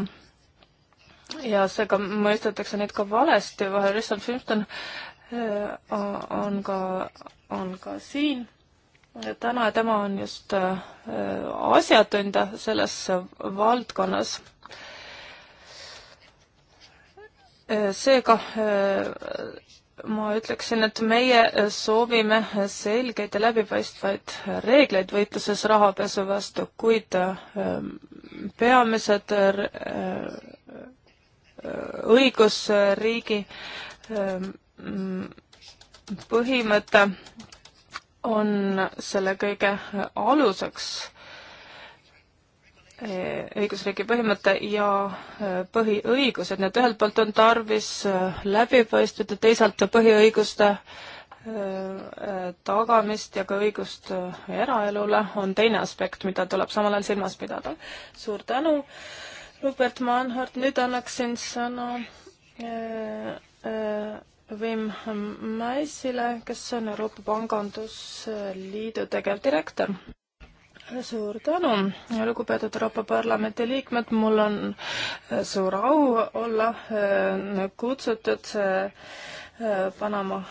ja seega mõistetakse neid ka valesti, vahel Richard Simpson äh, on ka, on ka siin ja täna, tema on just asjatundja selles valdkonnas seega ma ütleksin, et meie soovime selgeid ja läbipaistvaid reegleid võitluses rahapesu vastu, kuid ähm, peamised äh, õigusriigi ähm, põhimõte on selle kõige aluseks Eh, õigusriigi põhimõte ja eh, põhiõigused, nii et ühelt poolt on tarvis eh, läbipaistvat ja teisalt põhiõiguste tagamist ja ka õigust eraelule on teine aspekt, mida tuleb samal ajal silmas pidada. suur tänu, Rupert Manhart, nüüd annaksin sõna äh, äh, Wim Mäisile, kes on Euroopa Pangandusliidu tegevdirektor suur tänu, lugupeetud Euroopa Parlamendi liikmed, mul on äh, suur au olla äh, kutsutud äh, Panama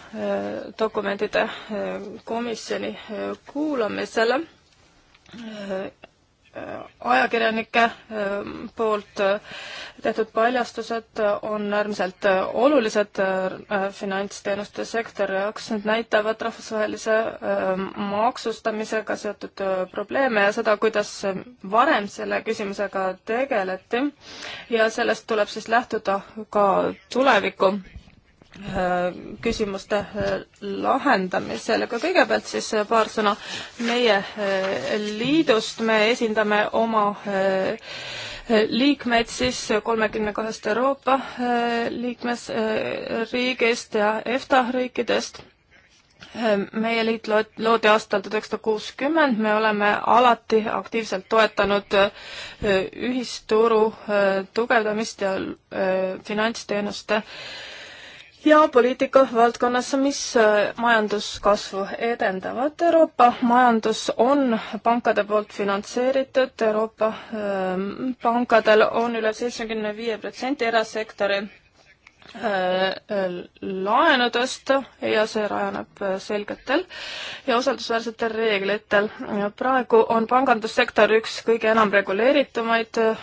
dokumentide komisjoni kuulamisele Äh, ajakirjanike ähm, poolt äh, tehtud paljastused äh, on äärmiselt olulised finantsteenuste sektori jaoks, need näitavad rahvusvahelise ähm, maksustamisega seotud probleeme ja seda, kuidas varem selle küsimusega tegeleti. ja sellest tuleb siis lähtuda ka tuleviku Äh, küsimuste äh, lahendamisel, aga kõigepealt siis äh, paar sõna meie liidust, me esindame oma liikmeid siis kolmekümne kahest Euroopa liikmesriigist ja EFTA riikidest. meie liit loodi aastal tuhat üheksasada kuuskümmend, me oleme alati aktiivselt toetanud ühisturu tugevdamist ja finantsteenuste ja poliitika valdkonnas, mis äh, majanduskasvu edendavad. Euroopa majandus on pankade poolt finantseeritud, Euroopa ähm, pankadel on üle seitsmekümne viie protsendi erasektori Äh, laenu tõsta ja see rajaneb äh, selgetel ja usaldusväärsetel reeglitel. praegu on pangandussektor üks kõige enam reguleeritumaid äh,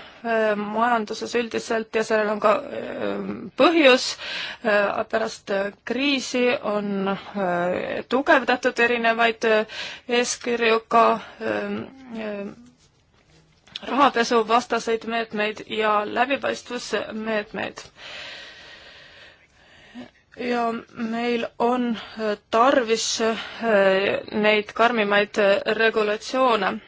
majanduses üldiselt ja sellel on ka põhjus. pärast kriisi on tugevdatud erinevaid eeskirju ka rahapesuvastaseid meetmeid ja läbipaistvusmeetmeid meet ja meil on tarvis äh, neid karmimaid äh, regulatsioone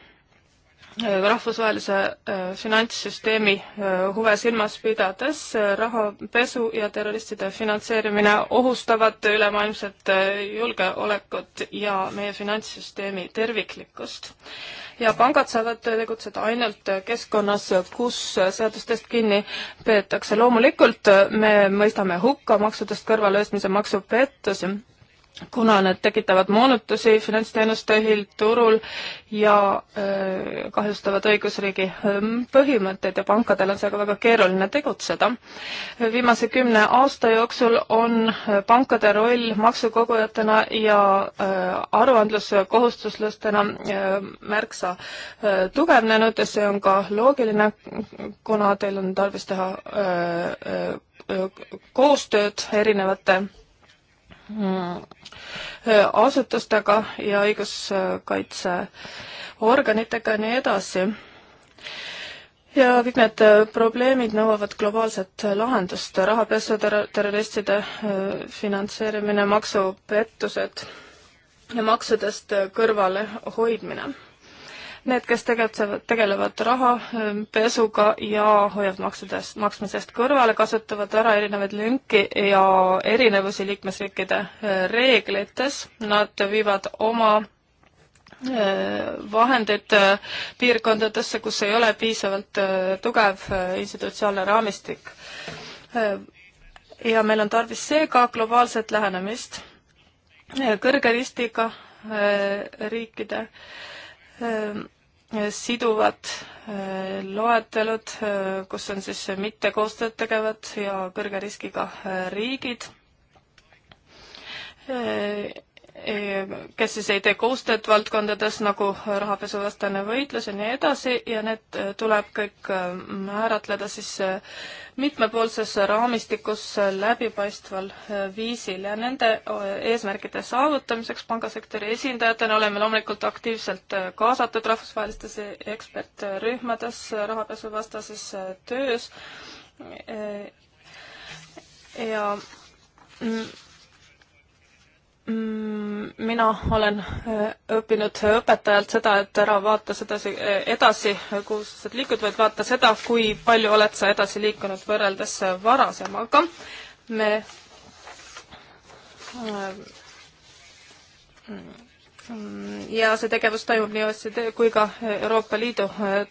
Äh, rahvusvahelise äh, finantssüsteemi äh, huve silmas pidades rahapesu ja terroristide finantseerimine ohustavad ülemaailmset julgeolekut ja meie finantssüsteemi terviklikkust. ja pangad saavad tegutseda ainult keskkonnas, kus seadustest kinni peetakse. loomulikult me mõistame hukka maksudest kõrvalööstmise maksupettusi kuna need tekitavad moonutusi finantsteenuste üldturul ja kahjustavad õigusriigi põhimõtteid ja pankadel on seega väga keeruline tegutseda. viimase kümne aasta jooksul on pankade roll maksukogujatena ja aruandluskohustuslastena märksa tugevnenud ja see on ka loogiline, kuna teil on tarvis teha koostööd erinevate Mm. asutustega ja õiguskaitseorganitega ja nii edasi. ja kõik need probleemid nõuavad globaalset lahendust, rahapesu, terroristide finantseerimine, maksupettused ja maksudest kõrvalehoidmine Need, kes tegutsevad, tegelevad rahapesuga ja hoiavad maksudest, maksmisest kõrvale, kasutavad ära erinevaid lünki ja erinevusi liikmesriikide äh, reeglites, nad viivad oma äh, vahendeid äh, piirkondadesse, kus ei ole piisavalt tugev institutsionaalne raamistik. ja meil on tarvis seega globaalset lähenemist kõrge ristiga riikide siduvad loetelud, kus on siis mitte koostööd tegevad ja kõrge riskiga riigid kes siis ei tee koostööd valdkondades nagu rahapesuvastane võitlus ja nii edasi ja need äh, tuleb kõik äh, määratleda siis äh, mitmepoolses raamistikus läbipaistval viisil ja nende eesmärkide saavutamiseks pangasektori esindajatena oleme loomulikult aktiivselt kaasatud rahvusvahelistes e-, ekspertrühmades rahapesuvastases töös ja mm, Mm, mina olen äh, õppinud õpetajalt seda, et ära vaata sedasi äh, edasi, kuhu sa liikud, vaid vaata seda, kui palju oled sa edasi liikunud võrreldes äh, varasemaga. me mm, ja see tegevus toimub nii OECD kui ka Euroopa Liidu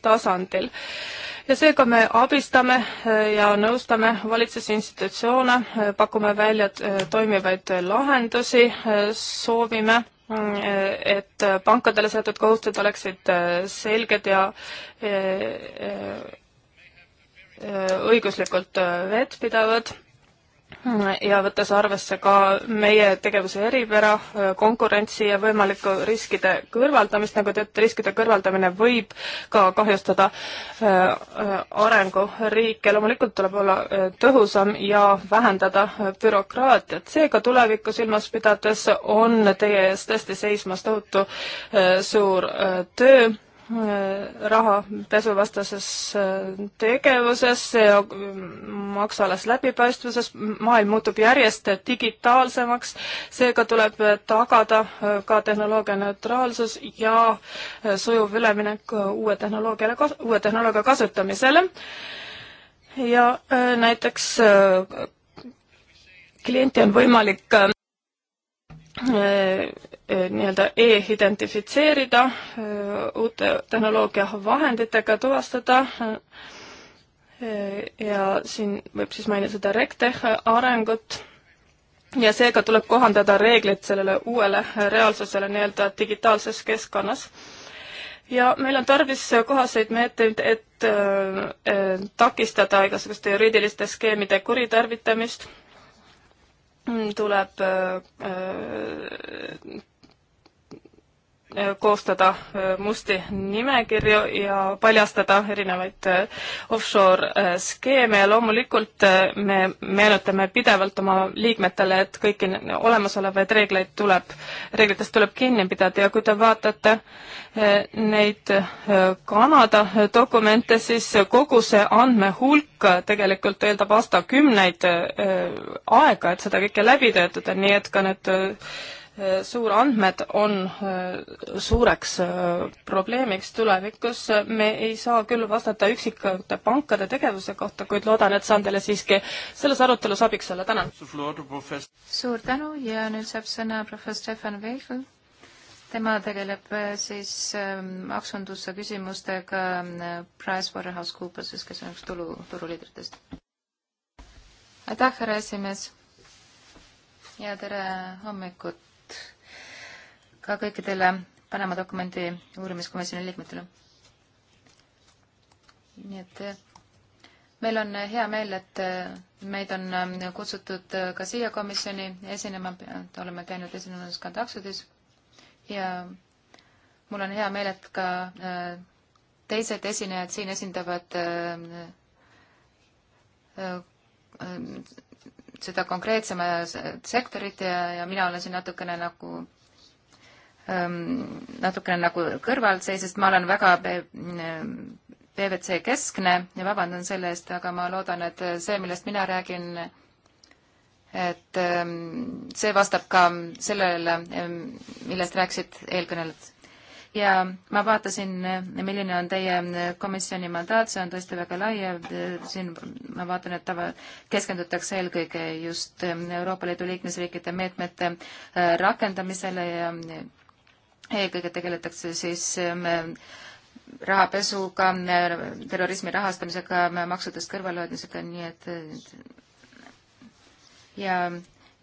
tasandil ja seega me abistame äh, ja nõustame valitsusinstitutsioone, äh, pakume välja äh, toimivaid lahendusi, soovime, mm, et pankadele seatud kohustused oleksid selged ja õiguslikult vettpidavad ja võttes arvesse ka meie tegevuse eripära, äh, konkurentsi ja võimalikku riskide kõrvaldamist, nagu te ütlete, riskide kõrvaldamine võib ka kahjustada äh, äh, arenguriike, loomulikult tuleb olla tõhusam ja vähendada bürokraatiat. seega tulevikku silmas pidades on teie ees tõesti seisma tohutu suur töö Äh, raha pesuvastases äh, tegevuses ja mm, maksalas läbipaistvuses, maailm muutub järjest digitaalsemaks, seega tuleb äh, tagada ka tehnoloogia neutraalsus ja sujuv üleminek uue tehnoloogiale, uue tehnoloogia kasutamisele. ja näiteks klienti on võimalik Äh, äh, nii-öelda e-identifitseerida, äh, uute tehnoloogia vahenditega tuvastada ja siin võib siis mainida seda RegTech arengut ja seega tuleb kohandada reeglid sellele uuele reaalsusele nii-öelda digitaalses keskkonnas ja meil on tarvis kohaseid meetmeid, et äh, äh, takistada igasuguste juriidiliste skeemide kuritarvitamist Mm, tuleb äh, äh, Äh, koostada äh, musti nimekirju ja paljastada erinevaid äh, offshore skeeme ja loomulikult me meenutame pidevalt oma liikmetele, et kõiki olemasolevaid reegleid tuleb, reeglitest tuleb kinni pidada ja kui te vaatate neid Kanada dokumente, siis kogu see andmehulk tegelikult eeldab aastakümneid aega, et seda kõike läbi töötada, nii et ka need suurandmed on äh, suureks äh, probleemiks tulevikus. me ei saa küll vastata üksikute pankade tegevuse kohta, kuid loodan, et saan teile siiski selles arutelus abiks olla. tänan! suur tänu ja nüüd saab sõna professor Stefan Veifel. tema tegeleb äh, siis maksunduse ähm, küsimustega PricewaterhouseCoopersis, kes on üks tulu, turuliidritest. aitäh, härra esimees! ja tere hommikut! ka kõikidele Panama dokumendi uurimiskomisjoni liikmetele. nii et eh, meil on eh, hea meel, et eh, meid on kutsutud ka siia komisjoni esinema, et oleme käinud esinemas ka taksodis ja mul on hea meel, et ka teised esinejad siin esindavad seda konkreetsema sektorit ja, ja mina olen siin natukene nagu natukene nagu kõrvalseisest, ma olen väga PVC keskne ja vabandan selle eest, aga ma loodan, et see, millest mina räägin, et see vastab ka sellele, millest rääkisid eelkõnelejad. ja ma vaatasin, milline on teie komisjoni mandaat, see on tõesti väga lai ja äh, siin ma vaatan, et tava, keskendutakse eelkõige just Euroopa Liidu liikmesriikide meetmete äh, rakendamisele ja eelkõige tegeletakse siis ähm, rahapesuga, äh, terrorismi rahastamisega, äh, maksudest kõrvalhoidmisega, nii et ja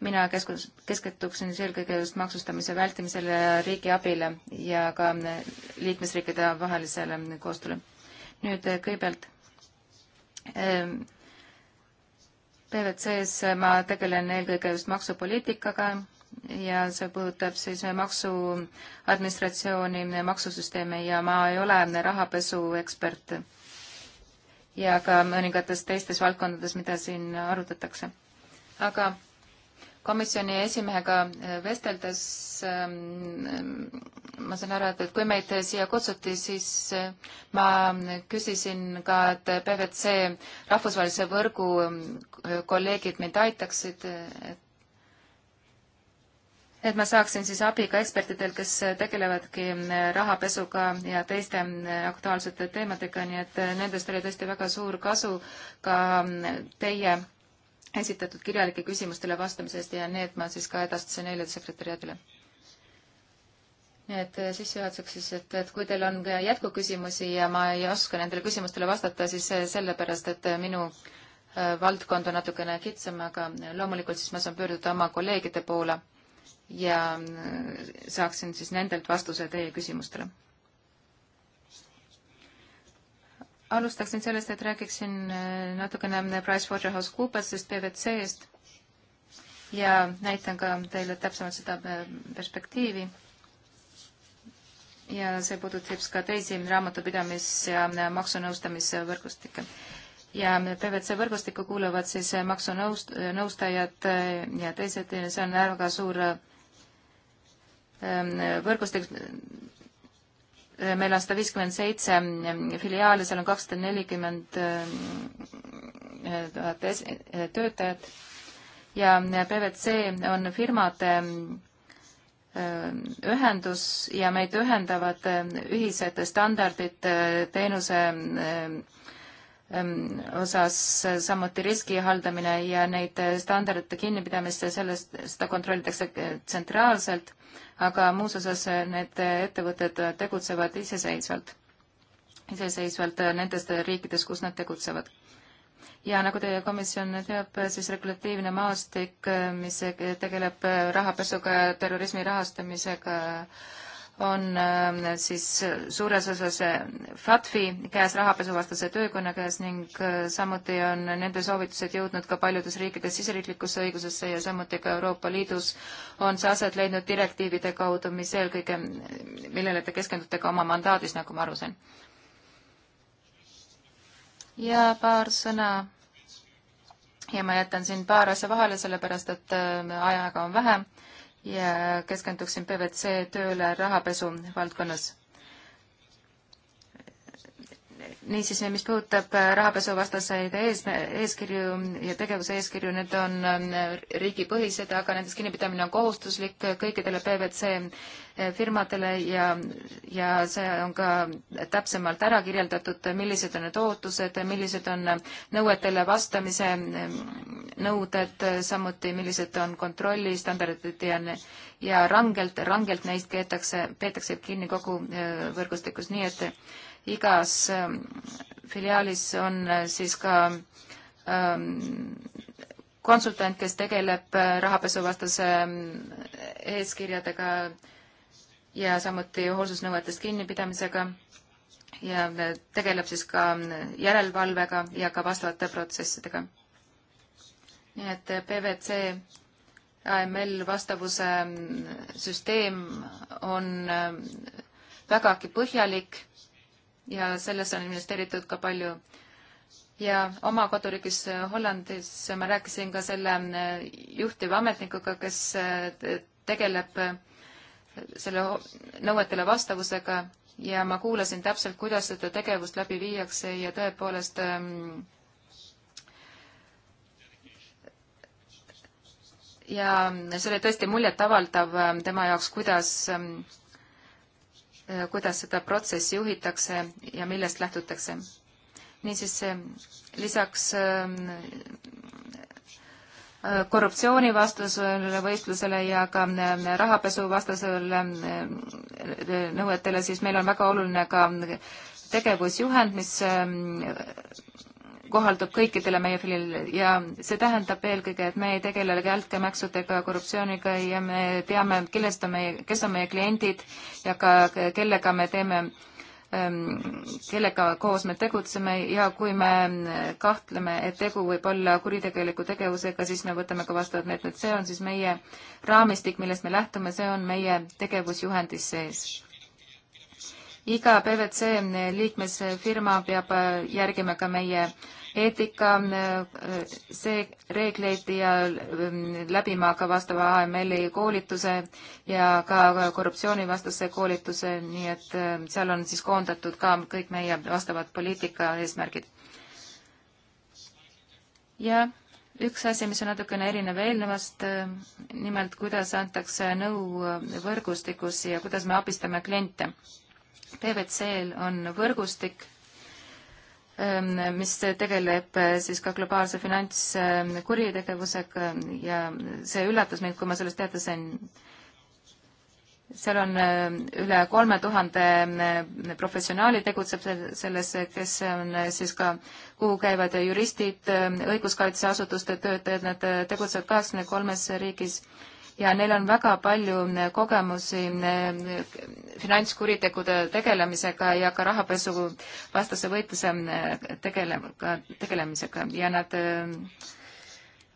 mina keskus, keskenduksin siis eelkõige just maksustamise vältimisele ja riigiabile ja ka äh, liikmesriikide vahelisele koostööle. nüüd kõigepealt ähm, PVC-s ma tegelen eelkõige just maksupoliitikaga ja see puudutab siis maksuadministratsiooni, maksusüsteemi ja ma ei ole rahapesuekspert ja ka mõningates teistes valdkondades, mida siin arutatakse. aga komisjoni esimehega vesteldes ähm, ma saan aru, et, et kui meid siia kutsuti, siis äh, ma küsisin ka, et PVC rahvusvahelise võrgu äh, kolleegid mind aitaksid, et et ma saaksin siis abi ka ekspertidel, kes tegelevadki eh, rahapesuga ja teiste eh, aktuaalsete teemadega, nii et eh, nendest oli tõesti väga suur kasu ka mm, teie esitatud kirjalike küsimustele vastamisest ja need ma siis ka edastasin eile sekretäriaadile. nii et sissejuhatuseks siis, et, et kui teil on jätkuküsimusi ja ma ei oska nendele küsimustele vastata, siis sellepärast, et minu valdkond on natukene kitsam, aga loomulikult siis ma saan pöörduda oma kolleegide poole ja äh, saaksin siis nendelt vastuse teie küsimustele. alustaksin sellest, et räägiksin äh, natukene äh, PricewaterhouseCoopersist, PwC-st ja näitan ka teile täpsemalt seda perspektiivi. ja see puudutab ka teisi raamatupidamis- ja maksunõustamisvõrgustikke ja PVC võrgustikku kuuluvad siis maksunõustajad ja teised, see on väga suur Ehm, võrgustik, meil on sada viiskümmend seitse ehm, filiaali, seal on kakssada nelikümmend ehm, tuhat töötajat ja PVC on firmade ühendus ja meid ühendavad ühised standardid teenuse Ähm, osas samuti riski haldamine ja neid standardite kinnipidamist, sellest, seda kontrollitakse tsentraalselt, aga muus osas need ettevõtted tegutsevad iseseisvalt, iseseisvalt nendes riikides, kus nad tegutsevad ja nagu teie komisjon teab, siis regulatiivne maastik, mis tegeleb rahapesuga ja terrorismi rahastamisega, on äh, siis äh, suures osas äh, FATF-i käes, rahapesuvastase töökonna käes ning samuti on nende soovitused jõudnud ka paljudes riikides siseriiklikusse õigusesse ja samuti ka Euroopa Liidus on see aset leidnud direktiivide kaudu, mis eelkõige, millele te keskendute ka oma mandaadis, nagu ma aru sain. ja paar sõna ja ma jätan siin paar asja vahele, sellepärast et ajaga on vähe ja keskenduksin PVC tööle rahapesu valdkonnas niisiis, mis puudutab äh, rahapesuvastaseid ees, eeskirju ja tegevuse eeskirju, need on ähm, riigipõhised, aga nendest kinnipidamine on kohustuslik kõikidele PVC äh, firmadele ja, ja see on ka täpsemalt ära kirjeldatud, millised on need ootused, millised on nõuetele vastamise ähm, nõuded, samuti millised on kontrollistandardid ja, ja rangelt, rangelt neist peetakse, peetakse kinni kogu äh, võrgustikus, nii et igas ähm, filiaalis on äh, siis ka ähm, konsultant, kes tegeleb äh, rahapesuvastase ähm, eeskirjadega ja samuti hoolsusnõuetest kinnipidamisega ja äh, tegeleb siis ka järelevalvega ja ka vastavate protsessidega. nii et PVC AML vastavuse süsteem on vägagi põhjalik ja sellesse on investeeritud ka palju. ja oma koduriigis äh, Hollandis äh, ma rääkisin ka selle äh, juhtiva ametnikuga, kes tegeleb selle nõuetele vastavusega ja ma kuulasin täpselt, kuidas seda tegevust läbi viiakse ja tõepoolest ähm, ja see oli tõesti muljetavaldav ähm, tema jaoks, kuidas ähm, Äh, kuidas seda protsessi juhitakse ja millest lähtutakse. niisiis lisaks ähm, äh, korruptsioonivastasele võistlusele ja ka ähm, rahapesuvastasele äh, nõuetele, siis meil on väga oluline ka tegevusjuhend, mis ähm, kohaldub kõikidele meie filialile ja see tähendab eelkõige, et me ei tegele kättemaksudega, korruptsiooniga ja me teame, kellest on meie, kes on meie kliendid ja ka kellega me teeme ähm, kellega koos me tegutseme ja kui me kahtleme, et tegu võib olla kuritegeliku tegevusega, siis me võtame ka vastavad meetmed. see on siis meie raamistik, millest me lähtume, see on meie tegevusjuhendis sees iga PVC liikmesfirma peab äh, järgima ka meie eetika, äh, see reegleid ja ähm, läbima ka vastava AML-i koolituse ja ka korruptsioonivastase koolituse, nii et äh, seal on siis koondatud ka kõik meie vastavad poliitika eesmärgid. ja üks asi, mis on natukene erinev eelnevast, nimelt kuidas antakse nõu võrgustikus ja kuidas me abistame kliente PVC-l on võrgustik, ähm, mis tegeleb äh, siis ka globaalse finantskuritegevusega ähm, ja see üllatas mind, kui ma sellest teatasin. seal on äh, üle kolme tuhande äh, professionaali tegutseb selles, kes on siis ka, kuhu käivad juristid, õiguskaitseasutuste töötajad, nad tegutsevad kaheksakümne kolmes riigis ja neil on väga palju äh, kogemusi äh, finantskuritegude tegelemisega ja ka rahapesu vastase võitluse äh, tegele-, tegelemisega ja nad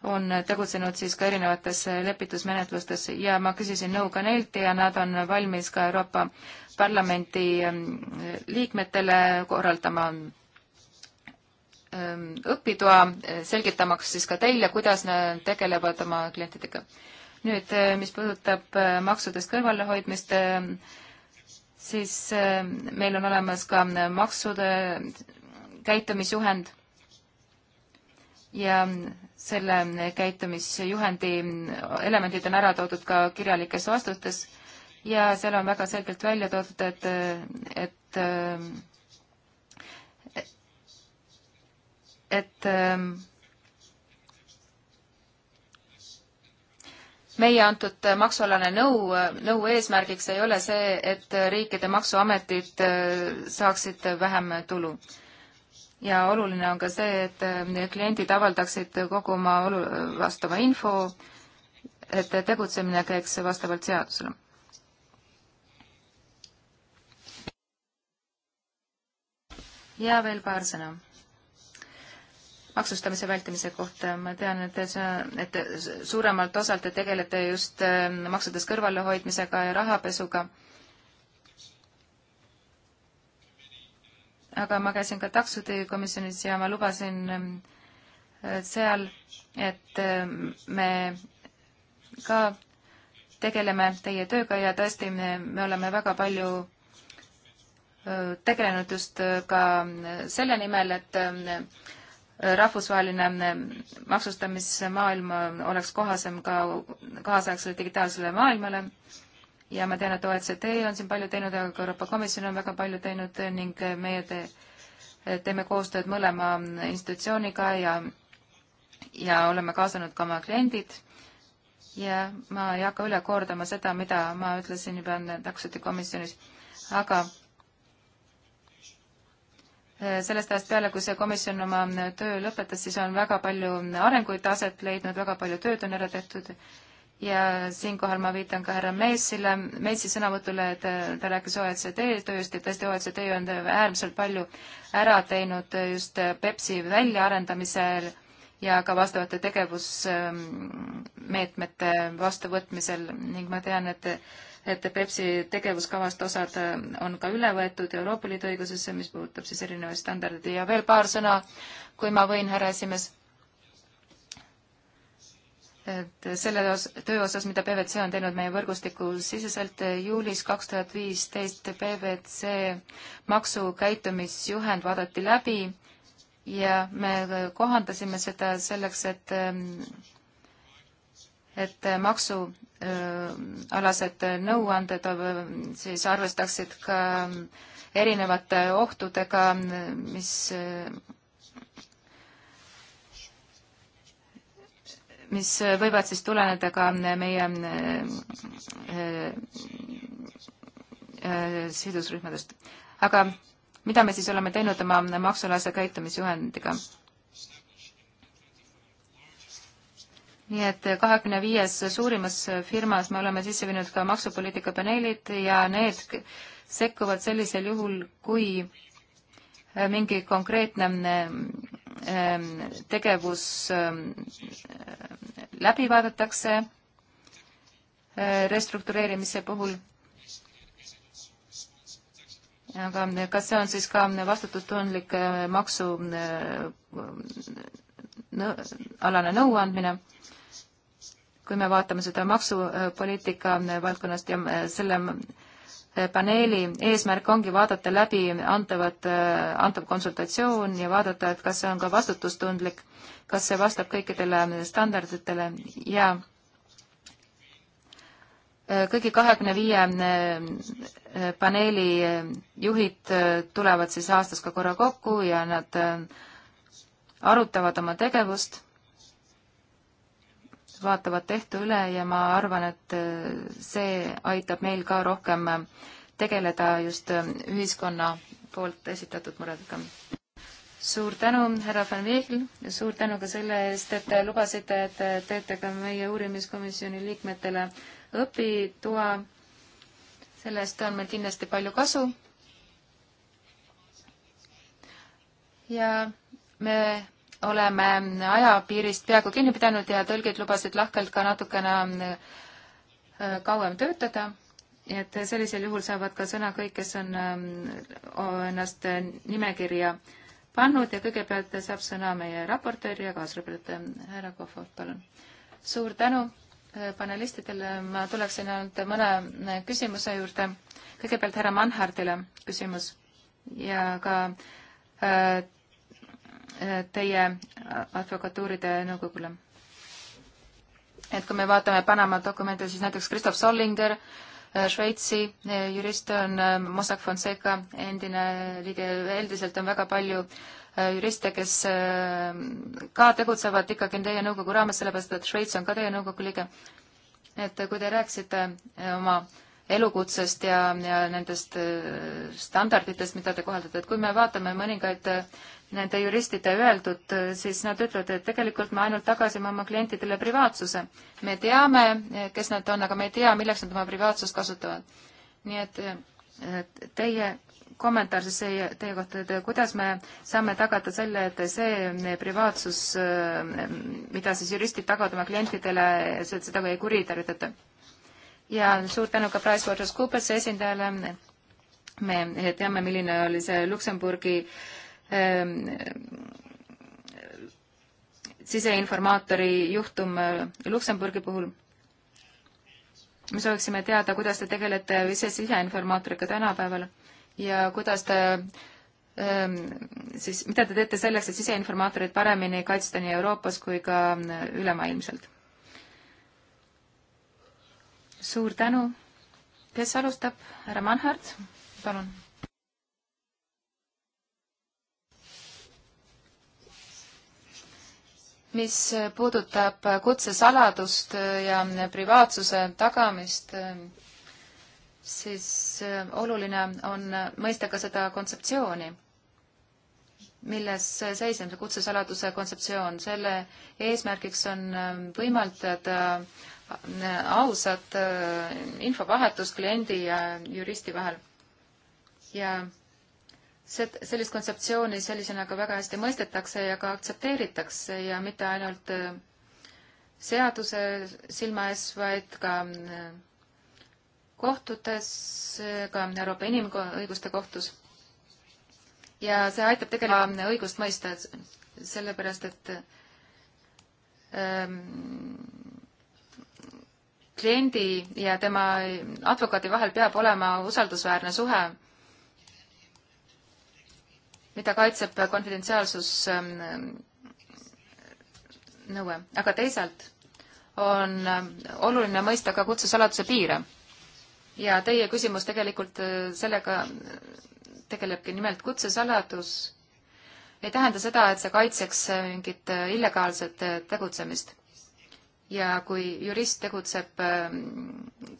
on tegutsenud siis ka erinevates lepitusmenetlustes ja ma küsisin nõu ka neilt ja nad on valmis ka Euroopa Parlamendi ähm, liikmetele korraldama ähm, õpitoa, selgitamaks siis ka teile, kuidas nad tegelevad oma klientidega nüüd, eh, mis puudutab eh, maksudest kõrvalehoidmist, eh, siis meil on olemas ka maksude käitumisjuhend ja mm, selle käitumisjuhendi mm, elemendid on ära toodud ka kirjalikes vastustes ja seal on väga selgelt välja toodud, et, et, et, et, et meie antud maksualane nõu, nõu eesmärgiks ei ole see, et riikide maksuametid äh, saaksid vähem tulu. ja oluline on ka see, et äh, kliendid avaldaksid kogu oma olu-, vastava info, et tegutsemine käiks vastavalt seadusele. ja veel paar sõna maksustamise vältimise kohta, ma tean, et sa, et suuremalt osalt te tegelete just ähm, maksudest kõrvalehoidmisega ja rahapesuga. aga ma käisin ka taksode komisjonis ja ma lubasin ähm, seal, et ähm, me ka tegeleme teie tööga ja tõesti, me, me oleme väga palju äh, tegelenud just äh, ka selle nimel, et rahvusvaheline mm, maksustamismaailm oleks kohasem ka kaasaegsele digitaalsele maailmale ja ma tean, et OECD on siin palju teinud, aga ka Euroopa Komisjon on väga palju teinud ning meie te, teeme koostööd mõlema institutsiooniga ja, ja oleme kaasanud ka oma kliendid ja ma ei hakka üle kordama seda, mida ma ütlesin juba taksoti komisjonis, aga Äh, sellest ajast peale, kui see komisjon oma äh, töö lõpetas, siis on väga palju äh, arenguid aset leidnud, väga palju tööd on ära tehtud ja siinkohal ma viitan ka härra Meissile, Meissi sõnavõtule, et ta rääkis OECD tööst ja tõesti OECD on äärmiselt palju ära teinud just Pepsi väljaarendamisel ja ka vastavate tegevusmeetmete ähm, vastuvõtmisel ning ma tean, et et Pepsi tegevuskavast osad äh, on ka üle võetud Euroopa Liidu õigusesse, mis puudutab siis erinevaid standardeid ja veel paar sõna, kui ma võin, härra esimees. et selle os-, töö osas, mida PVC on teinud meie võrgustiku siseselt juulis kaks tuhat viisteist PVC maksukäitumisjuhend vaadati läbi ja me kohandasime seda selleks, et et maksu alased nõuanded siis arvestaksid ka erinevate ohtudega, mis mis võivad siis tuleneda ka meie äh, sidusrühmadest. aga mida me siis oleme teinud oma maksualase käitumisjuhendiga? nii et kahekümne viies suurimas firmas me oleme sisse viinud ka maksupoliitika paneelid ja need sekkuvad sellisel juhul, kui äh, mingi konkreetne ähm, tegevus ähm, läbi vaadatakse äh, restruktureerimise puhul. aga kas see on siis ka vastutustundlik äh, maksu alane nõuandmine? kui me vaatame seda maksupoliitika valdkonnast ja selle paneeli eesmärk ongi vaadata läbi antavat, antav konsultatsioon ja vaadata, et kas see on ka vastutustundlik, kas see vastab kõikidele standarditele ja kõigi kahekümne viie eh, paneeli juhid eh, tulevad siis aastas ka korra kokku ja nad eh, arutavad oma tegevust vaatavad tehtu üle ja ma arvan, et äh, see aitab meil ka rohkem äh, tegeleda just äh, ühiskonna poolt esitatud muredega. suur tänu, härra Van Vihel, suur tänu ka selle eest, et te lubasite, et teete ka meie uurimiskomisjoni liikmetele õpitoa. sellest on meil kindlasti palju kasu. ja me oleme ajapiirist peaaegu kinni pidanud ja tõlgid lubasid lahkelt ka natukene äh, kauem töötada. nii et sellisel juhul saavad ka sõna kõik, kes on äh, ennast nimekirja pannud ja kõigepealt saab sõna meie raportöör ja kaasreporter härra Kohvov, palun. suur tänu äh, panelistidele, ma tuleksin ainult mõne küsimuse juurde. kõigepealt härra Manhardile küsimus ja ka äh, teie advokatuuride nõukogule. et kui me vaatame Panama dokumente, siis näiteks Kristof Sollinger, äh, Šveitsi äh, jurist on äh, Mossack Fonseca endine liige, üldiselt on väga palju juriste, kes ka tegutsevad ikkagi teie nõukogu raames, sellepärast et Šveits on ka teie nõukogu liige. et kui te rääkisite oma elukutsest ja, ja nendest standarditest, mida te kohaldate, et kui me vaatame mõningaid nende juristide öeldud, siis nad ütlevad, et tegelikult me ainult tagasime oma klientidele privaatsuse. me teame, kes nad on, aga me ei tea, milleks nad oma privaatsust kasutavad. nii et, et teie kommentaar siis teie, teie kohta, et kuidas me saame tagada selle, et see privaatsus, mida siis juristid tagavad oma klientidele, seda ei kuritarvitata? ja suur tänu ka PricewaterhouseCoopersi esindajale me teame, milline oli see Luksemburgi äh, Ehm, siseinformaatori juhtum äh, Luksemburgi puhul. me sooviksime teada, kuidas te tegelete ise siseinformaatoriga tänapäeval ja kuidas te ähm, siis, mida te teete selleks, et siseinformaatoreid paremini kaitsta nii Euroopas kui ka äh, ülemaailmselt? suur tänu. kes alustab? härra Manhart, palun mis puudutab kutsesaladust ja privaatsuse tagamist, siis oluline on mõista ka seda kontseptsiooni milles seisneb see kutsesaladuse kontseptsioon. selle eesmärgiks on võimaldada ausat infovahetust kliendi ja juristi vahel. ja sellist kontseptsiooni sellisena ka väga hästi mõistetakse ja ka aktsepteeritakse ja mitte ainult äh, seaduse silma ees, vaid ka äh, kohtutes, äh, ka Euroopa Inimõiguste Kohtus. ja see aitab tegelikult õigust mõista, sellepärast et ähm, kliendi ja tema advokaadi vahel peab olema usaldusväärne suhe mida kaitseb konfidentsiaalsus ähm, ähm, nõue, aga teisalt on ähm, oluline mõista ka kutsesaladuse piire. ja teie küsimus tegelikult äh, sellega äh, tegelebki nimelt kutsesaladus ei tähenda seda, et see kaitseks äh, mingit illegaalset tegutsemist. ja kui jurist tegutseb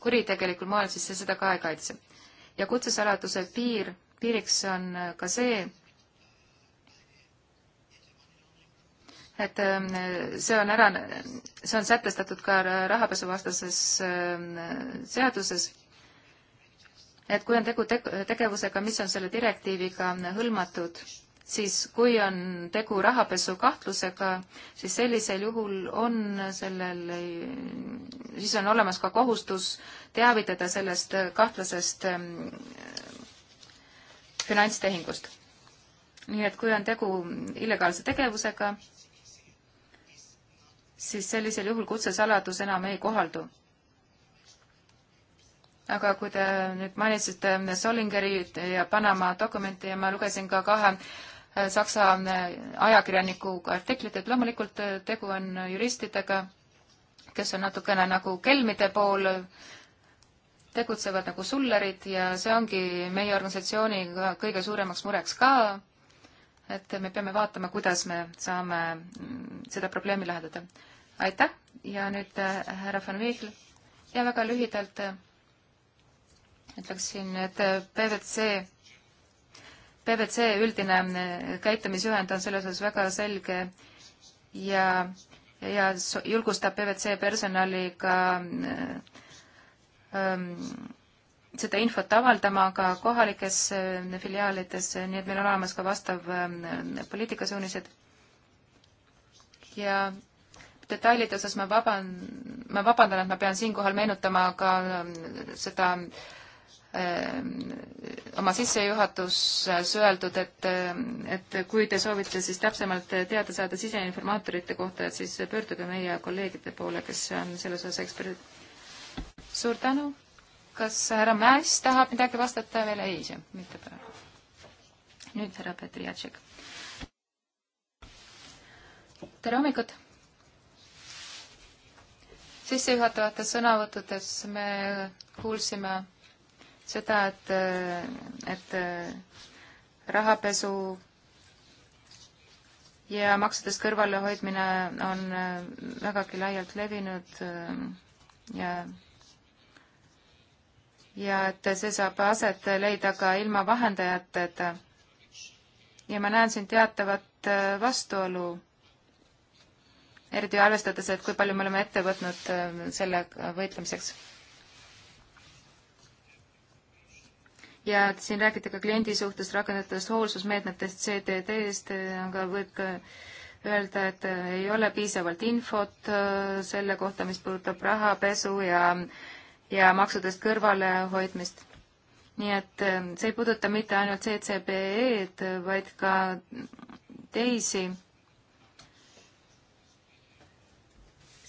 kuritegelikul moel, siis see seda ka ei kaitse. ja kutsesaladuse piir, piiriks on ka see, et ähm, see on ära, see on sätestatud ka rahapesuvastases ähm, seaduses, et kui on tegu tegevusega, mis on selle direktiiviga hõlmatud, siis kui on tegu rahapesu kahtlusega, siis sellisel juhul on sellel, siis on olemas ka kohustus teavitada sellest kahtlasest ähm, finantstehingust. nii et kui on tegu illegaalse tegevusega, siis sellisel juhul kutsesaladus enam ei kohaldu. aga kui te nüüd mainisite äh, Solingeri ja Panama dokumenti ja ma lugesin ka kahe äh, Saksa äh, ajakirjaniku artiklit, et loomulikult tegu on juristidega, kes on natukene nagu kelmide pool, tegutsevad nagu sullerid ja see ongi meie organisatsiooni kõige suuremaks mureks ka, et me peame vaatama, kuidas me saame mm, seda probleemi lahendada aitäh ja nüüd äh, härra von Viigl ja väga lühidalt äh, ütleksin, et äh, PVC, PVC üldine käitumisjuhend on selles osas väga selge ja, ja julgustab PVC personali ka ähm, seda infot avaldama ka kohalikes filiaalides, nii et meil on olemas ka vastav poliitikasuunised. ja detailide osas ma vaban, ma vabandan, et ma pean siinkohal meenutama ka ähm, seda ähm, oma sissejuhatuses öeldud, et, ähm, et kui te soovite siis täpsemalt teada saada siseinformaatorite kohta, et siis pöörduge meie kolleegide poole, kes on selles osas eksperdid. suur tänu. kas härra Mäes tahab midagi vastata veel? ei, mitte praegu. nüüd härra Petri Jatšik. tere hommikut sissejuhatavates sõnavõttudes me kuulsime seda, et, et rahapesu ja maksudest kõrvalehoidmine on vägagi laialt levinud ja ja et see saab aset leida ka ilma vahendajateta. ja ma näen siin teatavat vastuolu eriti arvestades, et kui palju me oleme ette võtnud äh, selle võitlemiseks. ja siin räägite ka kliendi suhtes rakendatavatest hoolsusmeetmetest, CDD-st, äh, aga võib ka öelda, et äh, ei ole piisavalt infot selle kohta, mis puudutab rahapesu ja, ja maksudest kõrvalehoidmist nii et see ei puuduta mitte ainult CCBE-d, vaid ka teisi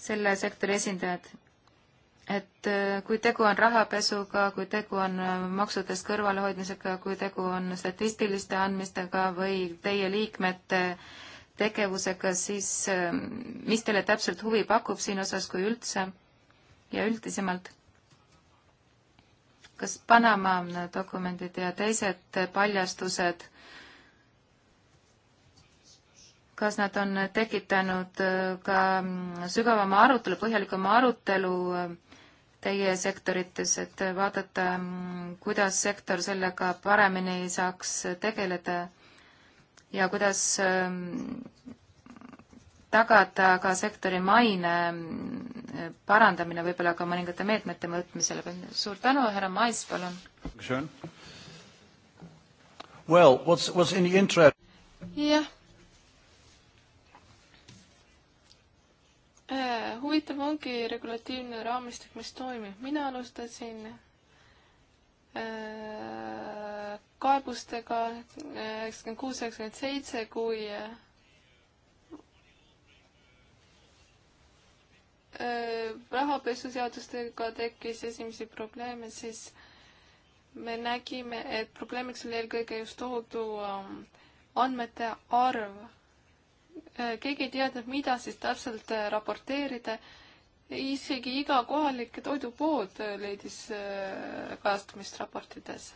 selle sektori esindajad, et äh, kui tegu on rahapesuga, kui tegu on äh, maksudest kõrvalehoidmisega, kui tegu on statistiliste andmistega või teie liikmete tegevusega, siis äh, mis teile täpselt huvi pakub siin osas, kui üldse ja üldisemalt? kas Panama dokumendid ja teised paljastused kas nad on tekitanud äh, ka mm, sügavama arutelu, põhjalikuma arutelu äh, teie sektorites, et vaadata, mm, kuidas sektor sellega paremini saaks tegeleda ja kuidas ähm, tagada ka sektori maine äh, parandamine võib-olla ka mõningate meetmete võtmisele. suur tänu, härra Mais, palun. Well, what's, what's in the interest? jah yeah Äh, huvitav ongi regulatiivne raamistik, mis toimib. mina alustasin äh, kaebustega äh, üheksakümmend kuus, üheksakümmend seitse, kui rahapesuseadustega tekkis esimesi probleeme, siis me nägime, et probleemiks oli eelkõige just tohutu andmete arv Äh, keegi ei teadnud, mida siis täpselt äh, raporteerida. isegi iga kohalik toidupood äh, leidis kajastamist raportites.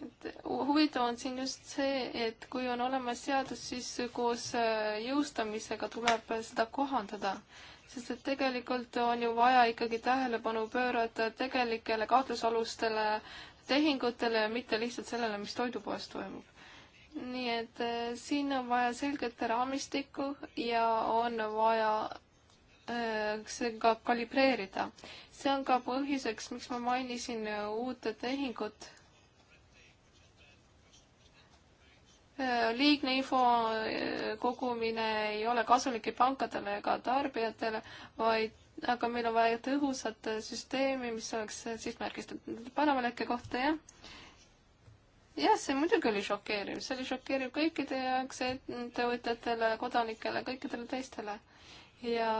et huvitav on siin just see, et kui on olemas seadus, siis koos jõustamisega tuleb seda kohandada, sest et tegelikult on ju vaja ikkagi tähelepanu pöörata tegelikele kahtlusalustele tehingutele ja mitte lihtsalt sellele, mis toidupoes toimub nii et äh, siin on vaja selget raamistikku ja on vaja äh, see ka kalibreerida. see on ka põhjuseks, miks ma mainisin äh, uut tehingut. liigne info kogumine ei ole kasulik ei pankadele ega tarbijatele, vaid aga meil on vaja tõhusat süsteemi, mis oleks sihtmärgistatud. Panama lekke kohta, jah jah, see muidugi oli šokeeriv, see oli šokeeriv kõikide jaoks, ettevõtjatele, kodanikele, kõikidele teistele. ja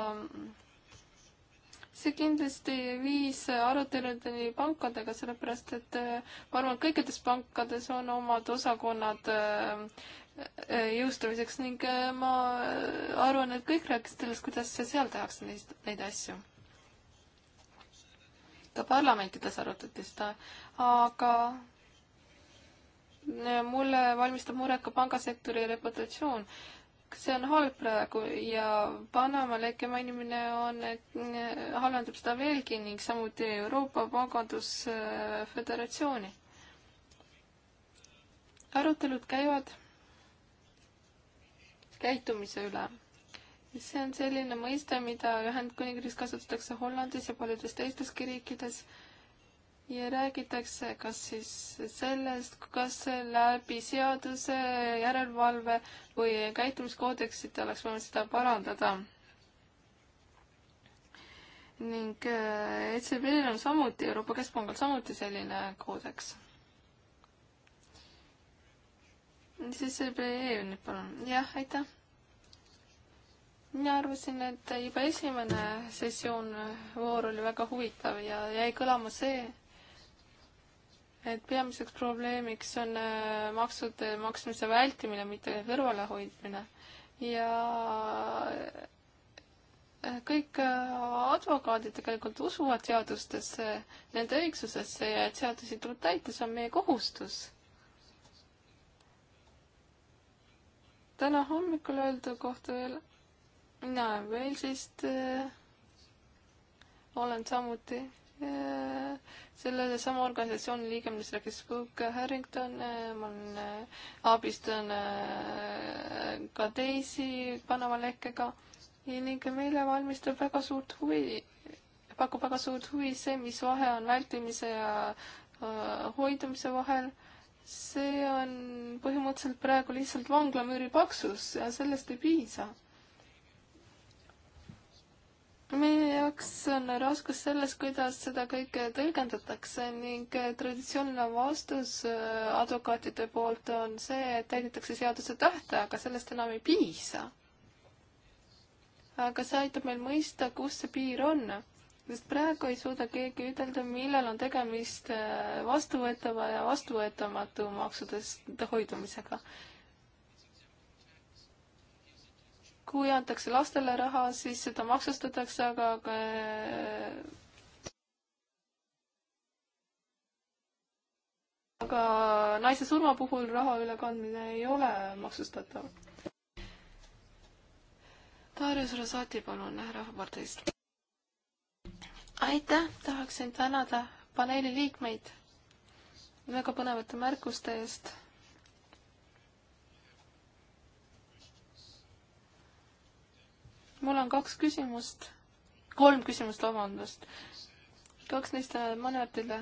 see kindlasti viis aruteludeni pankadega, sellepärast et äh, ma arvan, et kõikides pankades on omad osakonnad äh, äh, jõustumiseks ning ma arvan, et kõik rääkisid sellest, kuidas seal tehakse neist, neid asju. ka parlamentides arutati seda, aga mulle valmistab muret ka pangasektori reputatsioon. see on halb praegu ja Panama leke mainimine on, halvendab seda veelgi ning samuti Euroopa Pangandusföderatsiooni. arutelud käivad käitumise üle see on selline mõiste, mida Ühendkuningriigis kasutatakse Hollandis ja paljudes teisteski riikides ja räägitakse kas siis sellest, kas läbi seaduse, järelevalve või käitumiskoodeksit oleks võimalik seda parandada. ning äh, ECB-l on samuti, Euroopa Keskpangal samuti selline koodeks. siis ECB-e nüüd palun, jah, aitäh mina arvasin, et juba esimene sessioon, äh, voor oli väga huvitav ja jäi kõlama see, et peamiseks probleemiks on äh, maksude maksmise vältimine, mitte kõrvalehoidmine ja äh, kõik äh, advokaadid tegelikult usuvad seadustesse, nende õigsusesse ja et seadusi tuleb täita, see on meie kohustus. täna hommikul öeldu kohta veel, mina Walesist äh, olen samuti Äh, selle sama organisatsiooni liige, millest rääkis Cook Harrington, äh, ma olen, äh, abistan ka teisi Panama lekkega ning meile valmistab väga suurt huvi, pakub väga suurt huvi see, mis vahe on vältimise ja hoidumise vahel. see on põhimõtteliselt praegu lihtsalt vanglamüüri paksus ja sellest ei piisa meie jaoks on raskus selles, kuidas seda kõike tõlgendatakse ning traditsiooniline vastus äh, advokaatide poolt on see, et täidetakse seaduse tähtaega, sellest enam ei piisa. aga see aitab meil mõista, kus see piir on, sest praegu ei suuda keegi ütelda, millal on tegemist äh, vastuvõetava ja vastuvõetamatu maksudest hoidumisega kui antakse lastele raha, siis seda maksustatakse, aga ka aga naise surma puhul raha ülekandmine ei ole maksustatav. Darius Rosati, palun, Rahvaparteist. aitäh, tahaksin tänada paneeli liikmeid väga põnevate märkuste eest mul on kaks küsimust, kolm küsimust, vabandust. kaks neist Mannertile.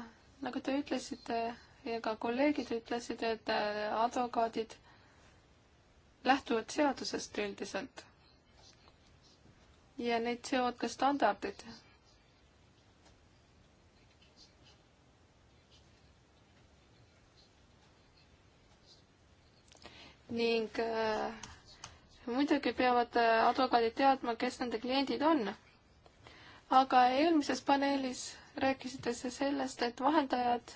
nagu te ütlesite ja ka kolleegid ütlesid, et äh, advokaadid lähtuvad seadusest üldiselt. ja neid seovad ka standardid. ning äh, muidugi peavad äh, advokaadid teadma, kes nende kliendid on. aga eelmises paneelis rääkisite sa sellest, et vahendajad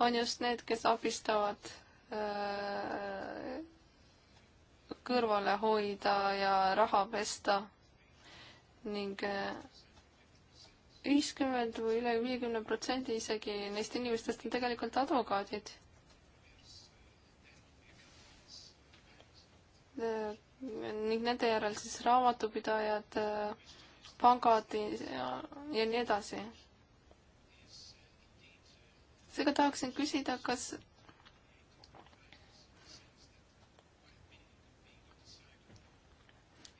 on just need, kes abistavad öö, äh, kõrvale hoida ja raha pesta ning äh, viiskümmend või üle viiekümne protsendi isegi neist inimestest on tegelikult advokaadid ning nende järel siis raamatupidajad, pangad ja, ja nii edasi. seega tahaksin küsida, kas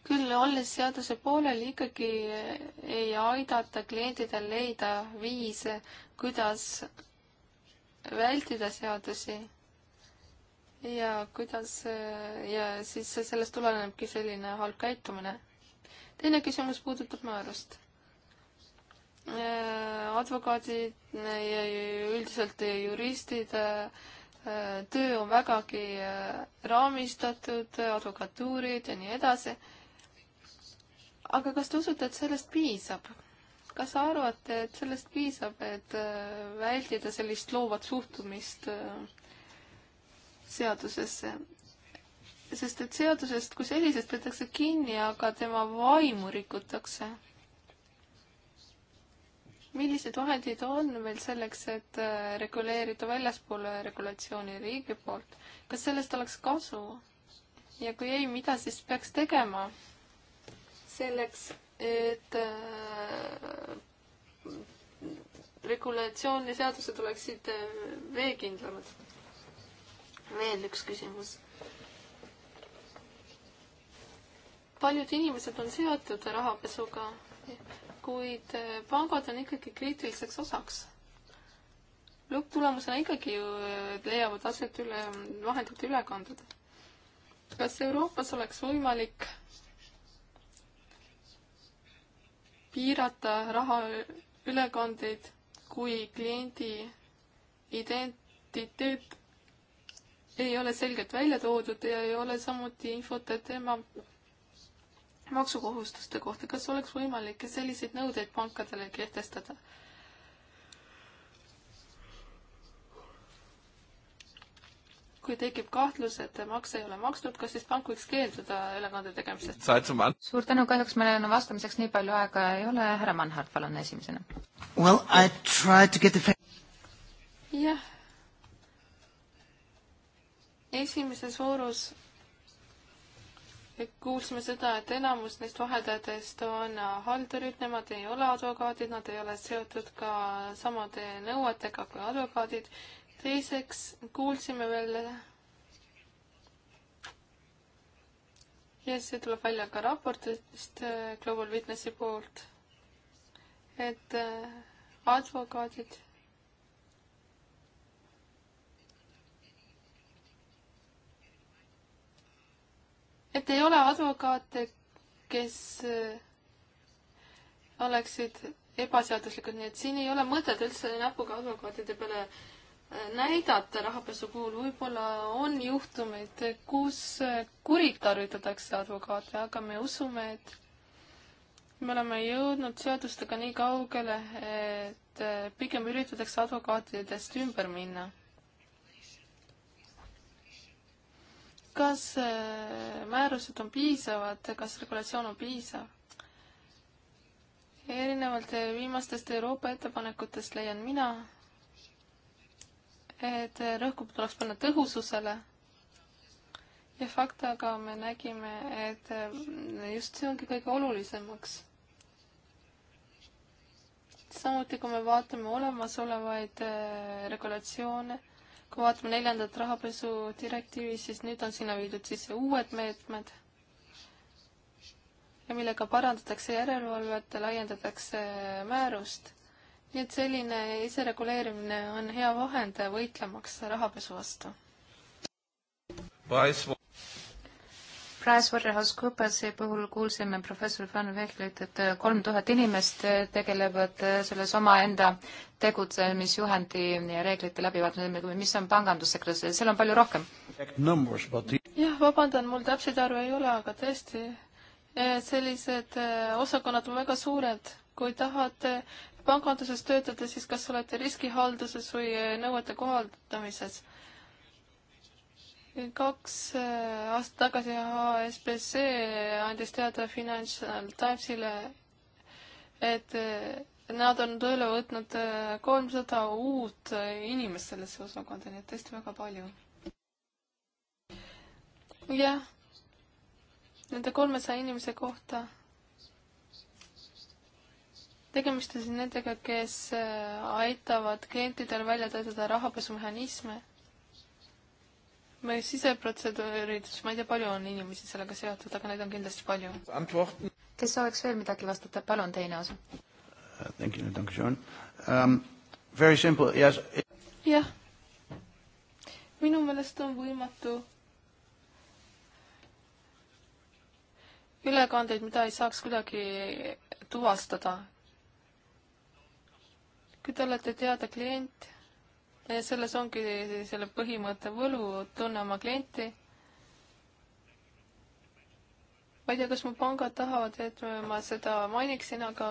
küll olles seaduse pooleli ikkagi ei aidata klientidel leida viise, kuidas vältida seadusi ja kuidas äh, ja siis sellest tulenebki selline halb käitumine. teine küsimus puudutab määrust. Äh, advokaadid ja üldiselt juristid, äh, töö on vägagi raamistatud, advokatuurid ja nii edasi. aga kas te usute, et sellest piisab? kas te arvate, et sellest piisab, et vältida sellist loovat suhtumist äh, seadusesse. sest et seadusest kui sellisest peetakse kinni, aga tema vaimu rikutakse. millised vahendid on meil selleks, et äh, reguleerida väljaspool regulatsiooni riigi poolt? kas sellest oleks kasu? ja kui ei, mida siis peaks tegema selleks, et äh, regulatsioon ja seadused oleksid äh, veekindlamad? veel üks küsimus. paljud inimesed on seotud rahapesuga, kuid pangad on ikkagi kriitiliseks osaks. lõpptulemusena ikkagi ju leiavad aset üle, vahendite ülekanded. kas Euroopas oleks võimalik piirata raha ülekandeid, kui kliendi identiteet ei ole selgelt välja toodud ja ei ole samuti infot tema maksukohustuste kohta. kas oleks võimalik selliseid nõudeid pankadele kehtestada? kui tekib kahtlus, et makse ei ole makstud, kas siis pank võiks keelduda ülekande tegemisest? suur tänu, kahjuks meil enam vastamiseks nii palju aega ei ole. härra Manhart, palun esimesena well,. jah, esimeses voorus kuulsime seda, et enamus neist vahendajatest on haldurid, nemad ei ole advokaadid, nad ei ole seotud ka samade nõuetega kui advokaadid. teiseks kuulsime veel ja see tuleb välja ka raportist Global Witnessi poolt, et advokaadid et ei ole advokaate, kes äh, oleksid ebaseaduslikud, nii et siin ei ole mõtet üldse näpuga advokaatide peale äh, näidata rahapesu puhul, võib-olla on juhtumeid, kus äh, kuritarvitatakse advokaate, aga me usume, et me oleme jõudnud seadustega nii kaugele, et pigem üritatakse advokaatidest ümber minna kas äh, määrused on piisavad, kas regulatsioon on piisav? erinevalt äh, viimastest Euroopa ettepanekutest leian mina, et äh, rõhku tuleks panna tõhususele ja faktaga me nägime, et just see ongi kõige olulisemaks. samuti, kui me vaatame olemasolevaid regulatsioone kui vaatame neljandat rahapesu direktiivi, siis nüüd on sinna viidud sisse uued meetmed ja millega parandatakse järelevalvet ja laiendatakse määrust. nii et selline isereguleerimine on hea vahend võitlemaks rahapesu vastu. PricewaterhouseCoopersi puhul kuulsime professor Van Vehlit, et kolm tuhat inimest tegelevad selles omaenda tegutsemisjuhendi ja reeglite läbivaatamisega, mis on pangandussektoris, seal on palju rohkem. jah, vabandan, mul täpseid arve ei ole, aga tõesti, eh, sellised eh, osakonnad on väga suured. kui tahate eh, panganduses töötada, siis kas olete riskihalduses või nõuete kohaldamises kaks äh, aastat tagasi HSBC andis teada Financial Timesile, et äh, nad on tööle võtnud äh, kolmsada uut inimest sellesse osakonda, nii et tõesti väga palju. jah, nende kolmesaja inimese kohta tegemist on siis nendega, kes aitavad klientidel välja töötada rahapesumehhanisme meie siseprotseduurides, ma ei tea, palju on inimesi sellega seotud, aga neid on kindlasti palju. kes sooviks veel midagi vastata, palun, teine osa. Uh, um, jah, minu meelest on võimatu ülekandeid, mida ei saaks kuidagi tuvastada. kui te olete teada klient Eh, selles ongi selle põhimõtte võlu, tunne oma klienti. ma ei tea, kas mu pangad tahavad, et ma seda mainiksin, aga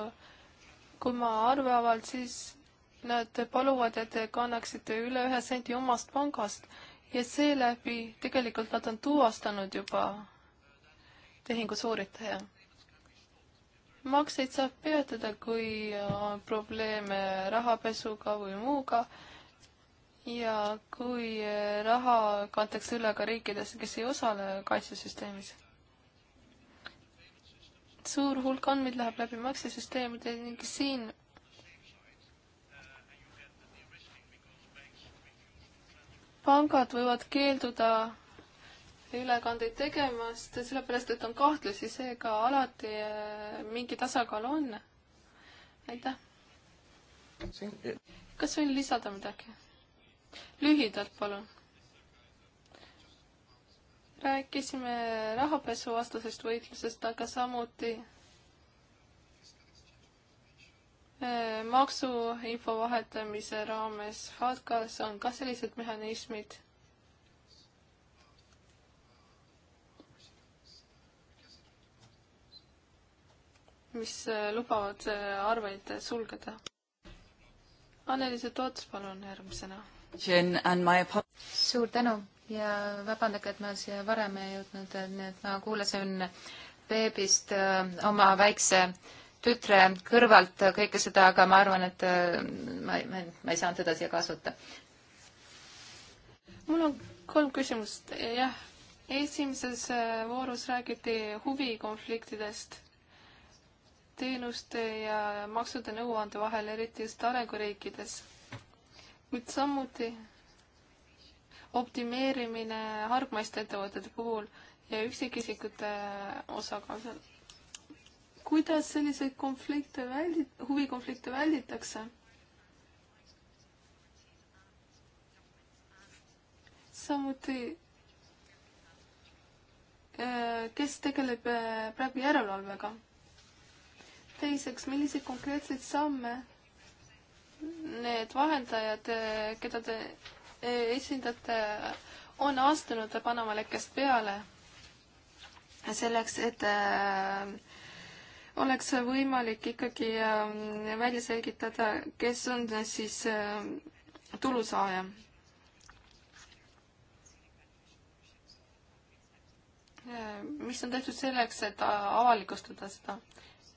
kui ma arve avan, siis nad paluvad, et te kannaksite üle ühe sendi omast pangast ja seeläbi tegelikult nad on tuvastanud juba tehingu sooritaja. makseid saab peatada, kui on probleeme rahapesuga või muuga ja kui eh, raha kantakse üle ka riikidesse, kes ei osale kaitsesüsteemis? suur hulk andmeid läheb läbi maksesüsteemide ning siin pangad võivad keelduda ülekandeid tegemast, sellepärast et on kahtlusi, seega alati eh, mingi tasakaal on. aitäh. kas võin lisada midagi? lühidalt, palun. rääkisime rahapesuvastasest võitlusest, aga samuti äh, maksuinfo vahetamise raames FATCAs on ka sellised mehhanismid mis äh, lubavad äh, arveid sulgeda. Anneliise Toots, palun järgmisena suur tänu ja vabandage, et ma siia varem ei jõudnud, nii et ma kuulasin beebist äh, oma väikse tütre kõrvalt kõike seda, aga ma arvan, et äh, ma, ma, ma ei saanud teda siia kaasata. mul on kolm küsimust, jah. esimeses äh, voorus räägiti huvikonfliktidest teenuste ja maksude nõuande vahel, eriti just arenguriikides kuid samuti optimeerimine hargmaiste ettevõtete puhul ja üksikisikute osakaalu. kuidas selliseid konflikte väldi-, huvikonflikte välditakse? samuti, äh, kes tegeleb äh, praegu järelevalvega? teiseks, milliseid konkreetseid samme need vahendajad, keda te esindate, on astunud Panama lekkest peale selleks, et äh, oleks võimalik ikkagi äh, välja selgitada, kes on siis äh, tulusaaja. mis on tehtud selleks, et avalikustada seda?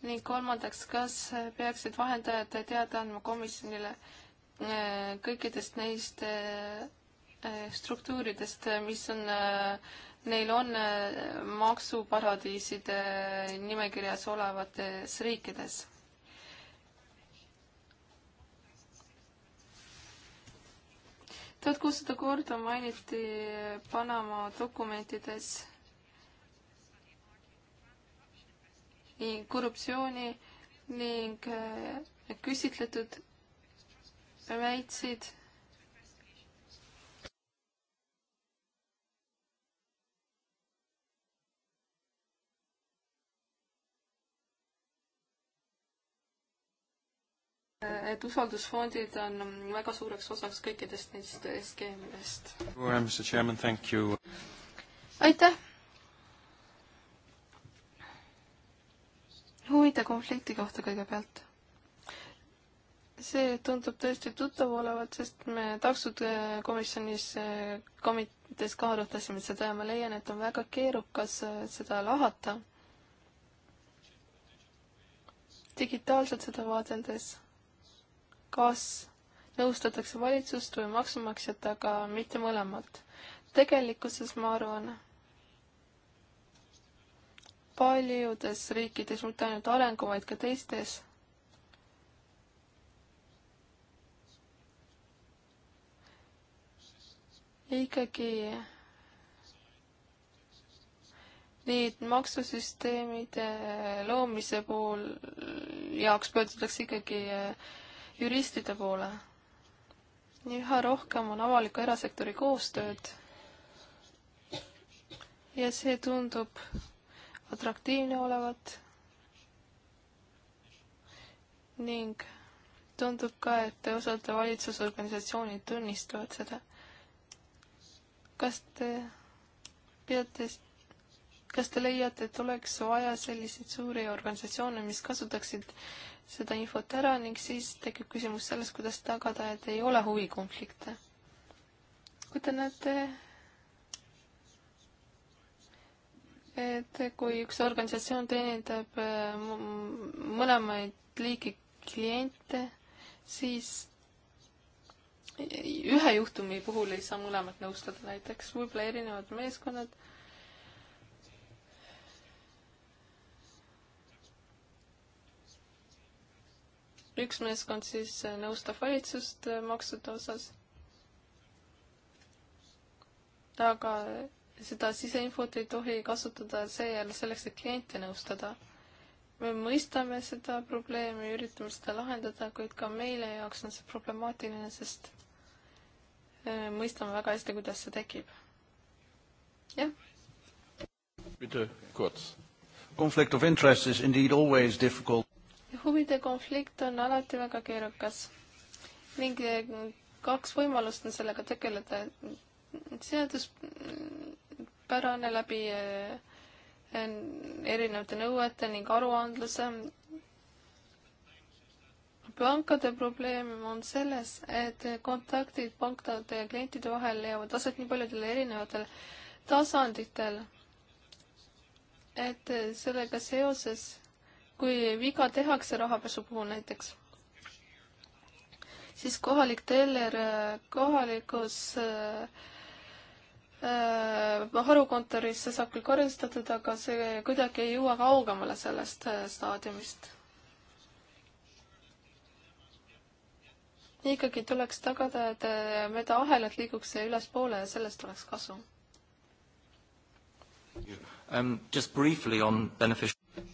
ning kolmandaks, kas peaksid vahendajad teada andma komisjonile äh, kõikidest neist äh, äh, struktuuridest, mis on, neil on maksuparadiiside nimekirjas olevates riikides? tuhat kuussada korda mainiti Panama dokumentides ning korruptsiooni ning äh, küsitletud väitsid äh, et usaldusfondid on väga suureks osaks kõikidest neist skeemidest. aitäh, huvide konflikti kohta kõigepealt. see tundub tõesti tuttav olevat, sest me taksod äh, komisjonis äh, komitees ka arutasime seda ja ma leian, et on väga keerukas äh, seda lahata. digitaalselt seda vaadeldes, kas nõustatakse valitsust või maksumaksjat, aga mitte mõlemat. tegelikkuses ma arvan, paljudes riikides, mitte ainult arengu, vaid ka teistes. ikkagi neid maksusüsteemide loomise puhul jaoks pöördutakse ikkagi eh, juristide poole. üha rohkem on avaliku erasektori koostööd ja see tundub atraktiivne olevat ning tundub ka, et osad valitsusorganisatsioonid tunnistavad seda. kas te peate, kas te leiate, et oleks vaja selliseid suuri organisatsioone, mis kasutaksid seda infot ära ning siis tekib küsimus selles, kuidas tagada, et ei ole huvikonflikte? kui te näete et kui üks organisatsioon teenindab äh, mõlemaid liigi kliente, siis ühe juhtumi puhul ei saa mõlemat nõustada, näiteks võib-olla erinevad meeskonnad. üks meeskond siis nõustab valitsust maksude osas. aga seda siseinfot ei tohi kasutada seejärel selleks, et kliente nõustada. me mõistame seda probleemi, üritame seda lahendada, kuid ka meile jaoks on see problemaatiline, sest äh, mõistame väga hästi, kuidas see tekib. jah. Bitte kurz. Conflict of interest is indeed always difficult. huvide konflikt on alati väga keerukas ning äh, kaks võimalust on sellega tegeleda. seadus pärane läbi eh, erinevate nõuete ning aruandluse. pankade probleem on selles, et kontaktid pankade ja klientide vahel leiavad aset nii paljudel erinevatel tasanditel, et sellega seoses, kui viga tehakse rahapesu puhul näiteks, siis kohalik teller kohalikus äh, Äh, harukontorisse saab küll koristatud, aga see kuidagi ei jõua kaugemale sellest äh, staadiumist. ikkagi tuleks tagada, et äh, mööda ahelat liiguks see ülespoole ja sellest oleks kasu um,. Just briefly on beneficial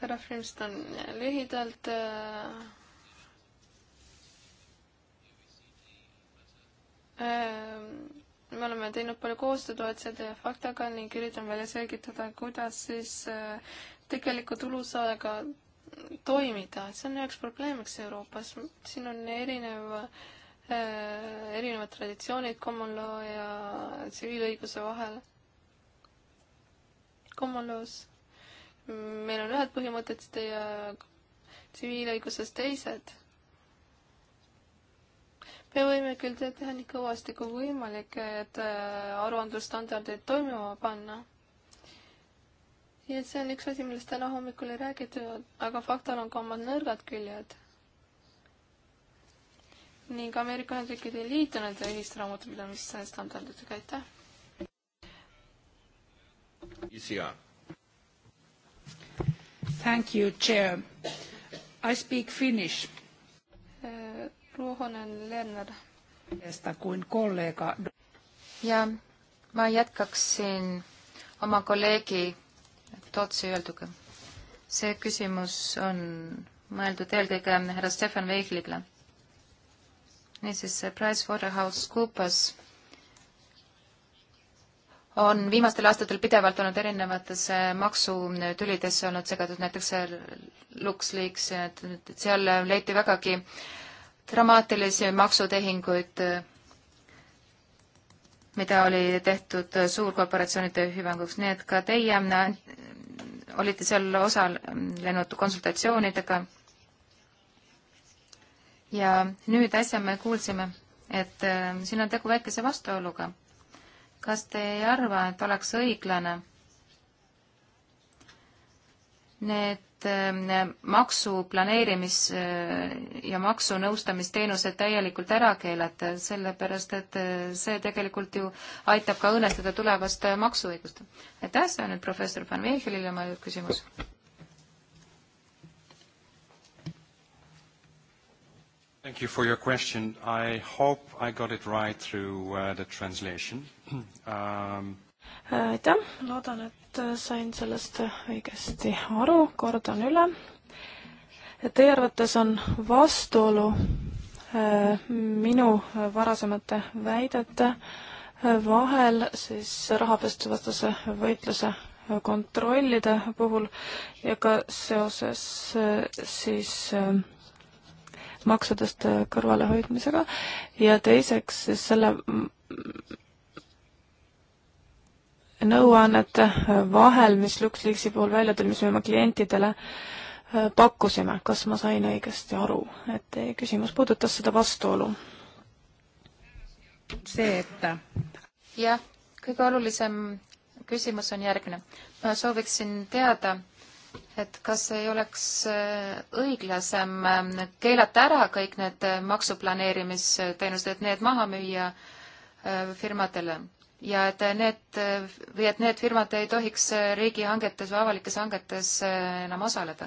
härra Frimston, lühidalt äh, äh, me oleme teinud palju koostööd OECD ja Faktaga ning üritame välja selgitada, kuidas siis äh, tegeliku tulusaajaga toimida, see on üheks probleemiks Euroopas, siin on erinev äh, erinevad traditsioonid common law ja tsiviilõiguse vahel. Common law's meil on ühed põhimõtted ja tsiviilõiguses teised me võime küll teha nii kõvasti kui võimalik, et äh, aruandlusstandardeid toimima panna. nii et see on üks asi, millest täna hommikul ei räägitud, aga faktal on ka omad nõrgad küljed. ning Ameerika Ühendriigid ei liitu nende ühisraamatupidamise standarditega, aitäh. ICR. Thank you, chair. I speak finnish Ruohonen Lerner. kuin kollega. ja ma jätkaksin oma kolleegi Tootsi öelduga. see küsimus on mõeldud eelkõige härra Stefan Veiglile. niisiis, äh, PricewaterhouseCoopers on viimastel aastatel pidevalt olnud erinevates äh, maksutülides olnud segadus, näiteks äh, LuxLeaks, et seal leiti vägagi dramaatilisi maksutehinguid, mida oli tehtud suurkorporatsioonide hüvanguks, nii et ka teie äh, olite seal osalenud konsultatsioonidega. ja nüüd äsja me kuulsime, et äh, siin on tegu väikese vastuoluga. kas te ei arva, et oleks õiglane need ähm, maksuplaneerimis- äh, ja maksunõustamisteenused täielikult ära keelata, sellepärast et äh, see tegelikult ju aitab ka õõnestada tulevast äh, maksuõigust. aitäh, see on nüüd professor Van Veechelile mõeldud küsimus. Thank you for your question. I hope I got it right through uh, the translation. Um... Aitäh, loodan, et et äh, sain sellest õigesti aru, kordan üle. Teie arvates on vastuolu äh, minu varasemate väidete äh, vahel siis rahapestuvastase võitluse kontrollide puhul ja ka seoses siis maksudest kõrvalehoidmisega ja teiseks siis selle nõuannete äh, vahel, mis LuxLeaksi puhul välja tuli, mis me oma klientidele äh, pakkusime, kas ma sain õigesti aru, et teie küsimus puudutas seda vastuolu? see, et jah, kõige olulisem küsimus on järgmine. ma sooviksin teada, et kas ei oleks äh, õiglasem keelata ära kõik need maksuplaneerimisteenused, et need maha müüa firmadele ja et need või et need firmad ei tohiks riigihangetes või avalikes hangetes eh, enam osaleda.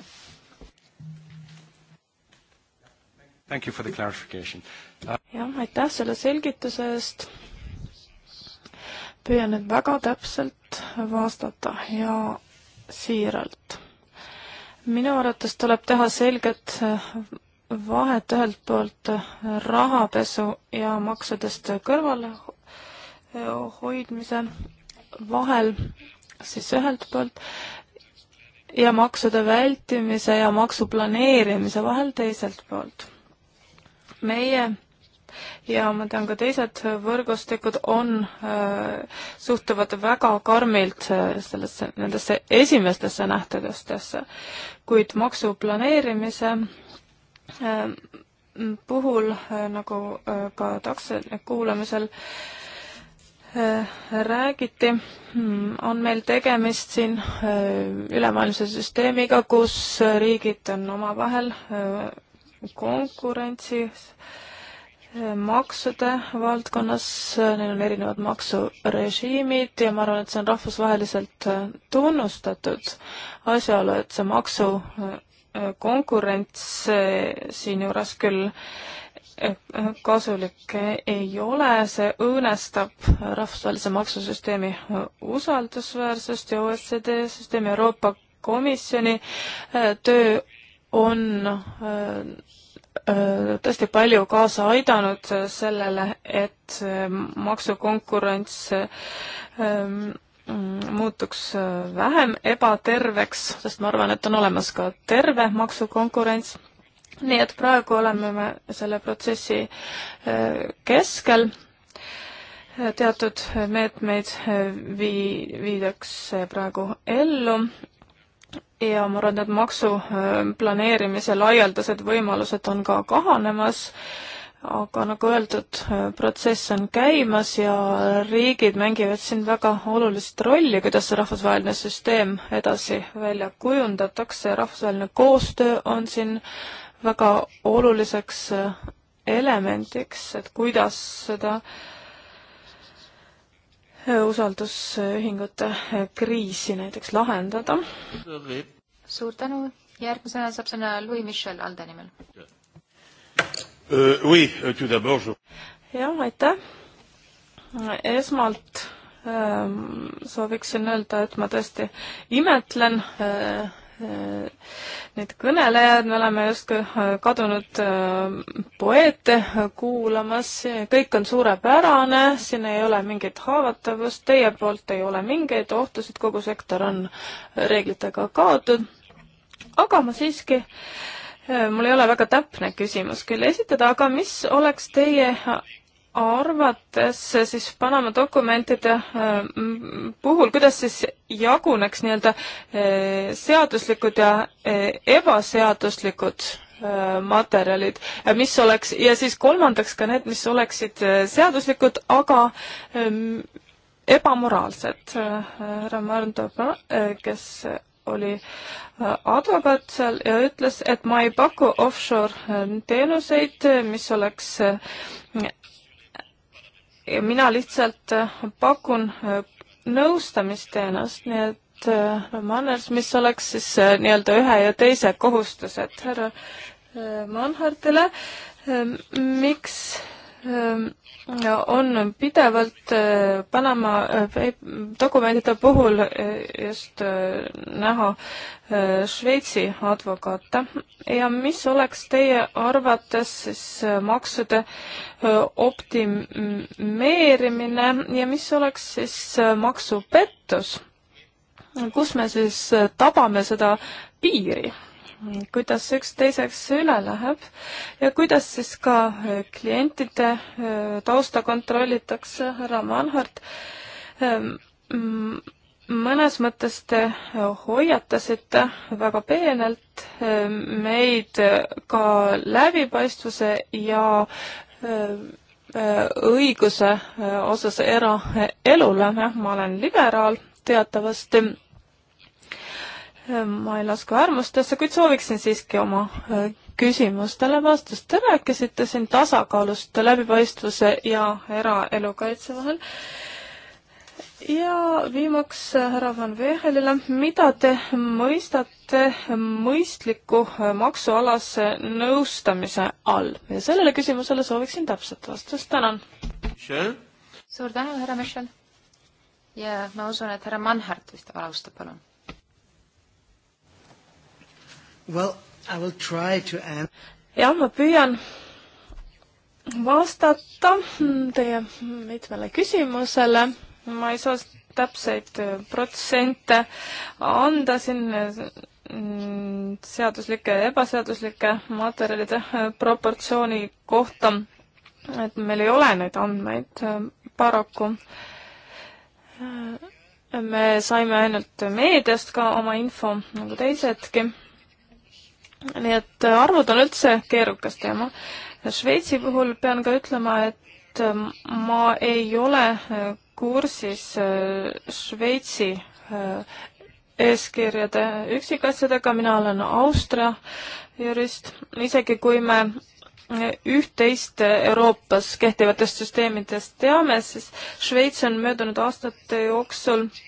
Uh, jah, aitäh selle selgituse eest. püüan nüüd väga täpselt vastata ja siiralt. minu arvates tuleb teha selget eh, vahet ühelt poolt eh, rahapesu ja maksudest kõrvale hoidmise vahel siis ühelt poolt ja maksude vältimise ja maksuplaneerimise vahel teiselt poolt. meie ja ma tean ka teised võrgustikud on äh,, suhtuvad väga karmilt äh, sellesse, nendesse esimestesse nähtavustesse, kuid maksuplaneerimise äh, puhul äh, nagu äh, ka takso kuulamisel äh, Äh, räägiti, mm, on meil tegemist siin äh, ülemaailmse süsteemiga, kus riigid on omavahel äh, konkurentsis maksude valdkonnas, neil on erinevad maksurežiimid ja ma arvan, et see on rahvusvaheliselt tunnustatud asjaolu, et see maksukonkurents siinjuures küll kasulik ei ole, see õõnestab rahvusvahelise maksusüsteemi usaldusväärsust ja OECD süsteemi Euroopa Komisjoni äh, töö on äh, äh, tõesti palju kaasa aidanud sellele, et maksukonkurents ähm, muutuks vähem ebaterveks, sest ma arvan, et on olemas ka terve maksukonkurents nii et praegu oleme me selle protsessi äh, keskel, teatud meetmeid äh, vii-, viidakse praegu ellu ja ma arvan, et maksu äh, planeerimise laialdased võimalused on ka kahanemas, aga nagu öeldud, protsess on käimas ja riigid mängivad siin väga olulist rolli, kuidas see rahvusvaheline süsteem edasi välja kujundatakse, rahvusvaheline koostöö on siin äh, väga oluliseks äh, elemendiks, et kuidas seda äh, usaldusühingute äh, kriisi näiteks lahendada. suur tänu, järgmisena saab sõna Louis Michel Alde nimel. Euh, euh, jah, aitäh. esmalt ähm, sooviksin öelda, et ma tõesti imetlen äh, need kõnelejad, me oleme justkui äh, kadunud äh, poeete äh, kuulamas, kõik on suurepärane, siin ei ole mingit haavatavust, teie poolt ei ole mingeid ohtusid, kogu sektor on reeglitega kaotud. aga ma siiski, mul ei ole väga täpne küsimus küll esitada, aga mis oleks teie arvates siis Panama dokumentide äh, puhul, kuidas siis jaguneks nii-öelda äh, seaduslikud ja äh, ebaseaduslikud materjalid, mis oleks, ja siis kolmandaks ka need, mis oleksid seaduslikud, aga ähm, ebamoraalsed. härra Marndo, kes oli advokaat seal ja ütles, et ma ei paku offshore teenuseid, mis oleks mina lihtsalt äh, pakun äh, nõustamist ennast, nii et no äh, manners, mis oleks siis nii-öelda ühe ja teise kohustused härra Manhartile, miks on pidevalt Panama dokumentide puhul just näha Šveitsi advokaate ja mis oleks teie arvates siis maksude optimeerimine ja mis oleks siis maksupettus? kus me siis tabame seda piiri? kuidas üksteiseks üle läheb ja kuidas siis ka äh, klientide äh, tausta kontrollitakse, härra Manhart. Ähm, mõnes mõttes te äh, hoiatasite väga peenelt ähm, meid ka läbipaistvuse ja õiguse osas eraelule, jah, ma olen liberaal teatavasti ma ei lasku äärmustesse, kuid sooviksin siiski oma äh, küsimustele vastust. Te rääkisite siin tasakaalust läbipaistvuse ja eraelu kaitse vahel. ja viimaks härra Van Vehelile, mida te mõistate mõistliku äh, maksualase nõustamise all? ja sellele küsimusele sooviksin täpset vastust, tänan. suur tänu, härra Michal. ja ma usun, et härra Manhart vist alustab, palun well,? jah, ma püüan vastata teie mitmele küsimusele. ma ei saa täpseid protsente anda siin seaduslike ja ebaseaduslike materjalide proportsiooni kohta. et meil ei ole neid andmeid paraku. me saime ainult meediast ka oma info nagu teisedki nii et äh, arvud on üldse keerukas teema. Šveitsi puhul pean ka ütlema, et äh, ma ei ole äh, kursis Šveitsi eeskirjade üksikasjadega, mina olen Austria jurist, isegi kui me üht-teist Euroopas kehtivatest süsteemidest teame, siis Šveits on möödunud aastate jooksul äh,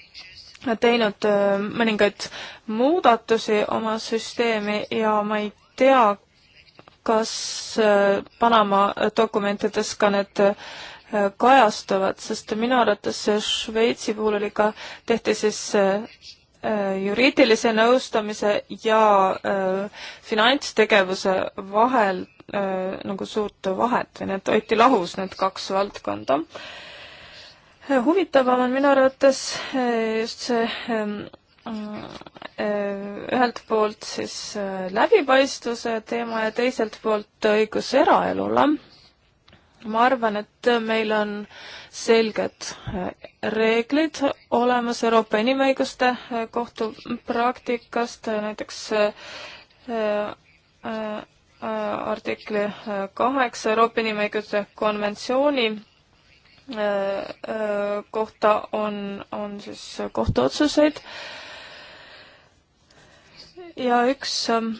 teinud äh, mõningaid muudatusi oma süsteemi ja ma ei tea, kas äh, Panama dokumentides ka need äh, kajastuvad, sest minu arvates Šveitsi puhul oli ka, tehti siis juriidilise nõustamise ja finantstegevuse vahel nagu suurt vahet või nii, et hoiti lahus need kaks valdkonda huvitavam on minu arvates eh, just see ehm, eh, ühelt poolt siis eh, läbipaistvuse teema ja teiselt poolt õigus eraelule. ma arvan, et meil on selged reeglid olemas Euroopa Inimõiguste Kohtu praktikast, näiteks artikli kaheksa Euroopa Inimõiguste konventsiooni Äh, äh, kohta on, on siis kohtuotsuseid. ja üks ähm,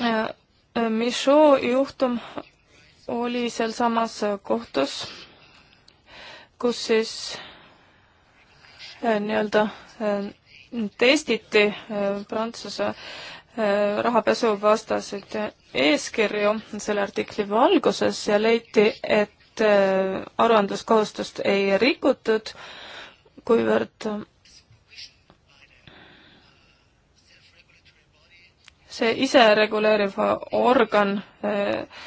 äh, Michaud juhtum oli sealsamas kohtus, kus siis nii-öelda testiti Prantsuse rahapesuvastaseid eeskirju selle artikli valguses ja leiti, et äh, aruandluskohustust ei rikutud, kuivõrd see isereguleeriv organ äh,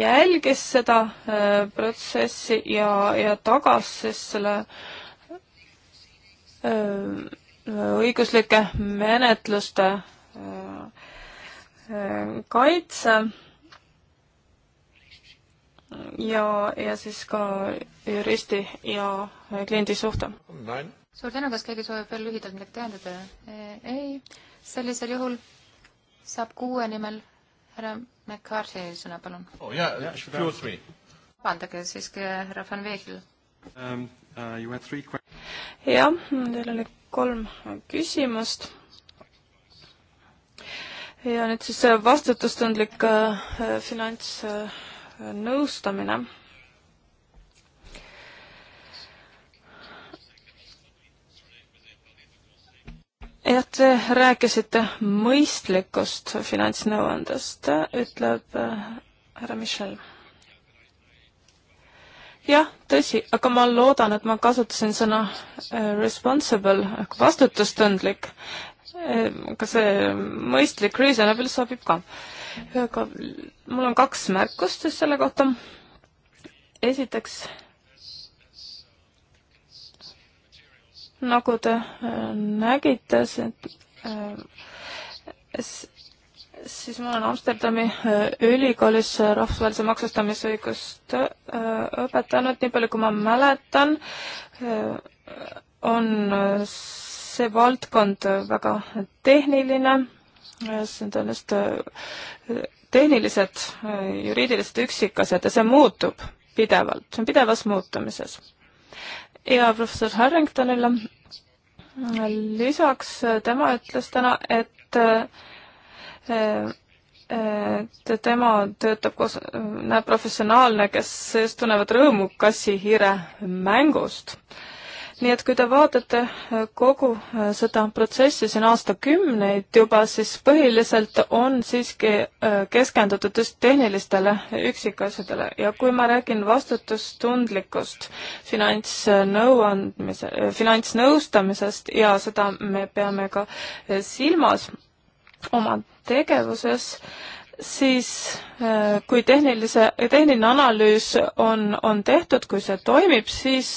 jälgis seda äh, protsessi ja, ja tagas siis selle õiguslike menetluste äh, kaitse ja, ja siis ka juristi ja kliendi suhte. suur tänu, kas keegi soovib veel lühidalt midagi täiendada? ei, sellisel juhul saab kuue nimel härra McCarthy sõna, palun oh,. vabandage siiski, härra Van Veegel um,. Uh, jah, teil oli kolm küsimust ja nüüd siis äh, vastutustundlik äh, äh, finantsnõustamine. jah, te rääkisite mõistlikust finantsnõuandest, ütleb härra Michel. jah, tõsi, aga ma loodan, et ma kasutasin sõna responsible ehk vastutustundlik ka see mõistlik reasonable sobib ka. aga mul on kaks märkust siis selle kohta. esiteks, nagu te äh, nägite, see äh, siis ma olen Amsterdami äh, ülikoolis rahvusvahelise maksustamisõigust õpetanud, nii palju kui ma mäletan, on see valdkond väga tehniline, tõenäoliselt äh, tehnilised äh, juriidilised üksikasjad ja see muutub pidevalt, see on pidevas muutumises. ja professor Harringtonile äh, lisaks tema ütles täna, et et tema töötab koos, näeb professionaalne, kes just tunnevad rõõmu kassihire mängust äh, nii et kui te vaatate äh, kogu äh, seda protsessi siin aastakümneid juba, siis põhiliselt on siiski äh, keskendutud just tehnilistele üksikasjadele ja kui ma räägin vastutustundlikust finantsnõuandmise, finantsnõustamisest ja seda me peame ka silmas oma tegevuses, siis kui tehnilise, tehniline analüüs on, on tehtud, kui see toimib, siis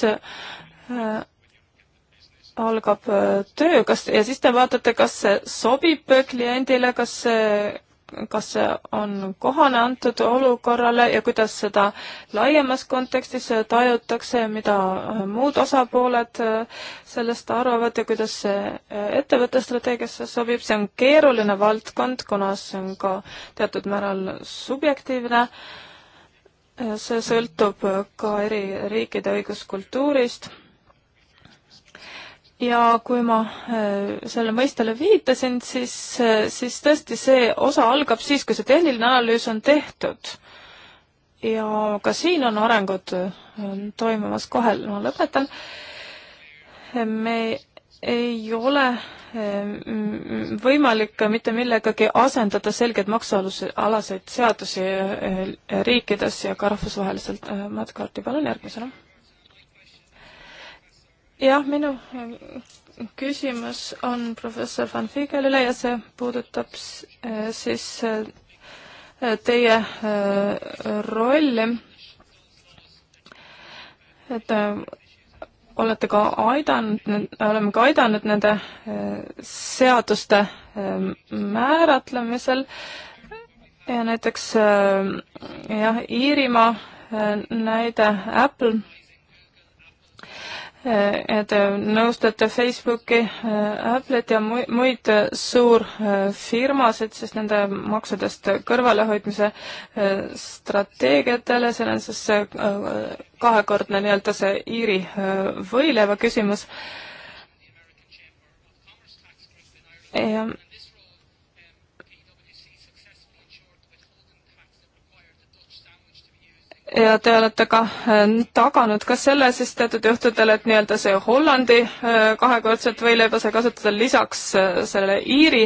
algab äh, töö, kas, ja siis te vaatate, kas see sobib kliendile, kas see, kas see on kohane antud olukorrale ja kuidas seda laiemas kontekstis tajutakse, mida äh, muud osapooled äh, sellest arvavad ja kuidas see ettevõtte strateegiasse sobib, see on keeruline valdkond, kuna see on ka teatud määral subjektiivne see sõltub ka eri riikide õiguskultuurist ja kui ma äh, selle mõistele viitasin, siis, äh, siis tõesti see osa algab siis, kui see tehniline analüüs on tehtud. ja ka siin on arengud äh, toimumas kohel, ma lõpetan. me ei ole võimalik mitte millegagi asendada selgeid maksualaseid seadusi riikides ja ka rahvusvaheliselt. Matt Carty, palun järgmisena jah, minu äh, küsimus on professor Van Figelile ja see puudutab äh, siis äh, teie rolli. et olete ka aidanud, oleme ka aidanud nende seaduste määratlemisel ja näiteks jah, Iirimaa näide Apple Eh, et eh, nõustate Facebooki, eh, Apple'it ja muid suurfirmasid siis nende maksudest kõrvalehoidmise strateegiatele, seal on siis see kahekordne nii-öelda see Iiri võileiva küsimus. ja ja te olete ka äh, taganud ka selle siis teatud juhtudel, et nii-öelda see Hollandi äh, kahekordset võileiba sai kasutada lisaks äh, sellele Iiri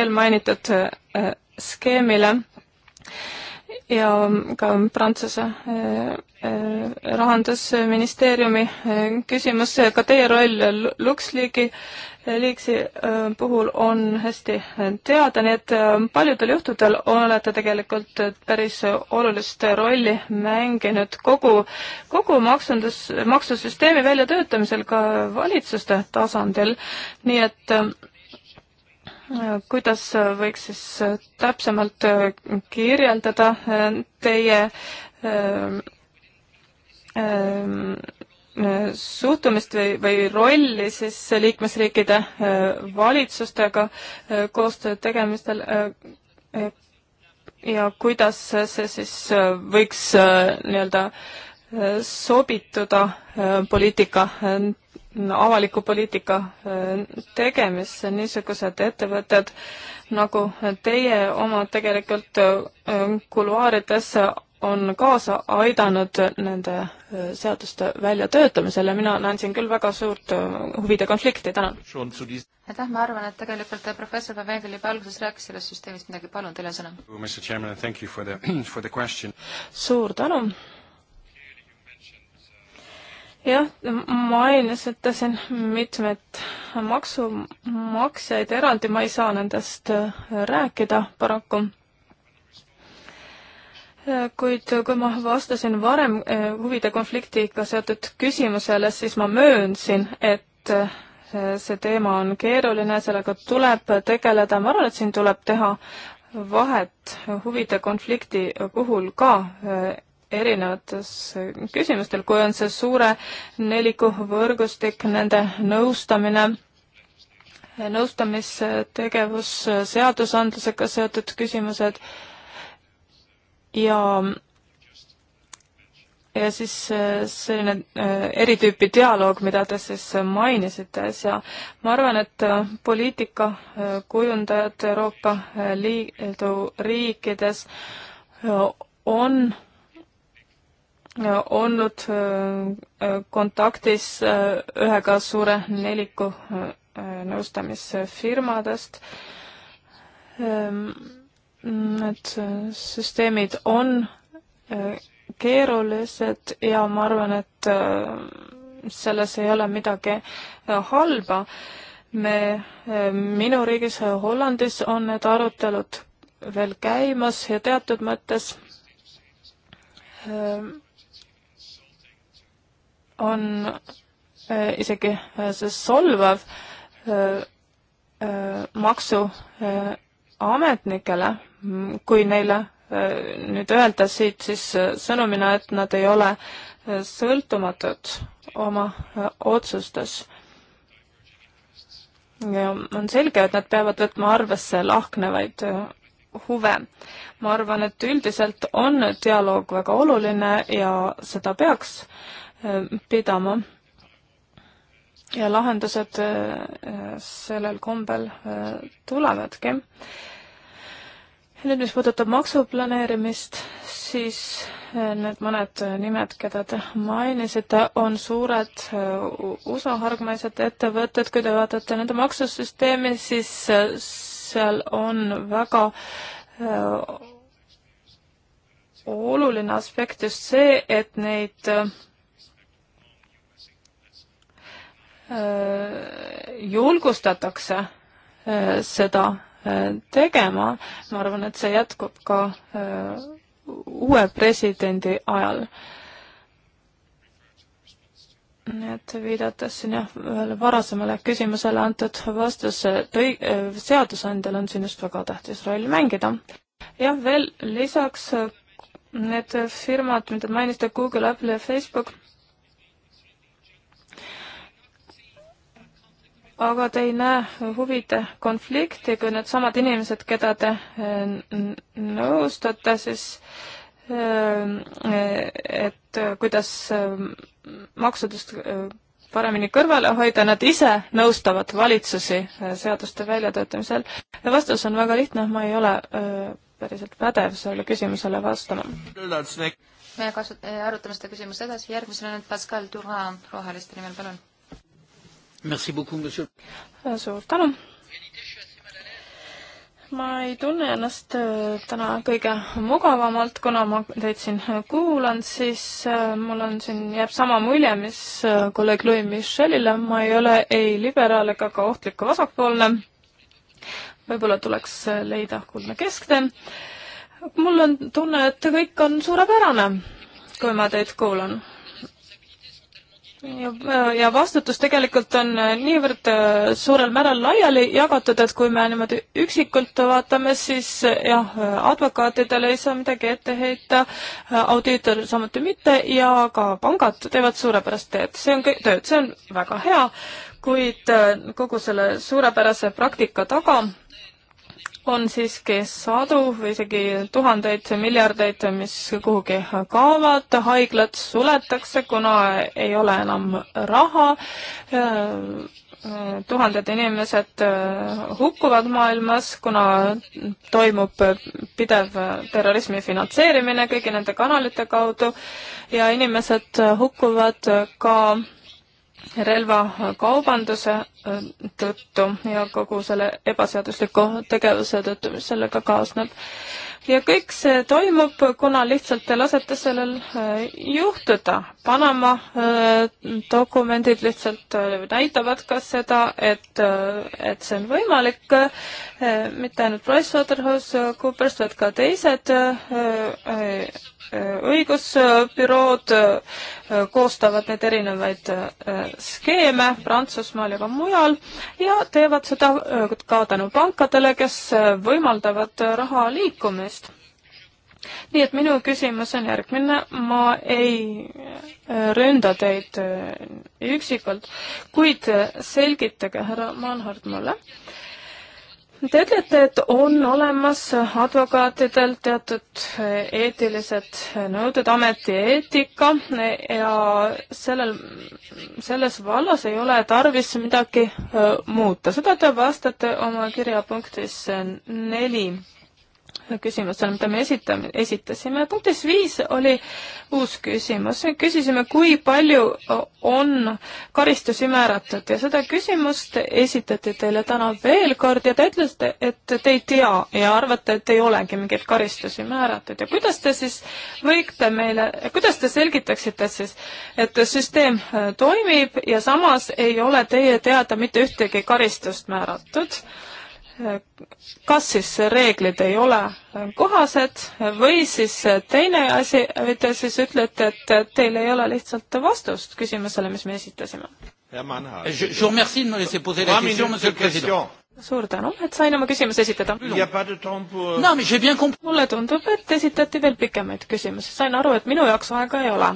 eelmainitud skeemile ja ka Prantsuse rahandusministeeriumi küsimus, ka teie roll LuxLeague'i liigsi äh, puhul on hästi teada, nii et äh, paljudel juhtudel olete tegelikult päris olulist rolli mänginud kogu, kogu maksundus, maksusüsteemi väljatöötamisel ka valitsuste tasandil, nii et äh, kuidas võiks siis täpsemalt kirjeldada teie Äh, suhtumist või, või rolli siis liikmesriikide äh, valitsustega äh, koostöö tegemistel ja kuidas see siis võiks nii-öelda sobituda poliitika, avaliku poliitika tegemisse, niisugused ettevõtted nagu teie oma tegelikult kuluaarides on kaasa aidanud nende äh, seaduste väljatöötamisele, mina näen siin küll väga suurt äh, huvide konflikti, tänan. aitäh, ma arvan, et tegelikult äh, professor Paveli juba alguses rääkis sellest süsteemist midagi, palun, teile sõna. suur tänu. jah, mainisite siin mitmeid maksumaksjaid eraldi, ma ei saa nendest rääkida paraku kuid kui ma vastasin varem eh, huvide konfliktiga seotud küsimusele, siis ma möönsin, et eh, see teema on keeruline, sellega tuleb tegeleda, ma arvan, et siin tuleb teha vahet huvide konflikti puhul ka eh, erinevates küsimustel, kui on see suure neliku võrgustik, nende nõustamine, nõustamistegevus, seadusandlusega seotud küsimused ja ja siis äh, selline äh, eri tüüpi dialoog, mida te siis mainisite äsja. ma arvan, et äh, poliitika kujundajad Euroopa Liidu riikides on olnud kontaktis ühega suure neliku nõustamisfirmadest ehm, Need äh, süsteemid on äh, keerulised ja ma arvan, et äh, selles ei ole midagi halba. me, minu riigis Hollandis on need arutelud veel käimas ja teatud mõttes on isegi see solvav maksuametnikele, kui neile äh, nüüd öelda siit siis äh, sõnumina, et nad ei ole äh, sõltumatud oma otsustes. ja on selge, et nad peavad võtma arvesse lahknevaid huve. ma arvan, et üldiselt on dialoog väga oluline ja seda peaks pidama. ja lahendused sellel kombel tulevadki nüüd, mis puudutab maksuplaneerimist, siis eh, need mõned nimed, keda te mainisite, on suured eh, USA hargmaised ettevõtted, kui te vaatate nende maksusüsteemi, siis eh, seal on väga oluline aspekt just see, et neid julgustatakse seda Äh, tegema. ma arvan, et see jätkub ka äh, uue presidendi ajal. nii et viidates siin jah, ühele varasemale küsimusele antud vastus, tõi-, äh, seadusandjal on siin just väga tähtis roll mängida. jah, veel lisaks need firmad, mida mainisite, Google, Apple ja Facebook aga te ei näe huvide konflikti, kui needsamad inimesed, keda te eh, nõustate, siis eh, et kuidas eh, maksudest paremini kõrvale hoida, nad ise nõustavad valitsusi seaduste väljatöötamisel. vastus on väga lihtne, ma ei ole päriselt pädev sellele küsimusele vastama. me kasut-, arutame seda küsimust edasi, järgmisena nüüd Pascal Durand roheliste nimel, palun suur tänu. ma ei tunne ennast äh, täna kõige mugavamalt, kuna ma teid siin kuulan, siis äh, mul on siin, jääb sama mulje, mis äh, kolleeg Louis Michelile, ma ei ole ei liberaal ega ka ohtliku vasakpoolne. võib-olla tuleks leida kuldne kesktee. mul on tunne, et kõik on suurepärane, kui ma teid kuulan Äh, ja vastutus tegelikult on äh, niivõrd äh, suurel määral laiali jagatud, et kui me niimoodi üksikult vaatame, siis jah, advokaatidele ei saa midagi ette heita, audiitor samuti mitte ja ka pangad teevad suurepärast teed, see on kõik tööd, see on väga hea, kuid kogu selle suurepärase praktika taga on siiski sadu või isegi tuhandeid, miljardeid, mis kuhugi kaovad, haiglad suletakse, kuna ei ole enam raha, äh, tuhanded inimesed äh, hukkuvad maailmas, kuna toimub pidev terrorismi finantseerimine kõigi nende kanalite kaudu ja inimesed hukkuvad ka relvakaubanduse äh, tõttu ja kogu selle ebaseadusliku tegevuse tõttu, mis sellega kaasneb. ja kõik see toimub, kuna lihtsalt te lasete sellel äh, juhtuda. Panama äh, dokumendid lihtsalt näitavad ka seda, et, et see on võimalik, mitte ainult PricewaterhouseCoopers, vaid ka teised Äh, õigusbürood äh, koostavad neid erinevaid äh, skeeme Prantsusmaal ja ka mujal ja teevad seda ka tänu pankadele, kes võimaldavad raha liikumist. nii et minu küsimus on järgmine, ma ei ründa teid üksikult, kuid selgitage, härra Manhart, mulle äh,, Te ütlete, et on olemas advokaatidel teatud eh, eetilised eh, nõuded, ametieetika eh, ja sellel, selles vallas ei ole tarvis midagi muuta. seda te vastate oma kirja punktis neli küsimustele, mida me esitame, esitasime. punktis viis oli uus küsimus. küsisime, kui palju on karistusi määratud ja seda küsimust esitati teile täna veel kord ja te ütlesite, et te ei tea ja arvate, et ei olegi mingeid karistusi määratud ja kuidas te siis võite meile, kuidas te selgitaksite siis, et süsteem äh, toimib ja samas ei ole teie teada mitte ühtegi karistust määratud? kas siis reeglid ei ole kohased või siis teine asi, te siis ütlete, et teil ei ole lihtsalt vastust küsimusele, mis me esitasime. suur tänu, et sain oma küsimuse esitada. Euh, mulle tundub, et esitati veel pikemaid küsimusi, sain aru, et minu jaoks aega ei ole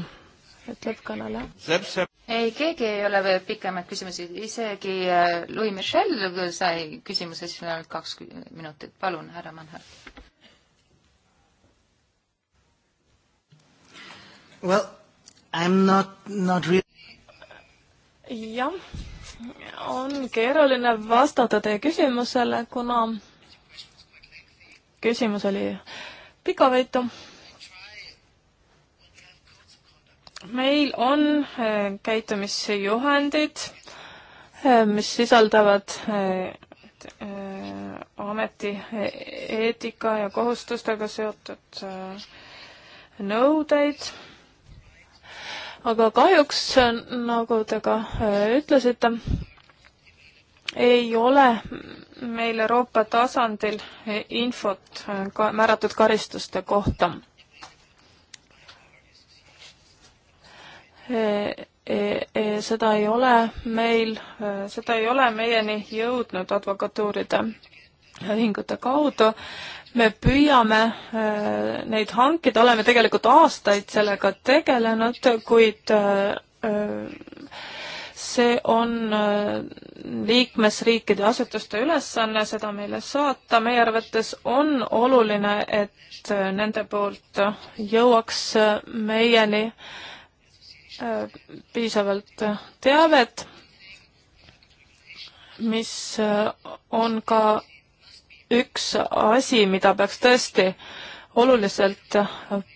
ütleb kõneleja. ei, keegi ei ole veel pikemaid küsimusi, isegi äh, Louis Michel sai küsimuse, siis on ainult kaks minutit. palun, härra Manhart. Well, I am not, not really jah, on keeruline vastata teie küsimusele, kuna küsimus oli pikavõitu meil on äh, käitumisjuhendid, äh, mis sisaldavad äh, ameti eetika ja kohustustega seotud nõudeid, aga kahjuks, nagu te ka ütlesite, ei ole meil Euroopa tasandil infot ka määratud karistuste kohta E, e, e, seda ei ole meil, seda ei ole meieni jõudnud advokatuuride ühingute kaudu. me püüame neid hankida, oleme tegelikult aastaid sellega tegelenud, kuid see on liikmesriikide asutuste ülesanne seda meile saata. meie arvates on oluline, et nende poolt jõuaks meieni äh, Äh, piisavalt äh, teavet, mis äh, on ka üks asi, mida peaks tõesti oluliselt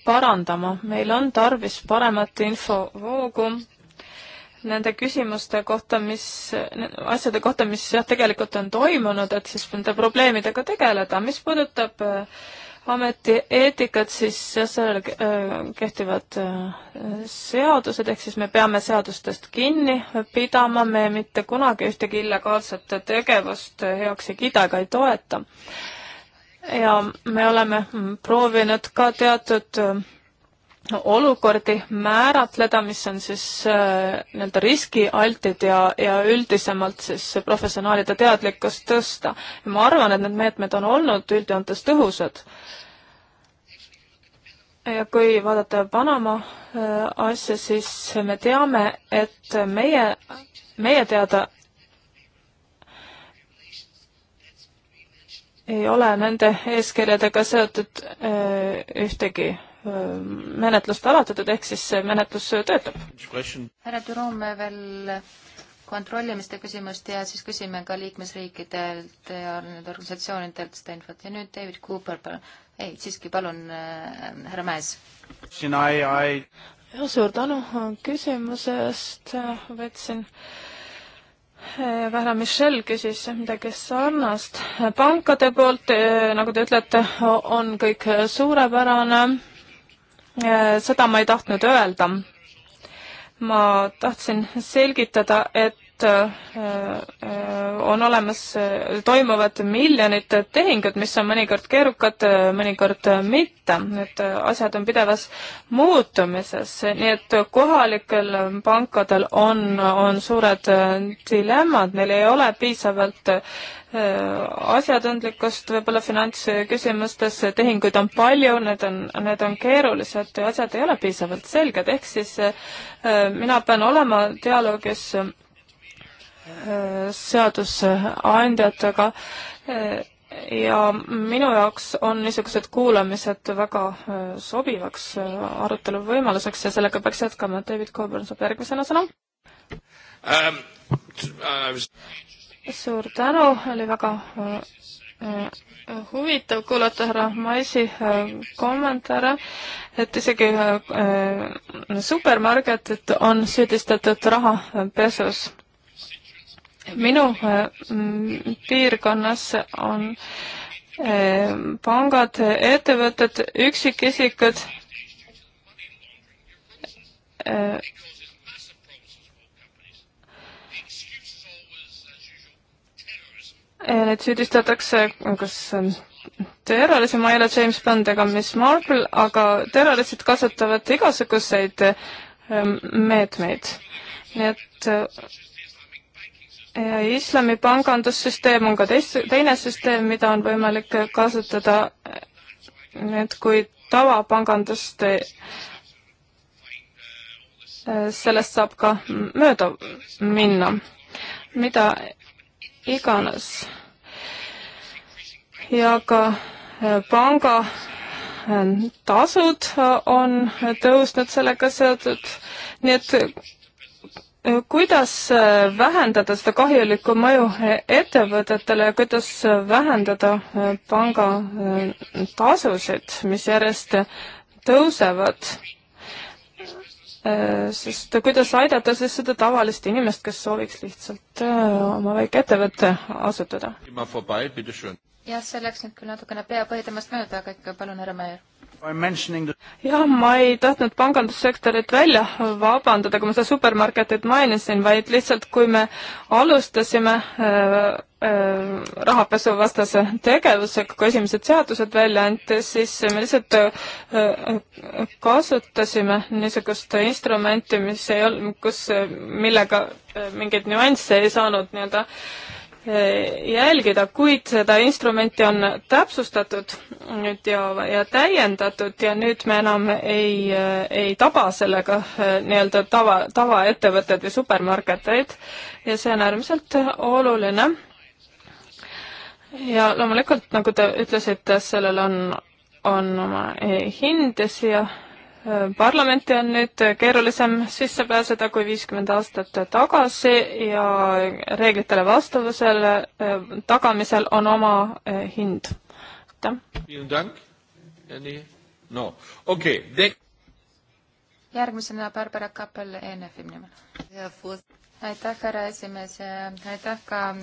parandama. meil on tarvis paremat infovoogu nende küsimuste kohta, mis, asjade kohta, mis jah, tegelikult on toimunud, et siis nende probleemidega tegeleda. mis puudutab äh, ameti eetikat, siis sellele äh, kehtivad äh, seadused, ehk siis me peame seadustest kinni pidama, me mitte kunagi ühtegi illegaalset tegevust äh, heaks ei kida ega ei toeta. ja me oleme mm, proovinud ka teatud olukordi määratleda, mis on siis äh, nii-öelda riskialtid ja, ja üldisemalt siis professionaalide teadlikkust tõsta. ma arvan, et need meetmed on olnud üldjoontes tõhusad. ja kui vaadata Panama äh, asja, siis me teame, et meie, meie teada ei ole nende eeskirjadega seotud öö, äh, ühtegi menetlust alatatud, ehk siis see menetlus töötab. härra Turu, me veel kontrollimiste küsimust ja siis küsime ka liikmesriikidelt ja nüüd organisatsioonidelt seda infot ja nüüd David Cooper, palun. ei, siiski palun äh,, härra Mäes. sina ei, ei. ja suur tänu küsimuse eest, võtsin härra Michel küsis midagi sarnast. pankade poolt, nagu te ütlete, on kõik suurepärane Äh, seda ma ei tahtnud öelda. ma tahtsin selgitada, et Äh, äh, on olemas, äh, toimuvad miljonid tehingud, mis on mõnikord keerukad, mõnikord mitte. et asjad on pidevas muutumises, nii et kohalikel pankadel on, on suured dilemmad, neil ei ole piisavalt asjatundlikkust võib-olla finantsküsimustes, tehinguid on palju, need on, need on keerulised ja asjad ei ole piisavalt selged, ehk siis mina pean olema dialoogis seadusandjatega ja minu jaoks on niisugused kuulamised väga äh, sobivaks äh, arutelu võimaluseks ja sellega peaks jätkama. David Coburn saab järgmisena sõna um,. Uh, suur tänu, oli väga äh, huvitav kuulata härra Maisi kommentaare, et isegi supermarketid on süüdistatud rahapesus minu äh, piirkonnas on äh, pangad, ettevõtted, üksikisikud äh, Need süüdistatakse kas ähm, terrorism, ma ei ole James Bond ega Miss Marple, aga terroristid kasutavad igasuguseid ähm, meetmeid. nii et Äh, islami pangandussüsteem on ka teist, teine süsteem, mida on võimalik kasutada, et kui tavapangandust äh, sellest saab ka mööda minna, mida iganes. ja ka äh, panga tasud on tõusnud sellega seotud, nii et kuidas äh, vähendada seda kahjulikku mõju e-, ettevõtetele ja kuidas äh, vähendada äh, panga tasusid, mis järjest tõusevad? sest kuidas aidata siis seda tavalist inimest, kes sooviks lihtsalt oma väikeettevõtte asutada? jah, see läks nüüd küll natukene pea põhitemast mööda, aga ikka palun, härra Meier jah, ma ei tahtnud pangandussektorit välja vabandada, kui ma seda supermarketit mainisin, vaid lihtsalt kui me alustasime äh, äh, rahapesuvastase tegevusega, kui esimesed seadused välja anti, siis me lihtsalt äh, äh kasutasime niisugust instrumenti, mis ei olnud, kus, äh, millega äh, mingeid nüansse ei saanud nii-öelda äh, Eh, jälgida, kuid seda instrumenti on täpsustatud nüüd ja, ja täiendatud ja nüüd me enam ei, eh, ei taba sellega eh, nii-öelda tava, tavaettevõtteid või supermarketeid ja see on äärmiselt oluline. ja loomulikult, nagu te ütlesite, sellel on, on oma hindasid ja parlamenti on nüüd keerulisem sisse pääseda kui viiskümmend aastat tagasi ja reeglitele vastavusel eh, tagamisel on oma eh, hind. aitäh. järgmisena Barbara Kappel ENF-i nimel. aitäh, härra esimees ja aitäh ka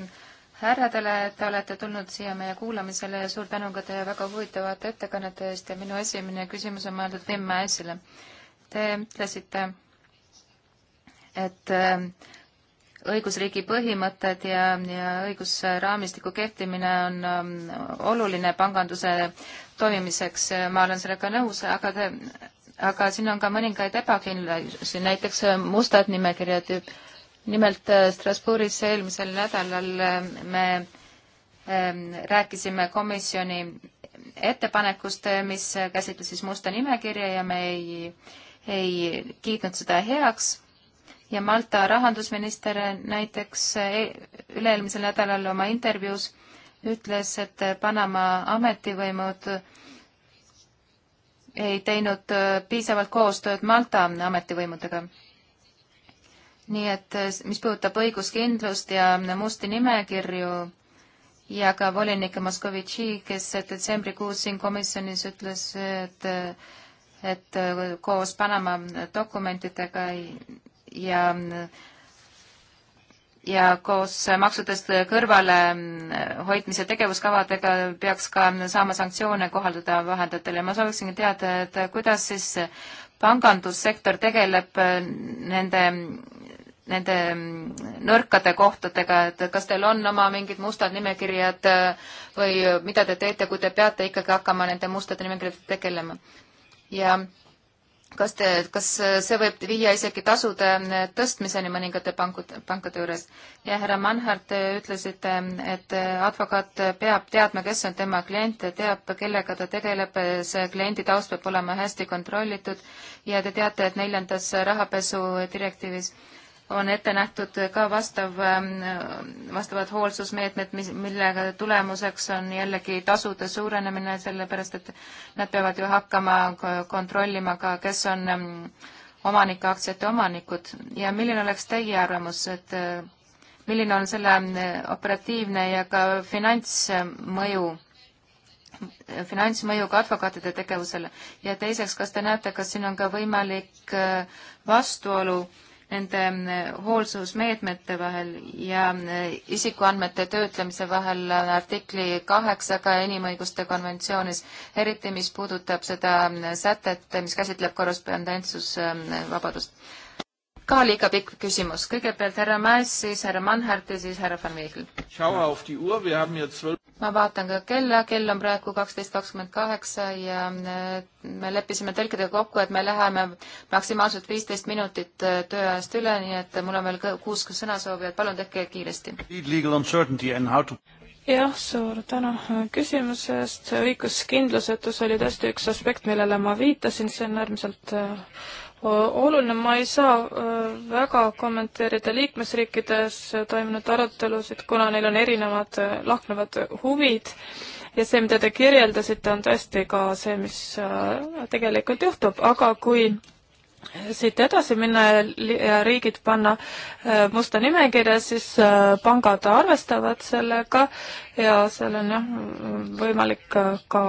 härradele, et te olete tulnud siia meie kuulamisele ja suur tänu ka teie väga huvitavate ettekannete eest ja minu esimene küsimus on mõeldud Vim Mäesile. Te ütlesite, et äh, õigusriigi põhimõtted ja, ja õigusraamistiku kehtimine on um, oluline panganduse toimimiseks, ma olen sellega nõus, aga te, aga siin on ka mõningaid ebakindlusi, näiteks äh, mustad nimekirja tüüp nimelt äh, Strasbourgis eelmisel nädalal äh, me ähm, rääkisime komisjoni ettepanekust, äh, mis käsitles siis musta nimekirja ja me ei, ei kiitnud seda heaks. ja Malta rahandusminister näiteks üle-eelmisel nädalal oma intervjuus ütles, et Panama ametivõimud ei teinud piisavalt koostööd Malta ametivõimudega nii et eh, mis puudutab õiguskindlust ja musti nimekirju ja ka volinik Moskovitši, kes detsembrikuus siin komisjonis ütles, et, et eh, koos Panama dokumentidega ja ja koos maksudest kõrvalehoidmise eh, tegevuskavadega peaks ka saama sanktsioone kohaldada vahendajatele. ma sooviksingi teada, et kuidas siis pangandussektor tegeleb nende nende mm, nõrkade kohtadega, et kas teil on oma mingid mustad nimekirjad äh, või mida te teete, kui te peate ikkagi hakkama nende mustade nimekirjadega tegelema? ja kas te, kas see võib viia isegi tasude äh, tõstmiseni mõningate pankude, pankade juures? ja härra Manhart, te ütlesite, et advokaat peab teadma, kes on tema klient, teab, kellega ta tegeleb, see kliendi taust peab olema hästi kontrollitud ja te teate, et neljandas rahapesu direktiivis äh, on ette nähtud ka vastav, ähm, vastavad hoolsusmeetmed, mis, millega tulemuseks on jällegi tasude suurenemine, sellepärast et nad peavad ju hakkama kontrollima ka, kes on ähm, omanike aktsiate omanikud ja milline oleks teie arvamus, et äh, milline on selle äh, operatiivne ja ka finantsmõju? Äh, finantsmõju ka advokaatide tegevusele ja teiseks, kas te näete, kas siin on ka võimalik vastuolu äh, nende mm, hoolsusmeetmete vahel ja mm, isikuandmete töötlemise vahel artikli kaheksaga inimõiguste konventsioonis, eriti mis puudutab seda mm, sätet, mis käsitleb korrespondentsusvabadust. ka liiga pikk küsimus. kõigepealt härra Mäes, siis härra Manhart ja siis härra Van Vihel ma vaatan ka kella, kell on praegu kaksteist kakskümmend kaheksa ja äh, me leppisime tõlkidega kokku, et me läheme maksimaalselt viisteist minutit äh, tööajast üle, nii et mul on veel kuus sõnasoovi, et palun tehke kiiresti. jah, suur tänu küsimuse eest, õiguskindlusetus oli tõesti üks aspekt, millele ma viitasin, see on äärmiselt äh, oluline, ma ei saa äh, väga kommenteerida liikmesriikides toimunud arutelusid, kuna neil on erinevad äh, lahknevad huvid ja see, mida te kirjeldasite, on tõesti ka see, mis äh, tegelikult juhtub, aga kui siit edasi minna ja riigid panna musta nimekirja, siis pangad arvestavad sellega ja seal on jah, võimalik ka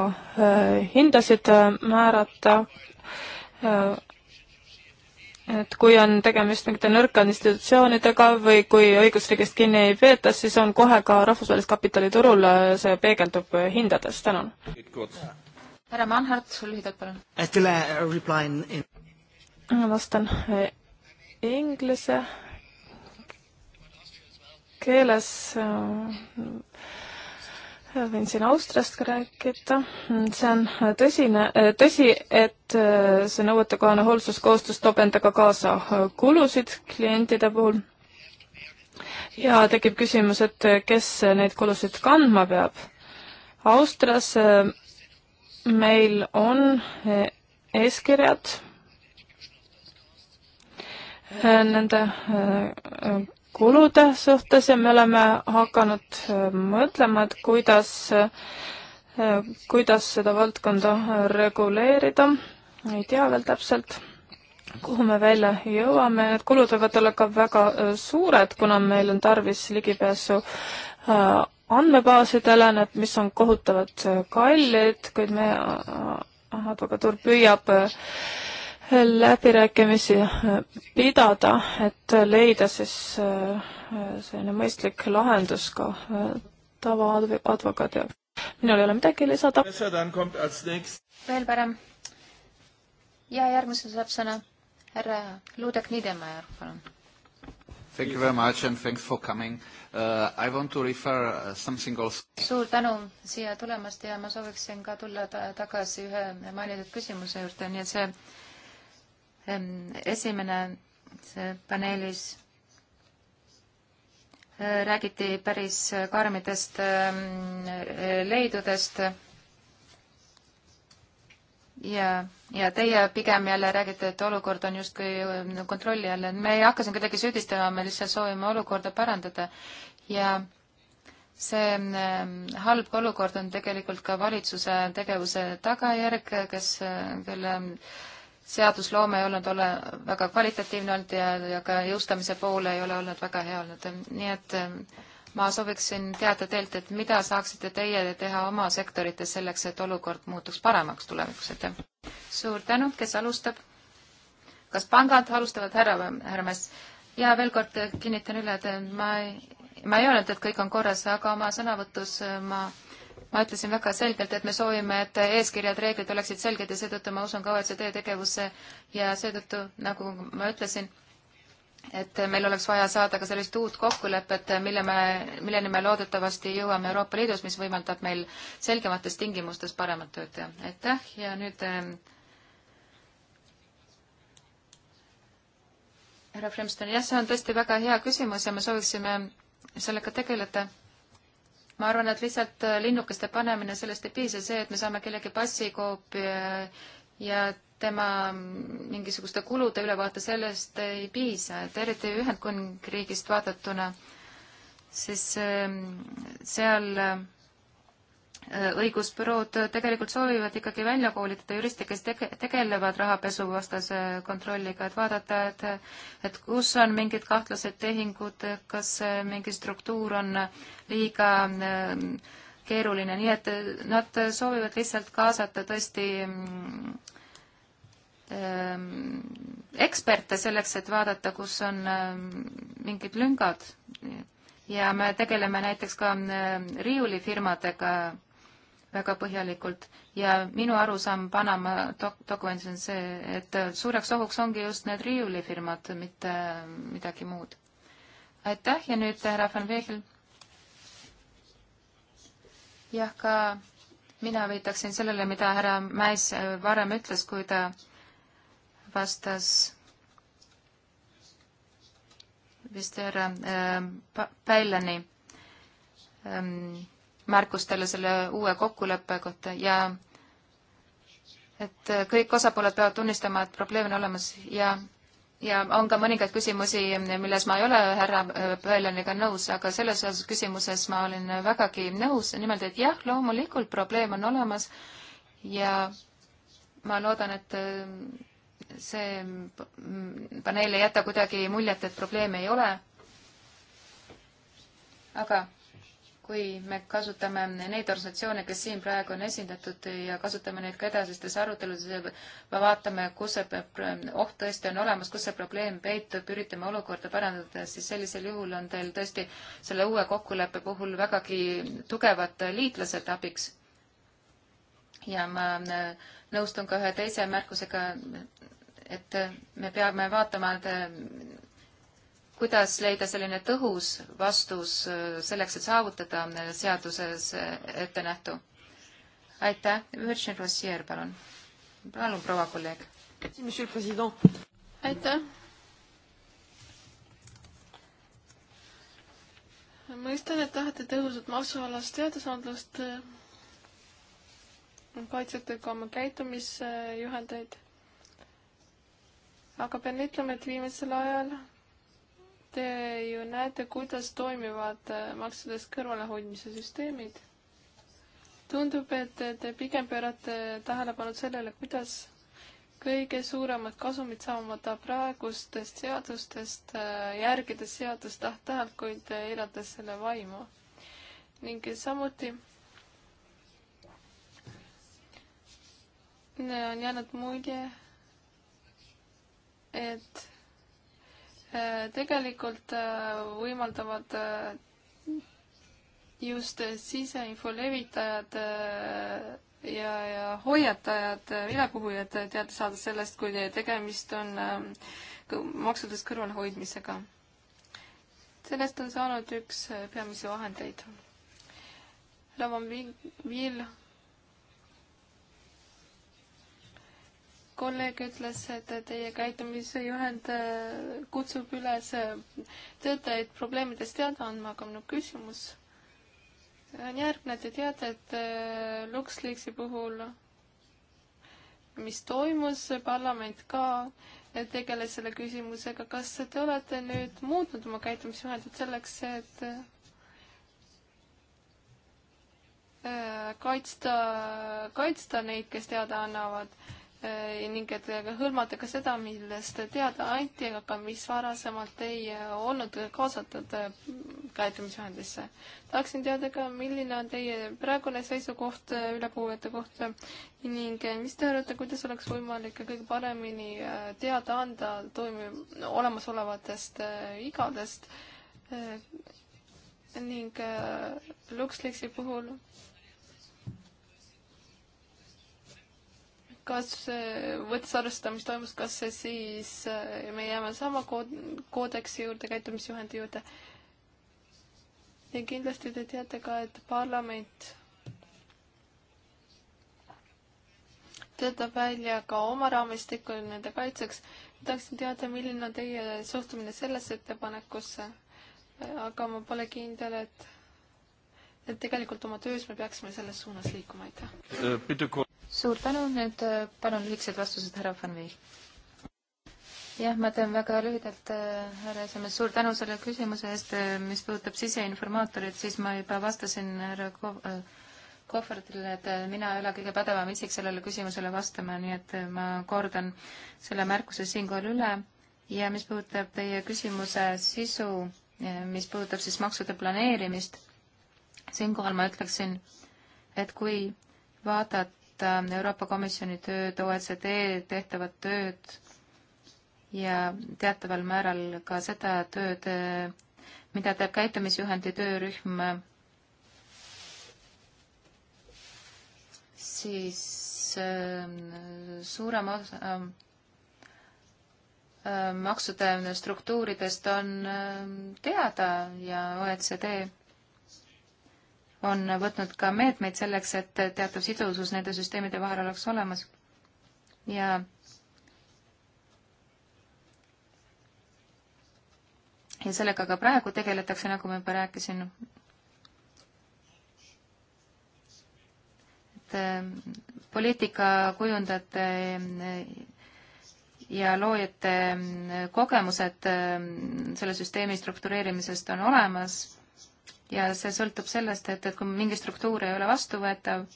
hindasid määrata et kui on tegemist mingite nõrka institutsioonidega või kui õigusriigist kinni ei peeta, siis on kohe ka rahvusvahelist kapitaliturul, äh, see peegeldub äh, hindades, tänan. härra Manhart, lühidalt palun. Uh, ma vastan äh, inglise keeles võin siin Austriast ka rääkida, see on tõsine, tõsi, et äh, see nõuetekohane hoolsuskohustus toob endaga kaasa äh, kulusid klientide puhul ja tekib küsimus, et äh, kes neid kulusid kandma peab. Austrias meil on eeskirjad nende kulude suhtes ja me oleme hakanud äh, mõtlema, et kuidas, äh, kuidas seda valdkonda reguleerida. ei tea veel täpselt, kuhu me välja jõuame, need kulud võivad olla ka väga äh, suured, kuna meil on tarvis ligipääsu andmebaasidele, need, mis on kohutavalt kallid, kuid meie advokatuur püüab läbirääkimisi pidada, et leida siis äh, selline mõistlik lahendus ka äh, tavaadvokaadi jaoks. minul ei ole midagi lisada. veel parem. ja järgmisena saab sõna härra Luudek Niedemajer, palun. Thank you very much and thanks for coming uh,. I want to refer uh, something also. suur tänu siia tulemast ja ma sooviksin ka tulla ta tagasi ühe mainitud küsimuse juurde, nii et see uh, esimene paneelis äh, räägiti päris karmidest ähm, äh, leidudest ja, ja teie pigem jälle räägite, et olukord on justkui ähm, kontrolli all, et me ei hakka siin kedagi süüdistama, me lihtsalt soovime olukorda parandada ja see ähm, halb olukord on tegelikult ka valitsuse tegevuse tagajärg, kes, äh, kelle seadusloome ei olnud ole väga kvalitatiivne olnud ja, ja ka jõustamise pool ei ole olnud väga hea olnud, nii et ähm, ma sooviksin teada teilt, et mida saaksite teie teha oma sektorites selleks, et olukord muutuks paremaks tulevikus, aitäh. suur tänu, kes alustab? kas pangad alustavad härra või härra Mäss? ja veel kord kinnitan üle, et ma ei, ma ei öelnud, et kõik on korras, aga oma sõnavõtus äh, ma äh, ma ütlesin väga selgelt, et me soovime, et eeskirjad, reeglid oleksid selged ja seetõttu ma usun ka OECD tegevusse ja seetõttu, nagu ma ütlesin, et meil oleks vaja saada ka sellist uut kokkulepet, mille me, milleni me loodetavasti jõuame Euroopa Liidus, mis võimaldab meil selgemates tingimustes paremat tööd teha. aitäh ja nüüd äh, härra Fremston, jah, see on tõesti väga hea küsimus ja me sooviksime sellega tegeleda ma arvan, et lihtsalt äh, linnukeste panemine, sellest ei piisa, see, et me saame kellegi passikoopia ja tema mm, mingisuguste kulude ülevaate, sellest ei piisa, et eriti Ühendkuningriigist vaadatuna, siis ähm, seal äh, õigusbürood tegelikult soovivad ikkagi välja koolitada juriste, kes tege-, tegelevad rahapesuvastase kontrolliga, et vaadata, et et kus on mingid kahtlased tehingud, kas mingi struktuur on liiga ähm, keeruline, nii et nad soovivad lihtsalt kaasata tõesti ähm, eksperte selleks, et vaadata, kus on ähm, mingid lüngad. ja me tegeleme näiteks ka riiulifirmadega väga põhjalikult ja minu arusaam Panama dok-, dokumendis on see, et suureks ohuks ongi just need riiulifirmad, mitte midagi muud. aitäh ja nüüd härra Van Veegel. jah, ka mina viitaksin sellele, mida härra Mäis varem ütles, kui ta vastas vist härra äh, Päljani ähm, märkustele selle uue kokkuleppe kohta ja et kõik osapooled peavad tunnistama, et probleem on olemas ja, ja on ka mõningaid küsimusi, milles ma ei ole härra Pööljaniga nõus, aga selles osas küsimuses ma olin vägagi nõus, nimelt et jah, loomulikult probleem on olemas ja ma loodan, et see paneel ei jäta kuidagi muljet, et probleeme ei ole. aga kui me kasutame neid organisatsioone, kes siin praegu on esindatud ja kasutame neid ka edasistes aruteludes, me vaatame, kus see oht tõesti on olemas, kus see probleem peitub, üritame olukorda parandada, siis sellisel juhul on teil tõesti selle uue kokkuleppe puhul vägagi tugevad liitlased abiks. ja ma äh, nõustun ka ühe teise märkusega, et me peame vaatama, et kuidas leida selline tõhus vastus äh, selleks, et saavutada äh, seaduses äh, ette nähtu. aitäh, Virgin Rossier, palun. palun, proua kolleeg. aitäh. mõistan, et tahate tõhusat maksualast teadusandlust. kaitsete ka oma käitumisjuhendeid. aga pean ütlema, et viimasel ajal Te ju näete, kuidas toimivad äh, maksudest kõrvalehoidmise süsteemid. tundub, et te pigem pöörate tähelepanu sellele, kuidas kõige suuremad kasumid saavad praegustest seadustest, äh, järgides seadust täht-tähelt, kuid eirates selle vaimu. ning samuti on jäänud mulje, et Äh, tegelikult äh, võimaldavad äh, just siseinfo levitajad ja, ja hoiatajad, vilepuhujad teada saada sellest, kui tegemist on ähm, maksudest kõrvalhoidmisega. sellest on saanud üks peamisi vahendeid. Lavan Vill kolleeg ütles, et teie käitumisjuhend äh, kutsub üles äh, töötajaid probleemidest teada andma, aga minu küsimus on järgmine, te teate, et äh, LuxLeaksi puhul, mis toimus, parlament ka tegeles selle küsimusega, kas te olete nüüd muutnud oma käitumisjuhendit selleks, et kaitsta, kaitsta neid, kes teada annavad Äh, ning et hõlmata ka seda, millest teada anti, aga mis varasemalt ei äh, olnud kaasatud äh, käitumisvahendisse. tahaksin teada ka, milline on teie praegune seisukoht ülepuujate kohta ning mis te arvate, kuidas oleks võimalik kõige paremini teada anda toimiv, olemasolevatest igadest ning LuxLeaksi puhul kas võttes arvestada, mis toimus, kas see siis, äh, me jääme sama kood-, koodeksi juurde, käitumisjuhendi juurde. ja kindlasti te teate ka, et parlament töötab välja ka oma raamistiku nende kaitseks. tahaksin teada, milline on teie suhtumine sellesse ettepanekusse. aga ma pole kindel, et, et tegelikult oma töös me peaksime selles suunas liikuma, aitäh. Äh, suur tänu, nüüd äh, palun lühikesed vastused härra Van Veil. jah, ma teen väga lühidalt, äh, härra esimees, suur tänu selle küsimuse eest, äh, mis puudutab siseinformaatorit, siis ma juba vastasin härra Kov-, Kohverdile, et mina ei ole kõige pädevam isik sellele küsimusele vastama, nii et ma kordan selle märkuse siinkohal üle ja mis puudutab teie küsimuse sisu, mis puudutab siis maksude planeerimist, siinkohal ma ütleksin, et kui vaadata vaadata äh, Euroopa Komisjoni tööd, OECD tehtavat tööd ja teataval määral ka seda tööd, äh, mida teeb käitumisjuhendi töörühm, siis äh, suurem osa maksude struktuuridest on teada ja OECD on võtnud ka meetmeid selleks, et teatav sidusus nende süsteemide vahel oleks olemas. ja ja sellega ka praegu tegeletakse, nagu ma juba rääkisin. et ähm, poliitikakujundajate äh, ja loojate äh, kogemused ähm, selle süsteemi struktureerimisest on olemas ja see sõltub sellest, et, et kui mingi struktuur ei ole vastuvõetav,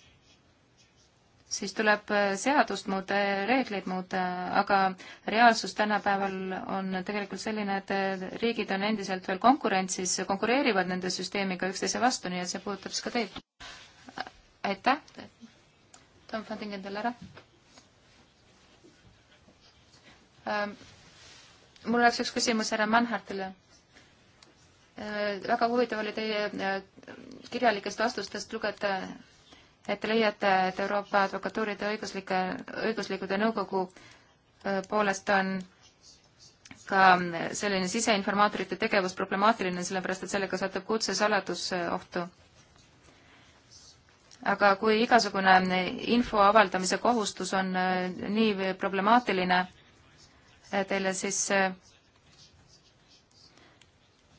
siis tuleb äh, seadust muuta, reegleid muuta, aga reaalsus tänapäeval on tegelikult selline, et äh, riigid on endiselt veel konkurentsis, konkureerivad nende süsteemiga üksteise vastu, nii et see puudutab siis ka teid. aitäh. Tom van Dingen teil ära ähm,. mul oleks üks küsimus härra Manhartile Äh, väga huvitav oli teie äh, kirjalikest vastustest lugeda, et te leiate, et Euroopa advokatuuride õiguslike, õiguslikud ja nõukogu äh, poolest on ka selline siseinformaatorite tegevus problemaatiline, sellepärast et sellega satub kutsesaladus ohtu. aga kui igasugune info avaldamise kohustus on nii problemaatiline teile, siis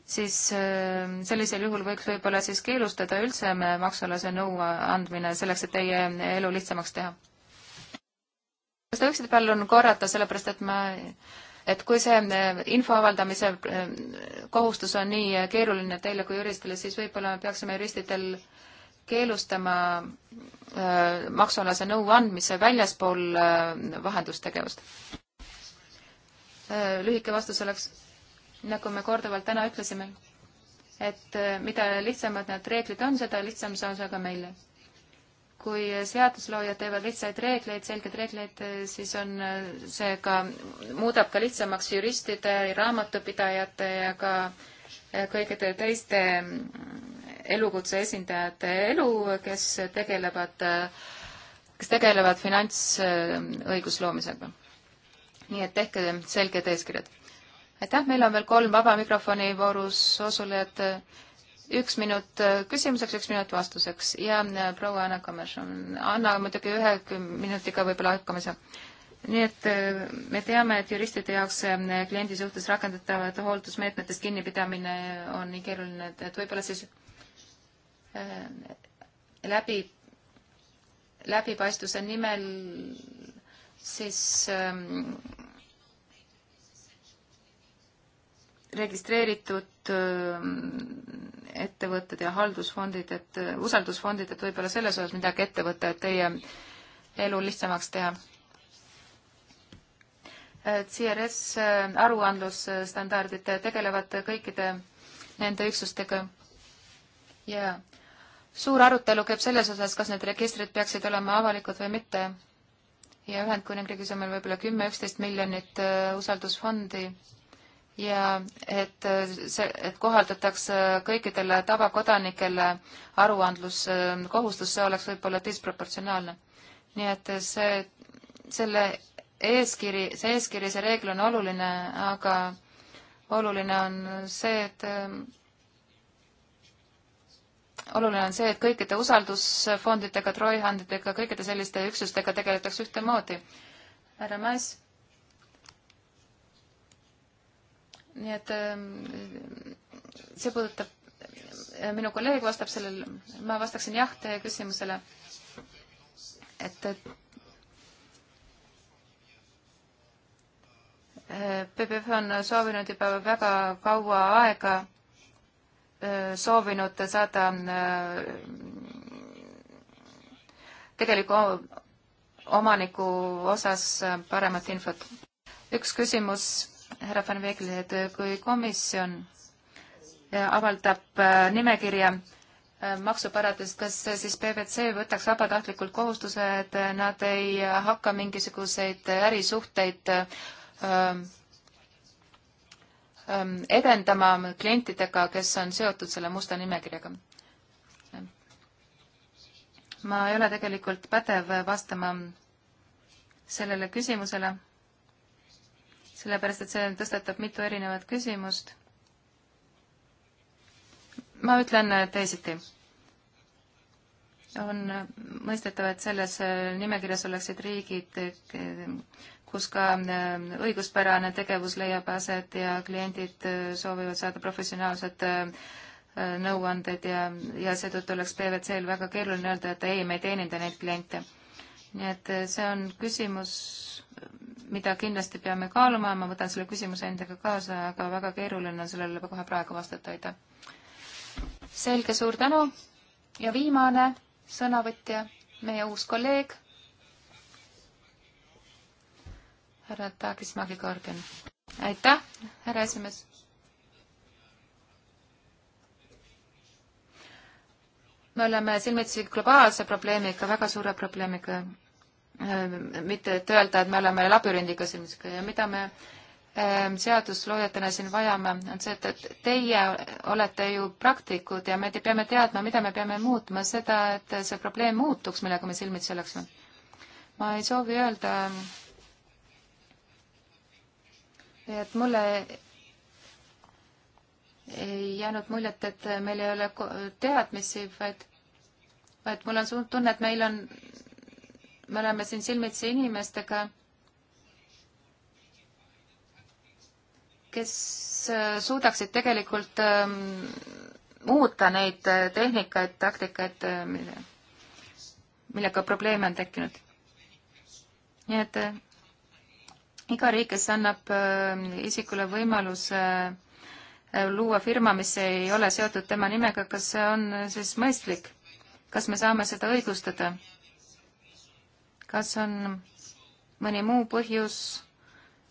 siis ähm, sellisel juhul võiks võib-olla siis keelustada üldse maksualase nõu andmine selleks, et teie elu lihtsamaks teha. kas te võiksite palun korrata, sellepärast et ma, et kui see äh, info avaldamise äh, kohustus on nii äh, keeruline teile kui juristile, siis võib-olla me peaksime juristidel keelustama maksualase nõu andmise väljaspool vahendustegevust. lühike vastus oleks nagu me korduvalt täna ütlesime, et äh, mida lihtsamad need reeglid on, seda lihtsam see on see ka meile. kui seadusloojad teevad lihtsaid reegleid, selgeid reegleid, äh, siis on äh, see ka, muudab ka lihtsamaks juristide, raamatupidajate ja ka kõikide teiste mm, elukutse esindajate elu, kes tegelevad, kes tegelevad finantsõigusloomisega. nii et tehke selged eeskirjad aitäh, meil on veel kolm vaba mikrofoni voorus osalejat. üks minut küsimuseks, üks minut vastuseks ja äh, proua Anna Kammers on, Anna muidugi ühe minutiga võib-olla hakkama ei saa nii et äh, me teame, et juristide jaoks äh, kliendi suhtes rakendatavate hooldusmeetmetest kinnipidamine on nii keeruline, et, et võib-olla siis äh, läbi, läbipaistvuse nimel siis äh, registreeritud ähm, ettevõtted ja haldusfondid, et äh, usaldusfondid, et võib-olla selles osas midagi ette võtta, et teie elu lihtsamaks teha. Äh, CRS äh, aruandlusstandardid tegelevad kõikide nende üksustega ja suur arutelu käib selles osas, kas need registrid peaksid olema avalikud või mitte. ja Ühendkuningriigis on meil võib-olla kümme, üksteist miljonit usaldusfondi ja et see, et kohaldatakse kõikidele tavakodanikele aruandluskohustus, see oleks võib-olla disproportsionaalne. nii et see, selle eeskiri, see eeskiri, see reegel on oluline, aga oluline on see, et oluline on see, et kõikide usaldusfondidega, trojhandidega, kõikide selliste üksustega tegeletakse ühtemoodi. härra Mais nii et ähm, see puudutab, äh, minu kolleeg vastab sellele, ma vastaksin jah teie küsimusele, et, et äh, PPF on soovinud juba väga kaua aega, äh, soovinud saada tegeliku omaniku osas paremat infot. üks küsimus härra Van Veekile, et kui komisjon äh, avaldab äh, nimekirja äh, maksuparadest, kas siis PwC võtaks vabatahtlikult kohustuse, et nad ei hakka mingisuguseid ärisuhteid ähm, ähm, edendama klientidega, kes on seotud selle musta nimekirjaga? ma ei ole tegelikult pädev vastama sellele küsimusele sellepärast et see tõstatab mitu erinevat küsimust. ma ütlen äh, teisiti. on äh, mõistetav, et selles äh, nimekirjas oleksid riigid, kus ka õiguspärane tegevus leiab aset ja kliendid soovivad saada professionaalset nõuanded ja, ja seetõttu oleks PVC-l väga keeruline öelda, et ei, me ei teeninda neid kliente nii et äh, see on küsimus, mida kindlasti peame kaaluma, ma võtan selle küsimuse endaga kaasa, aga väga keeruline on sellele kohe praegu vastata, aitäh. selge, suur tänu ja viimane sõnavõtja, meie uus kolleeg, härra Takis Magikorden. aitäh, härra esimees. me oleme silmitsi globaalse probleemiga, väga suure probleemiga Äh, mitte et öelda, et me oleme labürindiga silmis ja mida me äh, seadusloojatena siin vajame, on see, et, et teie olete ju praktikud ja me te peame teadma, mida me peame muutma, seda, et see probleem muutuks, millega me silmitsi oleksime. ma ei soovi öelda, et mulle ei jäänud muljet, et meil ei ole teadmisi, vaid, vaid mul on tunne, et meil on me oleme siin silmitsi inimestega, kes äh, suudaksid tegelikult ähm, muuta neid äh, tehnikaid, taktikaid, äh, mille, millega probleeme on tekkinud. nii et iga riik, kes annab isikule võimaluse luua firma, mis ei ole seotud tema nimega, kas see on siis mõistlik? kas me saame seda õigustada? kas on mõni muu põhjus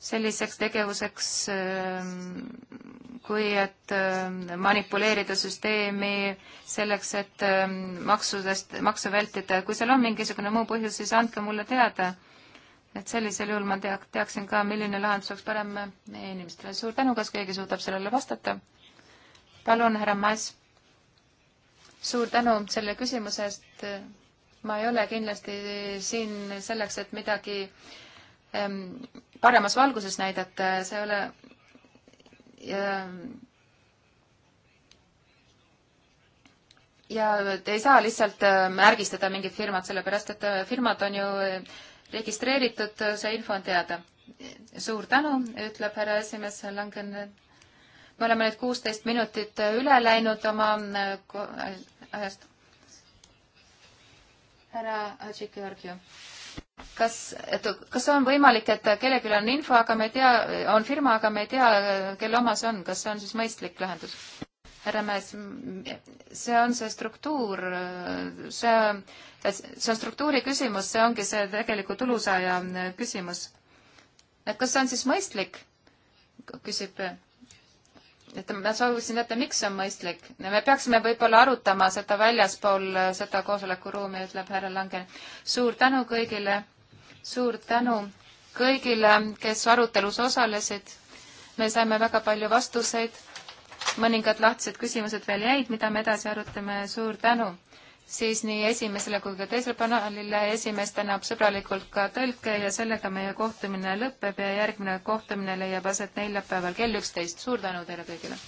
selliseks tegevuseks, ähm, kui et ähm, manipuleerida süsteemi selleks, et ähm, maksudest, makse vältida, kui seal on mingisugune muu põhjus, siis andke mulle teada. et sellisel juhul ma tea, teaksin ka, milline lahendus oleks parem inimestele. suur tänu, kas keegi suudab sellele vastata? palun, härra Maes. suur tänu selle küsimuse eest ma ei ole kindlasti siin selleks, et midagi paremas valguses näidata, see ei ole ja, ja ei saa lihtsalt märgistada mingit firmat, sellepärast et firmad on ju registreeritud, see info on teada. suur tänu, ütleb härra esimees Langen. me oleme nüüd kuusteist minutit üle läinud oma ajast härra Tšiki-Georgiu kas, et kas on võimalik, et kellelgi on info, aga me ei tea, on firma, aga me ei tea, kelle oma see on, kas see on siis mõistlik lahendus? härra Mäes, see on see struktuur, see, see on struktuuri küsimus, see ongi see tegeliku tulusaaja küsimus. et kas see on siis mõistlik, küsib et ma soovisin teada, miks see on mõistlik. me peaksime võib-olla arutama seda väljaspool äh, seda koosolekuruumi, ütleb härra Langen. suur tänu kõigile, suur tänu kõigile, kes arutelus osalesid. me saime väga palju vastuseid, mõningad lahtised küsimused veel jäid, mida me edasi arutame, suur tänu siis nii esimesele kui ka teisele panelile esimees tänab sõbralikult ka tõlke ja sellega meie kohtumine lõpeb ja järgmine kohtumine leiab aset neljapäeval kell üksteist. suur tänu teile kõigile!